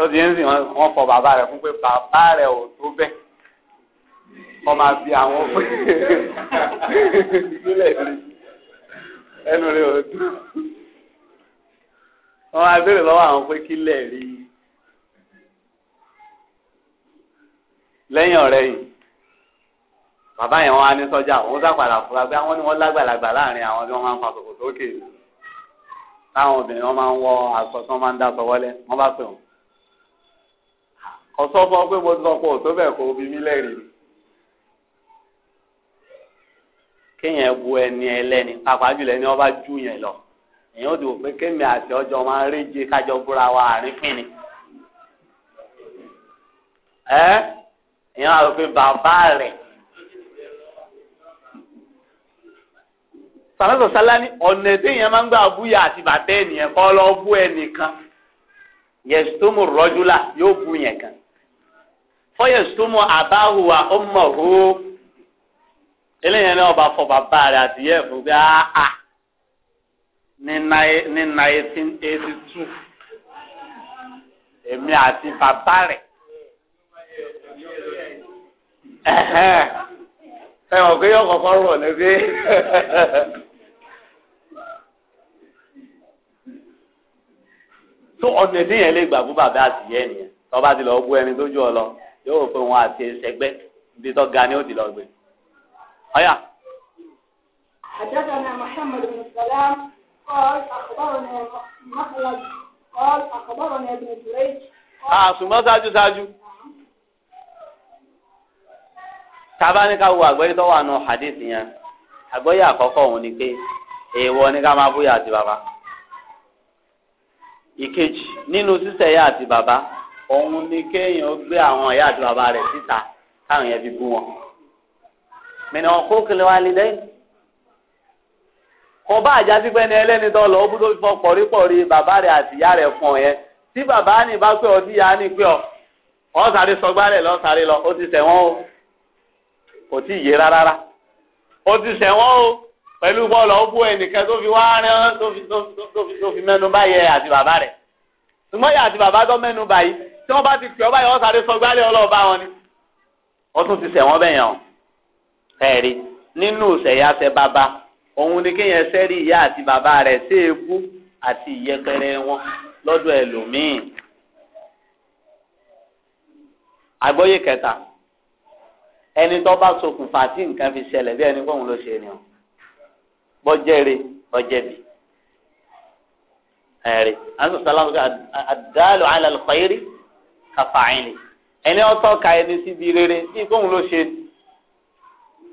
tọ́jú yẹn sì wọ́n fọ bàbá rẹ̀ fún pé bàbá rẹ̀ ò tó bẹ́ẹ̀ wọ́n máa bi àwọn pé ìdílé ẹnu rẹ̀ ò dùn wọ́n máa béèrè lọ́wọ́ àwọn pé kí lẹ̀ rí i lẹ́yìn ọ̀rẹ́ yìí bàbá yẹn wọ́n á ní sọ́jà òun sàpàdà fúra pé àwọn ni wọ́n lágbàlagbà láàrin àwọn tí wọ́n máa ń fa sòkòtò òkè táwọn obìnrin wọn máa ń wọ aṣọ tí wọ́n máa ń dá sọ wọlé wọ́n bá pè wọ́n ọ̀sọ́ fún ọ pé mo sọ pé òtó bẹ́ẹ̀ kó bí mí lẹ́rìí ni. kéèyàn bu ẹni ẹlẹ́ni pàápàá jùlọ ẹni ọba jù yẹn lọ èèyàn ò dìbò pé kéèmì àti ọjọ́ máa ń réje kájọ búra wa àárín pín ni. ẹ èèyàn àrò pé bàbá rẹ̀ sàlọ́sọ̀ sálání ọ̀nà téèyàn máa ń gbà búyà àti bàbá ẹnìyẹn kọ́ lọ́ọ́ bú ẹnìkan yẹ̀sùtòmù rọ́júlà yóò bú yẹn kan fọyẹ súnmọ àbáhùwà ọmọhó eléyìí náà bá fọ bàbá rẹ àti yẹ fún bí ah, ah, áá ní nineteen eighty two èmi àti bàbá rẹ ẹ mọ̀ pé yóò kọ́kọ́ rọ̀ ní bí. tó ọ̀nà ìdíyẹn lè gbà fún bàbá àti yẹ nìyẹn tọ́ba ti lọ gbó ẹni tó jù ọ lọ yóò fẹ́ wọn àti ẹsẹ̀gbẹ́ ibi tó ga ni ó ti lọ gbé. ọ̀yà. حدثنا محمد بن سلام قال أخبرنا مخلد قال أخبرنا ابن جريج àṣùmọ́ ṣáájú ṣáájú. tábà ní ká wo àgbẹ̀yẹ tó wà nù hadith yẹn àgbẹ̀yẹ àkọ́kọ́ òun ni pé èèwọ̀ ni ká máa búyà àti bàbá. ìkejì nínú sísẹ̀yà àti bàbá òun ni kéèyàn ó gbé àwọn ìyá àti bàbá rẹ̀ síta káwọn yẹn fi bú wọn. mìíràn kó kele wa lè dẹ́yìn. kò bá àjá sí pé ní ẹlẹ́ni tó lọ ó bú tó fi fọ pọ̀rípọ̀rí bàbá rẹ̀ àti ìyá rẹ̀ fún ọ yẹn tí bàbá ní bá pé ọ tí ìyá ní pé ọ ọ sáré sọgbálẹ̀ lọ sáré lọ ó ti ṣẹ̀wọ̀n o kò tí ì yé rárá rárá ó ti ṣẹ̀wọ̀n o pẹ̀lú bọ́ọ̀lù ó bú ẹnìkan tó fi wá rán tó fi mẹ́nu báyẹ àti bàbá rẹ̀ ṣùgbọ́n ìyá àti bàbá tó mẹ́nu báyìí tí wọ́n bá ti pè ọ́ báyìí wọ́n sáré sọ gbálẹ̀ ọlọ́ọ̀bá wọn ni wọ́n tún ti sẹ̀ wọ́n bẹ̀yàn o ẹ̀rí nínú sẹ̀yàsẹ̀ bàbá òun ni kéèyàn sẹ́rí ìyá àti bàbá rẹ̀ sí èébú àti ìyẹpẹrẹ wọn lọ́dọ̀ ẹlòmíì. àgbọ́yé kẹta ẹni tó bá ṣokùnfà tí nǹkan fi ṣẹlẹ̀ bí ẹni pọ̀hún ló ṣe ni o bọ́jẹ́rẹ́ bọ́jẹ́bi ẹ̀rí àti sọ̀tàlá àdàlù alàlùkọ́ yìí rí kàfàìnì ẹni ọtọ ka ẹni síbi rere bíi kóhun ló ṣe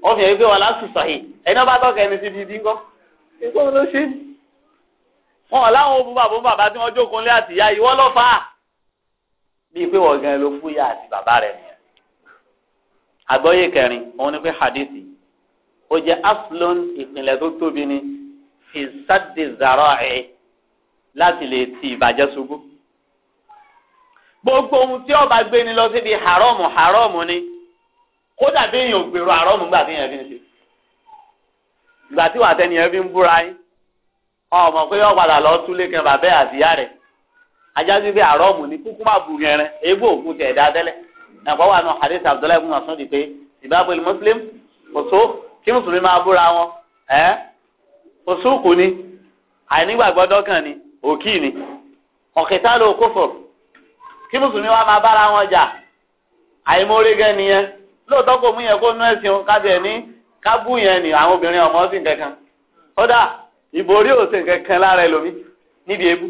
ó fi hàn pé wọn láti sọyì ẹni ọba tọ ka ẹni síbi ibi ńkọ́ bíi kóhun ló ṣe wọn ò láwọn òbú bàbá bàbá tí wọn jókòó lé àti ìyá ìwọ lọ fà á bíi gan ló fún ìyá àti bàbá rẹ nìyẹn àgbọ́yé kẹrin òun ni pé hadithi ó jẹ aflon ìpìlẹ̀ tó tóbi ni fi sáde zara ẹ láti lè ti ìbàjẹ́ ṣubú gbogbo ohun tí ọba gbé ni lọ síbi haramu haramu ni kódà bí èèyàn gbèrò haramu gbà tí èèyàn fi ń ṣe gbà tí wàá tẹni yẹn fi ń búra yín ọmọ pé yọ padà lọ túlé kan bàbá àtìyá rẹ ajá sí pé haramu ni kúkú má bu yẹn rẹ egbò òkú tẹ̀ dá tẹ́lẹ̀ nàpọ̀ wà nù hadith abdullahi ibn Mas'ud di pé ìbábọ̀lì muslim kò tó kí mùsùlùmí máa búra wọn ẹ́ kò sóòkù ni àìnígbàgbọ́dọ́kàn ni òkì ni ọ̀kẹ́tà ló kófòrò. kí mùsùlùmí wa máa bára wọn jà àìmórí gẹ́ nìyẹn lóòótọ́ kò mú yẹn kó nú ẹ̀sìn o ní kábù yẹn ni àwọn obìnrin ọmọ kódà ìborí lára níbi ebú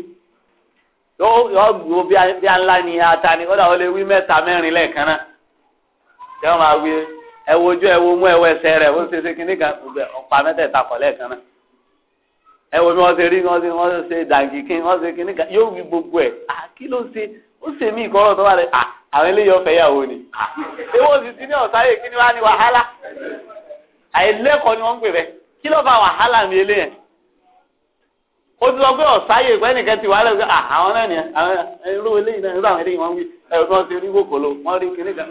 yóò bí a ni ata ni kódà ó lè wí mẹ́ta mẹ́rin lẹ́ẹ̀kan náà wọ́n máa wí ẹ wojú ẹ wo mú ẹ wọ ó ṣe ṣe kan mẹ́tẹ̀ẹ̀ta kọ̀ lẹ́ẹ̀kan náà ẹ wo wọ́n ṣe rí wọ́n ṣe wọ́n ṣe kan yóò gbogbo ẹ̀ o sì mí ìkọ́rọ̀ tó wà rẹ̀ ah, àwọn eléyìí ọ̀fẹ́ yàwó ni ewé oṣù tí ní ọ̀sáyè kí ni wàá ní wàhálà àìlẹ́kọ̀ọ́ ni wọ́n ń pè bẹ́ẹ̀ kí ló fa wàhálà mi eléyẹn ó ti lọ pé ọ̀sáyè ti wà rẹ̀ ah, àwọn náà nìyẹn àwọn eléyìí náà irú àwọn eléyìí ti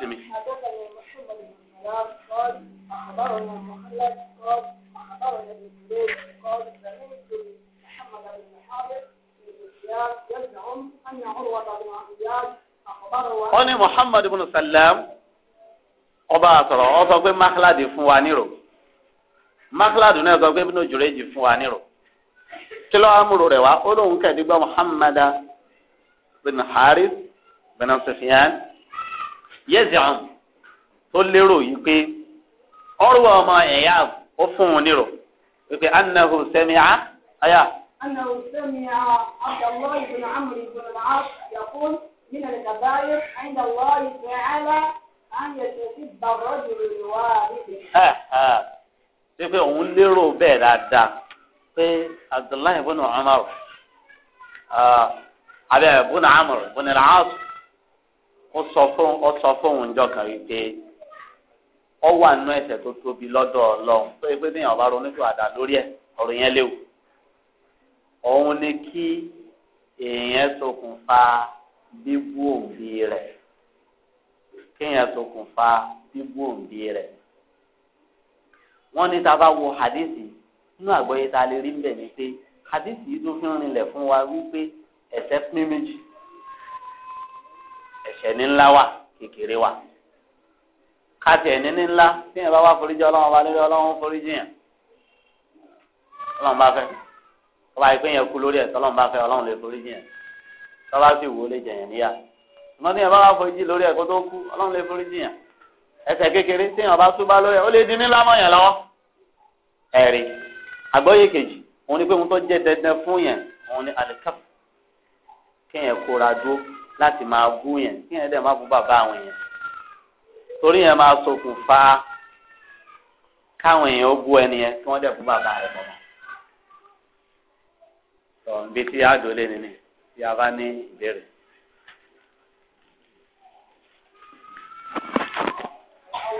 tó mi. الخباب قال أخبرنا محمد قال أخبرنا ابن جريج قال سمعت محمد بن حارث بن سفيان يزعم أن عروة بن عبد أخبره ó ní محمد بن سلام ọba àtọ̀rọ̀ ọ pé makhladi fún wa nírò makhladi náà sọ pé bínú jùrẹ́jì fún wa nírò kí ló amúrò rẹ̀ wá ó lóun kẹ́ẹ̀dígbà muhammad bin haris bin sufiyan yézìán tó lérò yìí pé ọrùwà ọmọ ẹ̀yà ó fún un nírò wípé anahu sami'a aya. anahu sami'a abdullahi ibn amr ibn al-as yaqul min al-kabair inda allah ta'ala an yastasib ar-rajul liwalidayhi. wípé òun lérò bẹ́ẹ̀ dáadáa pé abdullahi ibn amr abẹ́ ibn amr ibn al-as ó sọ fún òun jọ ọ wà nínú tó tóbi lọdọ tó yẹ pé bí èèyàn bá ronú tó àdá lórí yẹn léwu òun ni kí èèyàn ṣokùnfà bíbú òbí rẹ̀ kéèyàn ṣokùnfà bíbú òbí rẹ wọ́n ní ta bá wo hadithi nínú àgbọ́yé ta lè rí ń ni pé hadithi yìí tó fi ń wa wípé káàtì ẹ̀ níní ńlá tí yẹn bá wá foríjì ọlọ́run ọba lórí ọlọ́run foríjì yẹn ọlọ́run bá fẹ́ ọba yìí pé yẹn kú lórí ẹ̀ tọ́lọ́run bá fẹ́ ọlọ́run lè foríjì yẹn tọ́lá sì wò ó lè jẹ̀yàn níyà ṣùgbọ́n tí yẹn bá wá foríjì lórí ẹ̀ kó tó kú ọlọ́run lè foríjì yẹn ẹsẹ̀ kékeré tí yẹn bá súbá lórí ẹ̀ ó lè di ńlá mọ́ yẹn lọ́wọ́ ẹ̀rí àgbọ́yé kejì òun ni pé torí yẹn máa ṣokùnfà káwọn èèyàn bú ẹni yẹn kí wọ́n dẹ̀ fún bàbá rẹ̀ bọ̀mọ́. tọ́ níbi tí a dòlé nínú tí a bá ní ìbéèrè. Àwọn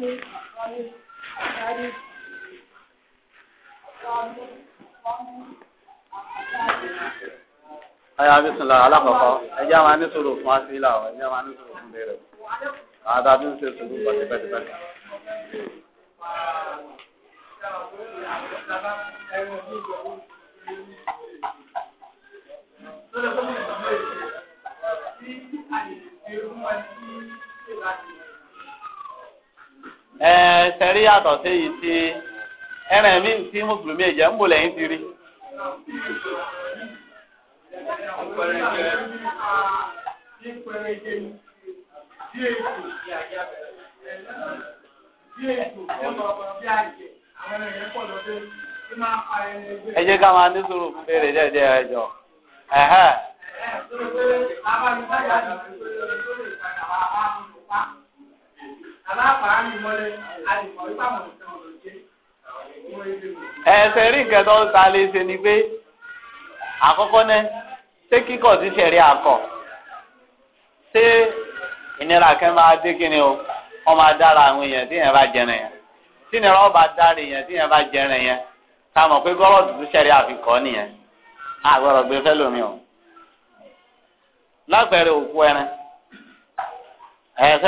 mi ayọ̀ abisùnlá alákọ̀ọ́kọ́ ẹjẹ́ àwọn anísòrò fún asílà ọ̀ ẹjẹ́ àwọn anísòrò fún bẹ̀rẹ̀ àwọn adájú ń ṣe sùúrù bọ̀ tipẹ́tipẹ́. ẹ sẹ́rí yàtọ̀ sí èyí tí ẹ̀rẹ̀ mi ti mùsùlùmí ẹ̀jẹ̀ ń bò lẹ́yìn ti rí. ẹ ká máa ní sùúrù fún béèrè jẹ́jẹ́ ẹjọ́ ẹ̀sẹ̀ rí nǹkan tó ń ta ṣe ni pé àkọ́kọ́ náà. ṣé kíkọ̀ sí sẹ̀rí akọ̀ ṣé ìnira kan máa dé kíni o wọ́n máa dára àwọn èèyàn tí yẹn bá jẹrẹ yẹn tí ìnira ọba dára èèyàn tí yẹn bá jẹrẹ yẹn ká mọ̀ pé gbọ́dọ̀ tuntun sẹ̀rí àfikọ́ nìyẹn o òkú ẹran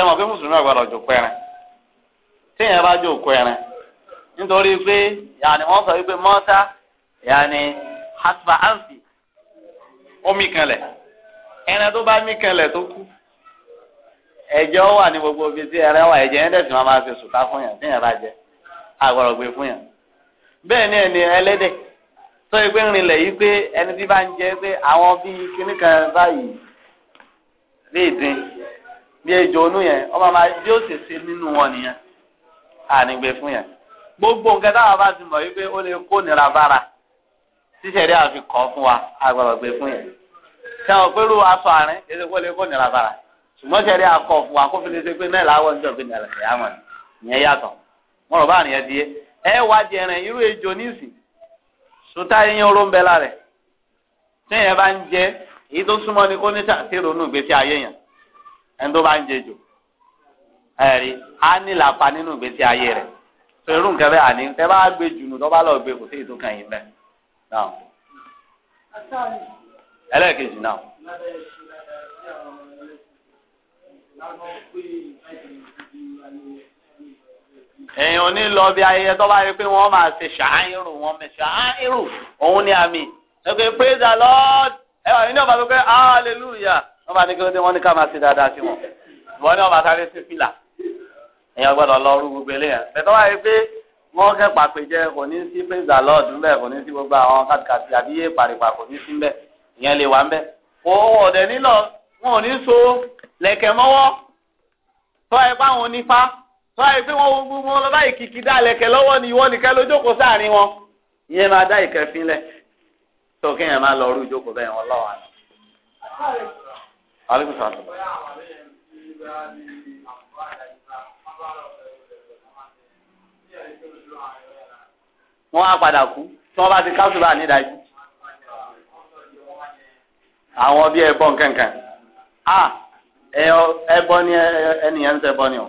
mọ̀ pé mùsùlùmí ẹran tí bá ẹran nítorí ó mí kanlẹ̀ ẹran tó bá mí kanlẹ̀ tó kú ẹ̀jẹ̀ ó wà ní gbogbo ibi tí ẹran wà ẹ̀jẹ̀ yẹn dẹ̀sìn máa máa fi sùtá fún yàn tíyàn bá jẹ àgbọ̀rọ̀ gbé fún yàn bẹ́ẹ̀ ni ẹni ẹlẹ́dẹ̀ tó yẹ pé rinlẹ̀ yìí pé ẹni tí bá ń jẹ pé àwọn bíi kíní kan báyìí lè dín bí ejò onú yẹn ọmọ máa bí ó sì ṣe nínú wọn nìyẹn ànígbé fún yàn gbogbo nǹkan táwọn bá ti mọ̀ yìí pé ó lè kó nira bára tíṣẹ̀rí àfi kọ́ fún wa agbọ̀dọ̀ gbé fún yẹn. ṣé o pẹ̀lú aṣọ àárín èdè kó lè kó nira bára ṣùgbọ́n ṣẹ̀rí akọ fún wa kó fi lè ṣe pé náà láwọ̀ níjọ́ pé nàlẹ́ ẹ̀yà mọ̀ ìyẹn yàtọ̀ wọn rọ̀ bá àrùn yẹn di ẹ wá di ẹran irú ejò níìsì sùtá yín oró ń bẹ lára ẹ̀ tí yẹn bá ń jẹ èyí tó súnmọ́ ni kó ní tàṣírò nù ìgbésí ayé yẹn ẹni tó bá ń jẹ jò ẹ̀rí á ní làpá nínú ìgbésí ayé rẹ̀ tó irú nǹkan bẹ́ẹ̀ àní tẹ́ bá gbé jùnú tó bá lọ gbé kò sí ètò yìí bẹ́ẹ̀ náà ẹlẹ́ẹ̀kejì náà. èèyàn ní lọ bí ayẹyẹ tó bá rí pé wọ́n máa ṣe ṣááírù wọ́n mi ṣááírù òun ni àmì ẹgbẹ́ praise the lord ẹwà nínú ọba tó pé hallelujah wọ́n bá ní kí ló dé wọ́n ní ká máa ṣe dáadáa sí wọn wọ́n ní ọba sáré sí fìlà èèyàn gbọ́dọ̀ lọ rú gbogbo eléyàn bẹ̀tọ́ bá rí pé wọ́n kẹ́ pàpèjẹ kò ní sí praise the lord ńbẹ kò ní sí gbogbo àwọn kàtìkàtì àbí yé pàrìpà kò ní sí ńbẹ ìyẹn lè wà ńbẹ. owó ọ̀dẹ nílọ wọn ò ní so lẹ̀kẹ̀ mọ́wọ́ tọ́ ẹ bá wọn nípa tọ́ ẹ pé wọ́n gbogbo wọn lọ báyìí kìkì dá lẹ̀kẹ̀ lọ́wọ́ ni ìwọ nìkan ló jókòó sáàrin wọn. ìyẹn máa dá ìkẹfin lẹ tó kéèyàn máa lọ rú ìjókòó bẹ́ẹ̀ wọn lọ́wọ́ àná. aleykum wọ́n á padà kú tí wọ́n bá ti káṣù bá nídàájú. àwọn bí ẹbọ nkankan a ẹbọ ni ẹnìyẹn ń ṣẹbọ ni o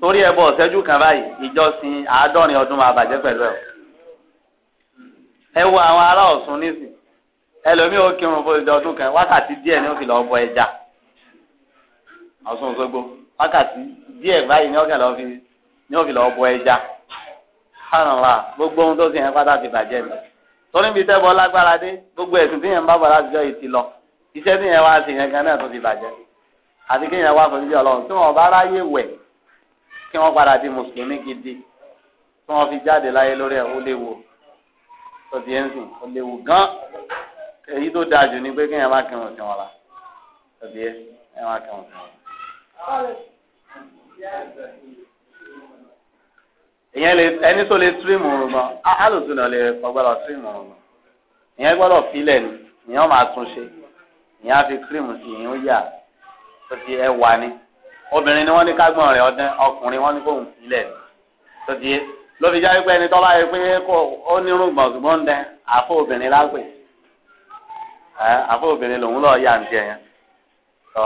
torí ẹbọ ọ̀sẹ́jú kan báyìí ìjọsìn àádọ́rin ọdún máa bàjẹ́ pẹ̀lú ẹ̀ ẹ wo àwọn ará Ọ̀ṣun nísìn ẹlòmíì ó kírun fún ìjọ ọdún kan wákàtí díẹ̀ ni ó fi lọ́ọ́ bọ ẹja Ọ̀ṣun Òṣogbo wákàtí díẹ̀ báyìí ni ó kàn lọ́ọ́ fi ni ó fi lọ́ọ́ bọ ẹja subhanallah gbogbo ohun tó sì yẹn pátá ti bàjẹ́ ni torí bíi tẹ́bọ̀ lágbára dé gbogbo ẹ̀sìn tí yẹn ń bá bọ̀ látijọ́ yìí ti lọ iṣẹ́ tí yẹn wá sí yẹn gan náà tó ti bàjẹ́ àti kí yẹn wá fún ibi ọlọ́run tí wọn bá ráyè wẹ̀ kí wọ́n padà di mùsùlùmí gidi tí wọ́n fi jáde láyé lórí ẹ̀ ó léwu tó ti yẹn ń ó léwu gan èyí tó dáa jù ni pé kí yẹn má kírun sí wọn la tó ti yẹ ẹ má kírun sí wọn ìyẹn lè ẹni tó lè stream rògbọn alùpùpù náà lè ọgbọ́dọ̀ stream rògbọn ìyẹn gbọ́dọ̀ filẹ̀ ni ìyẹn máa tún ṣe ìyẹn á fi cream sí ìyẹn ó yà tó ti ẹ wà ní obìnrin ni wọ́n ní kágbọ́n rẹ̀ ọdún ọkùnrin wọ́n ní kóhùn filẹ̀ ni tó ti yẹ ló fi jáwé pé ẹni tó bá yẹ pé kó ó ní rúgbọ̀n ṣùgbọ́n ń dẹ àfọ obìnrin lágbè àfọ obìnrin lòun lọ yà ń tiẹ̀ yẹn tó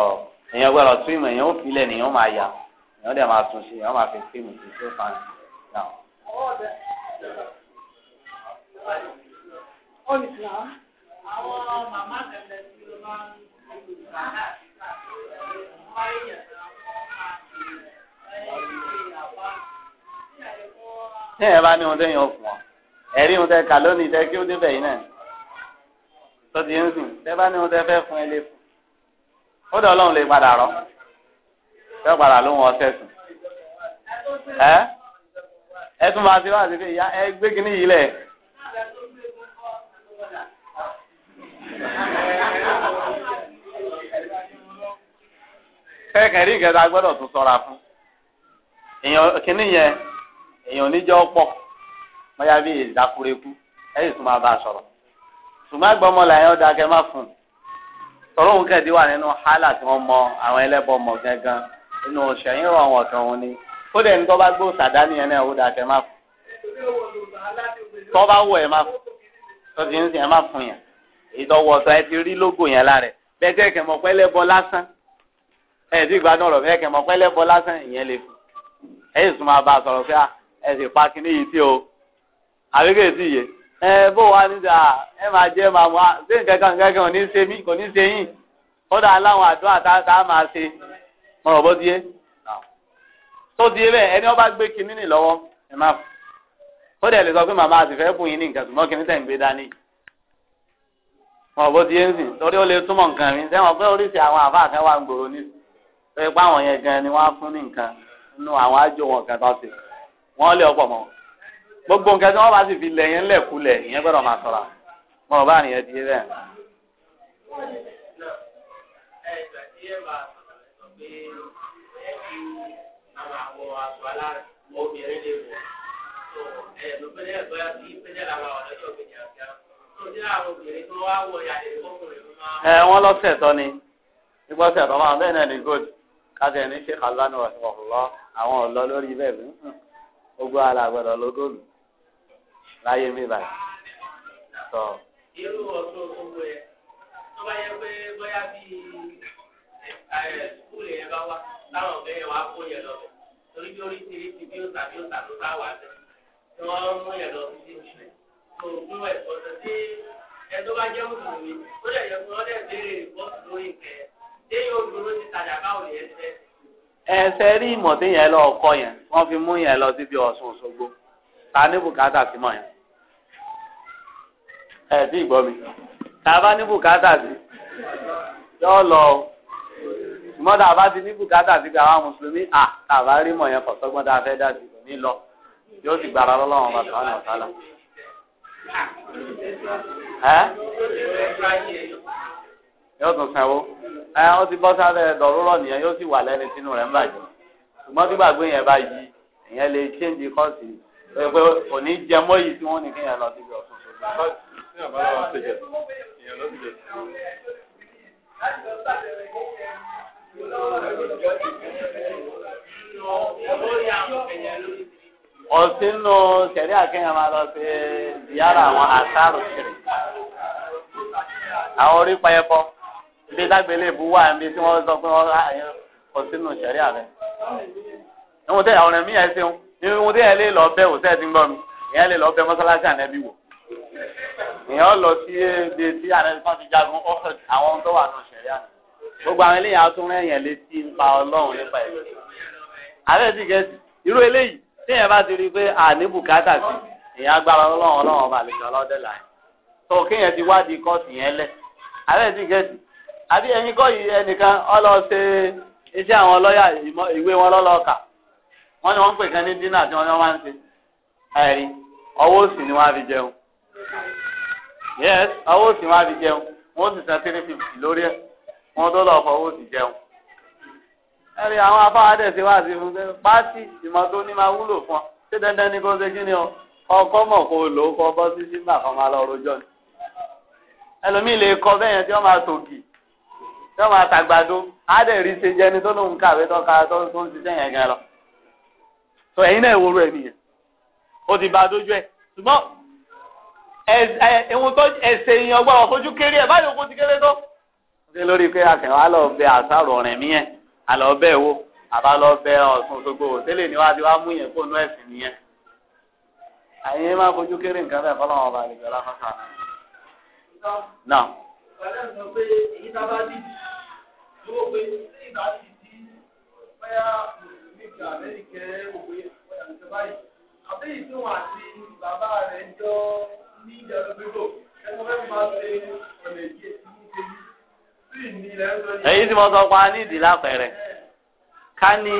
ìyẹn gbọ́dọ̀ stream ìyẹn ó filẹ̀ ni ìyẹn ó máa yà ìyẹn ó dẹ̀ máa tún ṣe ìyẹn ó máa fi cream sí tó tí ẹ bá ní ohun tẹ́yìn ọ̀fun ọ ẹ̀rí ohun tẹ́ kà lónìí tẹ́ kí ó débẹ̀ yìí náà tó ti ń sìn tẹ́ bá ní ohun tẹ́ fẹ́ fún ẹ lé fún ó dọ̀ ọlọ́run lè padà rọ tẹ́ padà lóhun ọ̀sẹ̀ sùn ẹ́. ẹ tún máa ṣe wá sí ya ìyá ẹ gbé yìí lẹ̀. kẹ́kẹ́ rí nǹkan tá a gbọ́dọ̀ tún sọ́ra fún èèyàn kínní yẹn èèyàn pọ̀ mọ́yá bí ẹ̀yìn tún máa bá a sọ̀rọ̀ ṣùgbọ́n làyẹn má fún un wà nínú hálà tí wọ́n mọ àwọn ẹlẹ́bọ̀ mọ̀ gángan ni. kódà ẹni tó bá gbó sàdánì yẹn náà ó dà má fún tó wọ̀ ẹ̀ má fún tó ń sìn ẹ̀ má fún yẹn ìdọ̀wọ̀sọ ẹ ti rí lógo yẹn lára ẹ̀ bẹ́ẹ̀ lásán ẹ̀ ti gbádùn ọ̀rọ̀ bẹ́ẹ̀ lásán ìyẹn lè fún ẹ̀ sì tún máa bá a sọ̀rọ̀ fẹ́ ẹ̀ sì pa kíní yìí tí o àríkè sí bó wa ní sà máa máa mú a ṣé nǹkan kan kò ní ṣe kò a máa ṣe mọ̀rọ̀ bó ti yé tó di ebẹ ẹni ọba gbé kinní nì lọ́wọ́ ẹ má fún ó dẹ̀ lè sọ pé màmá àti fẹ́ bùn yín ní nǹkan ṣùgbọ́n kinní tẹ̀ ń gbé dání wọn bó ti yé ń sìn torí ó lè túmọ̀ nǹkan mi sẹ́wọ̀n pé oríṣi àwọn àfáà kan wà ń gbòòrò ní pé páwọn yẹn gan ni wọ́n á fún ní nǹkan nínú àwọn àjò wọn kan tó ṣe wọ́n lé ọ̀pọ̀ mọ́ gbogbo nǹkan tí wọ́n bá sì fi lẹ̀ yẹn lẹ̀kulẹ̀ ìyẹn gbọ́dọ̀ máa sọ̀rọ̀ wọn ò bá nìyẹn ti yé àmọ́ àwọn aṣọ aláàrẹ̀ obìnrin lè wọ̀ tó ẹ̀ẹ́dùn pẹ́lẹ́ ẹ̀gbọ́n yá sí pẹ́lẹ́ làwọn ọ̀dọ́jọ́ gbèjà ọ̀gá tó dé àwọn obìnrin tó wá wọ ìyá ẹ̀rẹ́ fọ́kùnrin mú máa. ẹ wọn lọ sẹtọ ni nígbà tí àtọmọ àwọn bẹ́ẹ̀ náà ní gold káṣẹ ní ṣe kàlánù ọlọ àwọn ọlọ lórí bẹ́ẹ̀ mú gbogbo alàgbẹdọ ló góòlù láyé mi báyìí. irú ọ̀sán gbogbo ẹ̀ tó bá yẹ pé bóyá bíi skul yẹn bá wà táwọn ọ̀bẹ yẹn wá kó yẹn lọ bẹ̀ torí bí oríṣiríṣi bí ó tàbí ó tà bá wà bẹ̀ tí wọ́n mú yẹn lọ sí síbi rẹ̀ tó fún ẹ̀ ọ̀sẹ̀ tí ẹ tó bá jẹ́ mùsùlùmí ó lè yẹ fún ọdẹ béèrè rìpọ́ọ̀tù lórí ìkẹ́ ṣé yóò dúró ti tajà báwo ni rí ìmọ̀ yẹn lọ ọkọ yẹn wọ́n fi mú yẹn lọ síbi Ọ̀ṣun Òṣogbo ta ní bùkátà sí mọ̀ yẹn ẹ̀ sí ìgbọ́ mi ta bá ní bùkátà sí yọ lọ mọ́tà bá ti ní bùkátà sí àwọn mùsùlùmí à mọ̀ yẹn fọ̀sọ́gbọ́n tá a fẹ́ dá sí ní lọ yóò sì gbára lọ́lọ́wọ́n bá tọ́lá náà sálà. yóò tún sanwó ẹ ó ti bọ́ sábẹ́ dọ̀rọ̀rọ̀ nìyẹn yóò sì wà lẹ́ni sínú rẹ̀ ń bàjẹ́ ṣùgbọ́n tí gbàgbé yẹn bá yí ìyẹn lè ṣéǹjì kọ́ọ̀sì pé kò ní jẹ mọ́yì tí wọ́n ní kéèyàn lọ síbi ọ̀tún ọ̀sìn nù sẹ̀rí àkẹ́yàn máa lọ sí ìyára àwọn àṣàrò kiri àwọn orí payẹpọ ibi lágbélé ìbú wà níbi tí wọ́n sọ pé wọ́n ráàyàn ọ̀sìn nù sẹ̀rí àrẹ. níwọ̀n tẹ́ àwọn ẹ̀mí ẹ̀ ṣeun níwọ̀n tẹ́ ẹ lè lọ bẹ́ òṣẹ́ ti ń gbọ́ mi ìyẹn lè lọ bẹ́ mọ́sálásí ànẹ́bí wò ìyẹn lọ sí ebi tí ànẹ́bí kan jagun ọ̀sẹ̀ àwọn tó wà nù sẹ̀rí àrẹ. gbogbo àwọn eléyìí atúnrẹ́ yẹn létí ń ọlọrun ọlọ́run nípa ẹ̀ àbẹ́ ti irú eléyìí téèyàn bá ti rí i pé àní bùkátà sí agbára ọba àlejò là tó kéèyàn ti wádìí ti àbí yìí ẹnìkan ṣe àwọn ìwé wọn ń pè ní dínà tí máa ń ṣe òsì ni á wọn tó lọ fọwọ́ sí jẹun. ẹ̀rí àwọn afáwádẹ̀ sí wá sí fún pé pátì ìmọ̀ tó ní máa wúlò fún ọ ṣé dandan ni kò ṣe kí ni ọ ọkọ mọ̀ kó o lò ó kọ bọ́ sí sígbà kan máa lọ rojọ́ ni. ẹlòmíì lè kọ bẹ́ẹ̀ yẹn tí wọ́n máa tògì tí wọ́n máa tàgbàdo àádẹ́rì ṣe jẹni tó lóun kàwé tó ka tó ń ṣiṣẹ́ yẹn gan lọ. sọ ẹ̀yin náà ìwòrò ẹ̀ nìyẹn ó ti ba dójú ẹ̀ ṣùgbọ́n ẹ̀sẹ̀ ìyẹn ọgbà ọ̀fojú kéré ẹ̀ báyìí ó kó ti kéré tó ṣe lórí pé akẹwà lọ bẹ àṣàrò ọ̀rìn mí yẹn àlọ bẹ wo àbá lọ bẹ Ọ̀ṣun gbogbo òtẹlẹ ni wàá ti wàá mú yẹn kó nú ẹsìn nìyẹn àyè máa fojú kéré nǹkan bẹ́ẹ̀ fọlọ́wọ́n ọba àlejò aláfáàsà náà. náà. ọ̀rẹ́ mi sọ pé èyí tá a bá dì lówó pé tí ìbá ti di bóyá mùsùlùmí kan àmẹ́ríkẹ́ òwe ọ̀yà ìjọba yìí àbí ìtúwọ̀n àti bàbá èyí tí mo sọ pa nídìí lápẹẹrẹ ká ní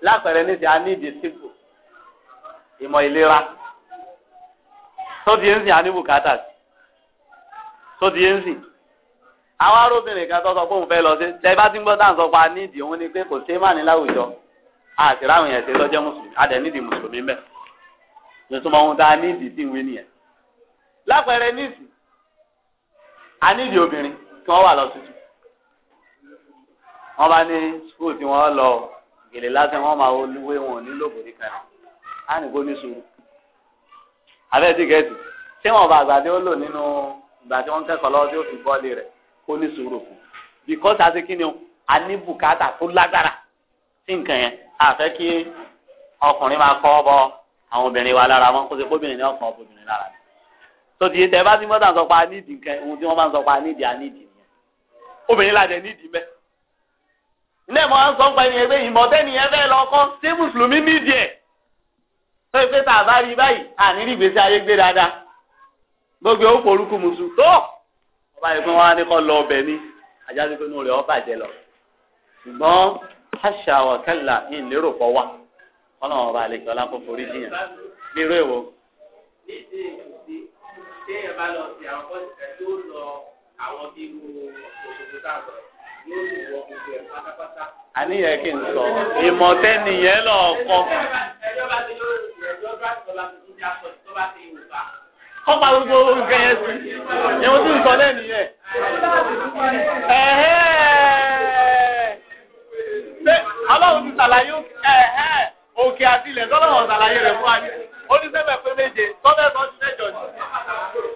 lápẹẹrẹ nídìí a nídìí sípò ìmọ̀ ìlera sódì ẹ̀ńsìn àníbùkátà sódì ẹ̀ńsìn àwọn arábìnrin kan tó sọ pé òun fẹ́ lọ sí tẹ bá ti ń gbọ́ tá à ń sọ pa nídìí òun ni pé kò sí màní láwùjọ àti ráwọn yẹn ṣe lọ́jọ́ mùsùlùmí adẹ̀ nídìí mùsùlùmí mẹ́ lọ́sọ̀mọ́ ohun tá a nídìí sí ìwé nìyẹn lápẹẹrẹ nídìí a nídìí obìnrin tí wọ́n wà lọ sí wọ́n bá ní sukùl tí wọ́n lọ gèlè lásán wọ́n máa olúwé wọn ní lóbòdì kan á nìkó ní sùúrù abẹ́ tíkẹ́ẹ̀tì ṣé wọn bá àgbàdo ó lò nínú ìgbà tí wọ́n kẹ́kọ̀ọ́ lọ́wọ́ tí ó fi bọ́ọ̀lì rẹ̀ kó ní sùúrù fún because àti kí ni o a ní bùkátà tó lágbára sí nǹkan yẹn a fẹ́ kí ọkùnrin máa kọ́ bọ àwọn obìnrin wa lára wọn kó ṣe kóbìnrin ní ọkàn obìnrin lára tó ti tẹ bá ti mọ́tà sọ pa nídìí obìnrin ládẹ nídìí mẹ́. ilé ìmọ̀ à ń sọ ń pa ẹni ẹgbẹ́ ìmọ̀ tẹ́ni ẹ fẹ́ lọ kọ́ ṣé mùsùlùmí nídìí ẹ̀. sọ pé tá a bá rí báyìí àní rí ìgbésí ayé gbé dáadáa gbogbo ó porúkú musu tó ọba ìpín wa ní kọ́ lọ ọbẹ̀ ni ajá ti pinnu rẹ̀ ọ bàjẹ́ lọ. ṣùgbọ́n àṣà àwọ̀kẹ́là ní ìlérò pọ̀ wá ọlọ́run ọba àlejò alákòókò orí jiyàn ní irú èwo. ní ti èkó sí ṣé àwọn bí irú òṣogbo tá a sọ yóò lè wọ gbogbo ẹ̀ pátápátá. àníyàn kì í sọ ìmọ̀tẹ́ nìyẹn lọ kọ́. ẹjọ́ bá ti yóò ẹjọ́ bá ti sọ láti tún já sọ tó bá ti wù bá. kọ́pa gbogbo nǹkan yẹn sí ni wọ́n tún sọ náà nìyẹn. ọlọ́run ti ṣàlàyé òkè àti ilẹ̀ tọ́lọ́wọ̀n ṣàlàyé rẹ̀ fún wa ní oníṣẹ́ bẹ̀ pé méje tọ́lẹ̀ tó ti mẹ́jọ ni.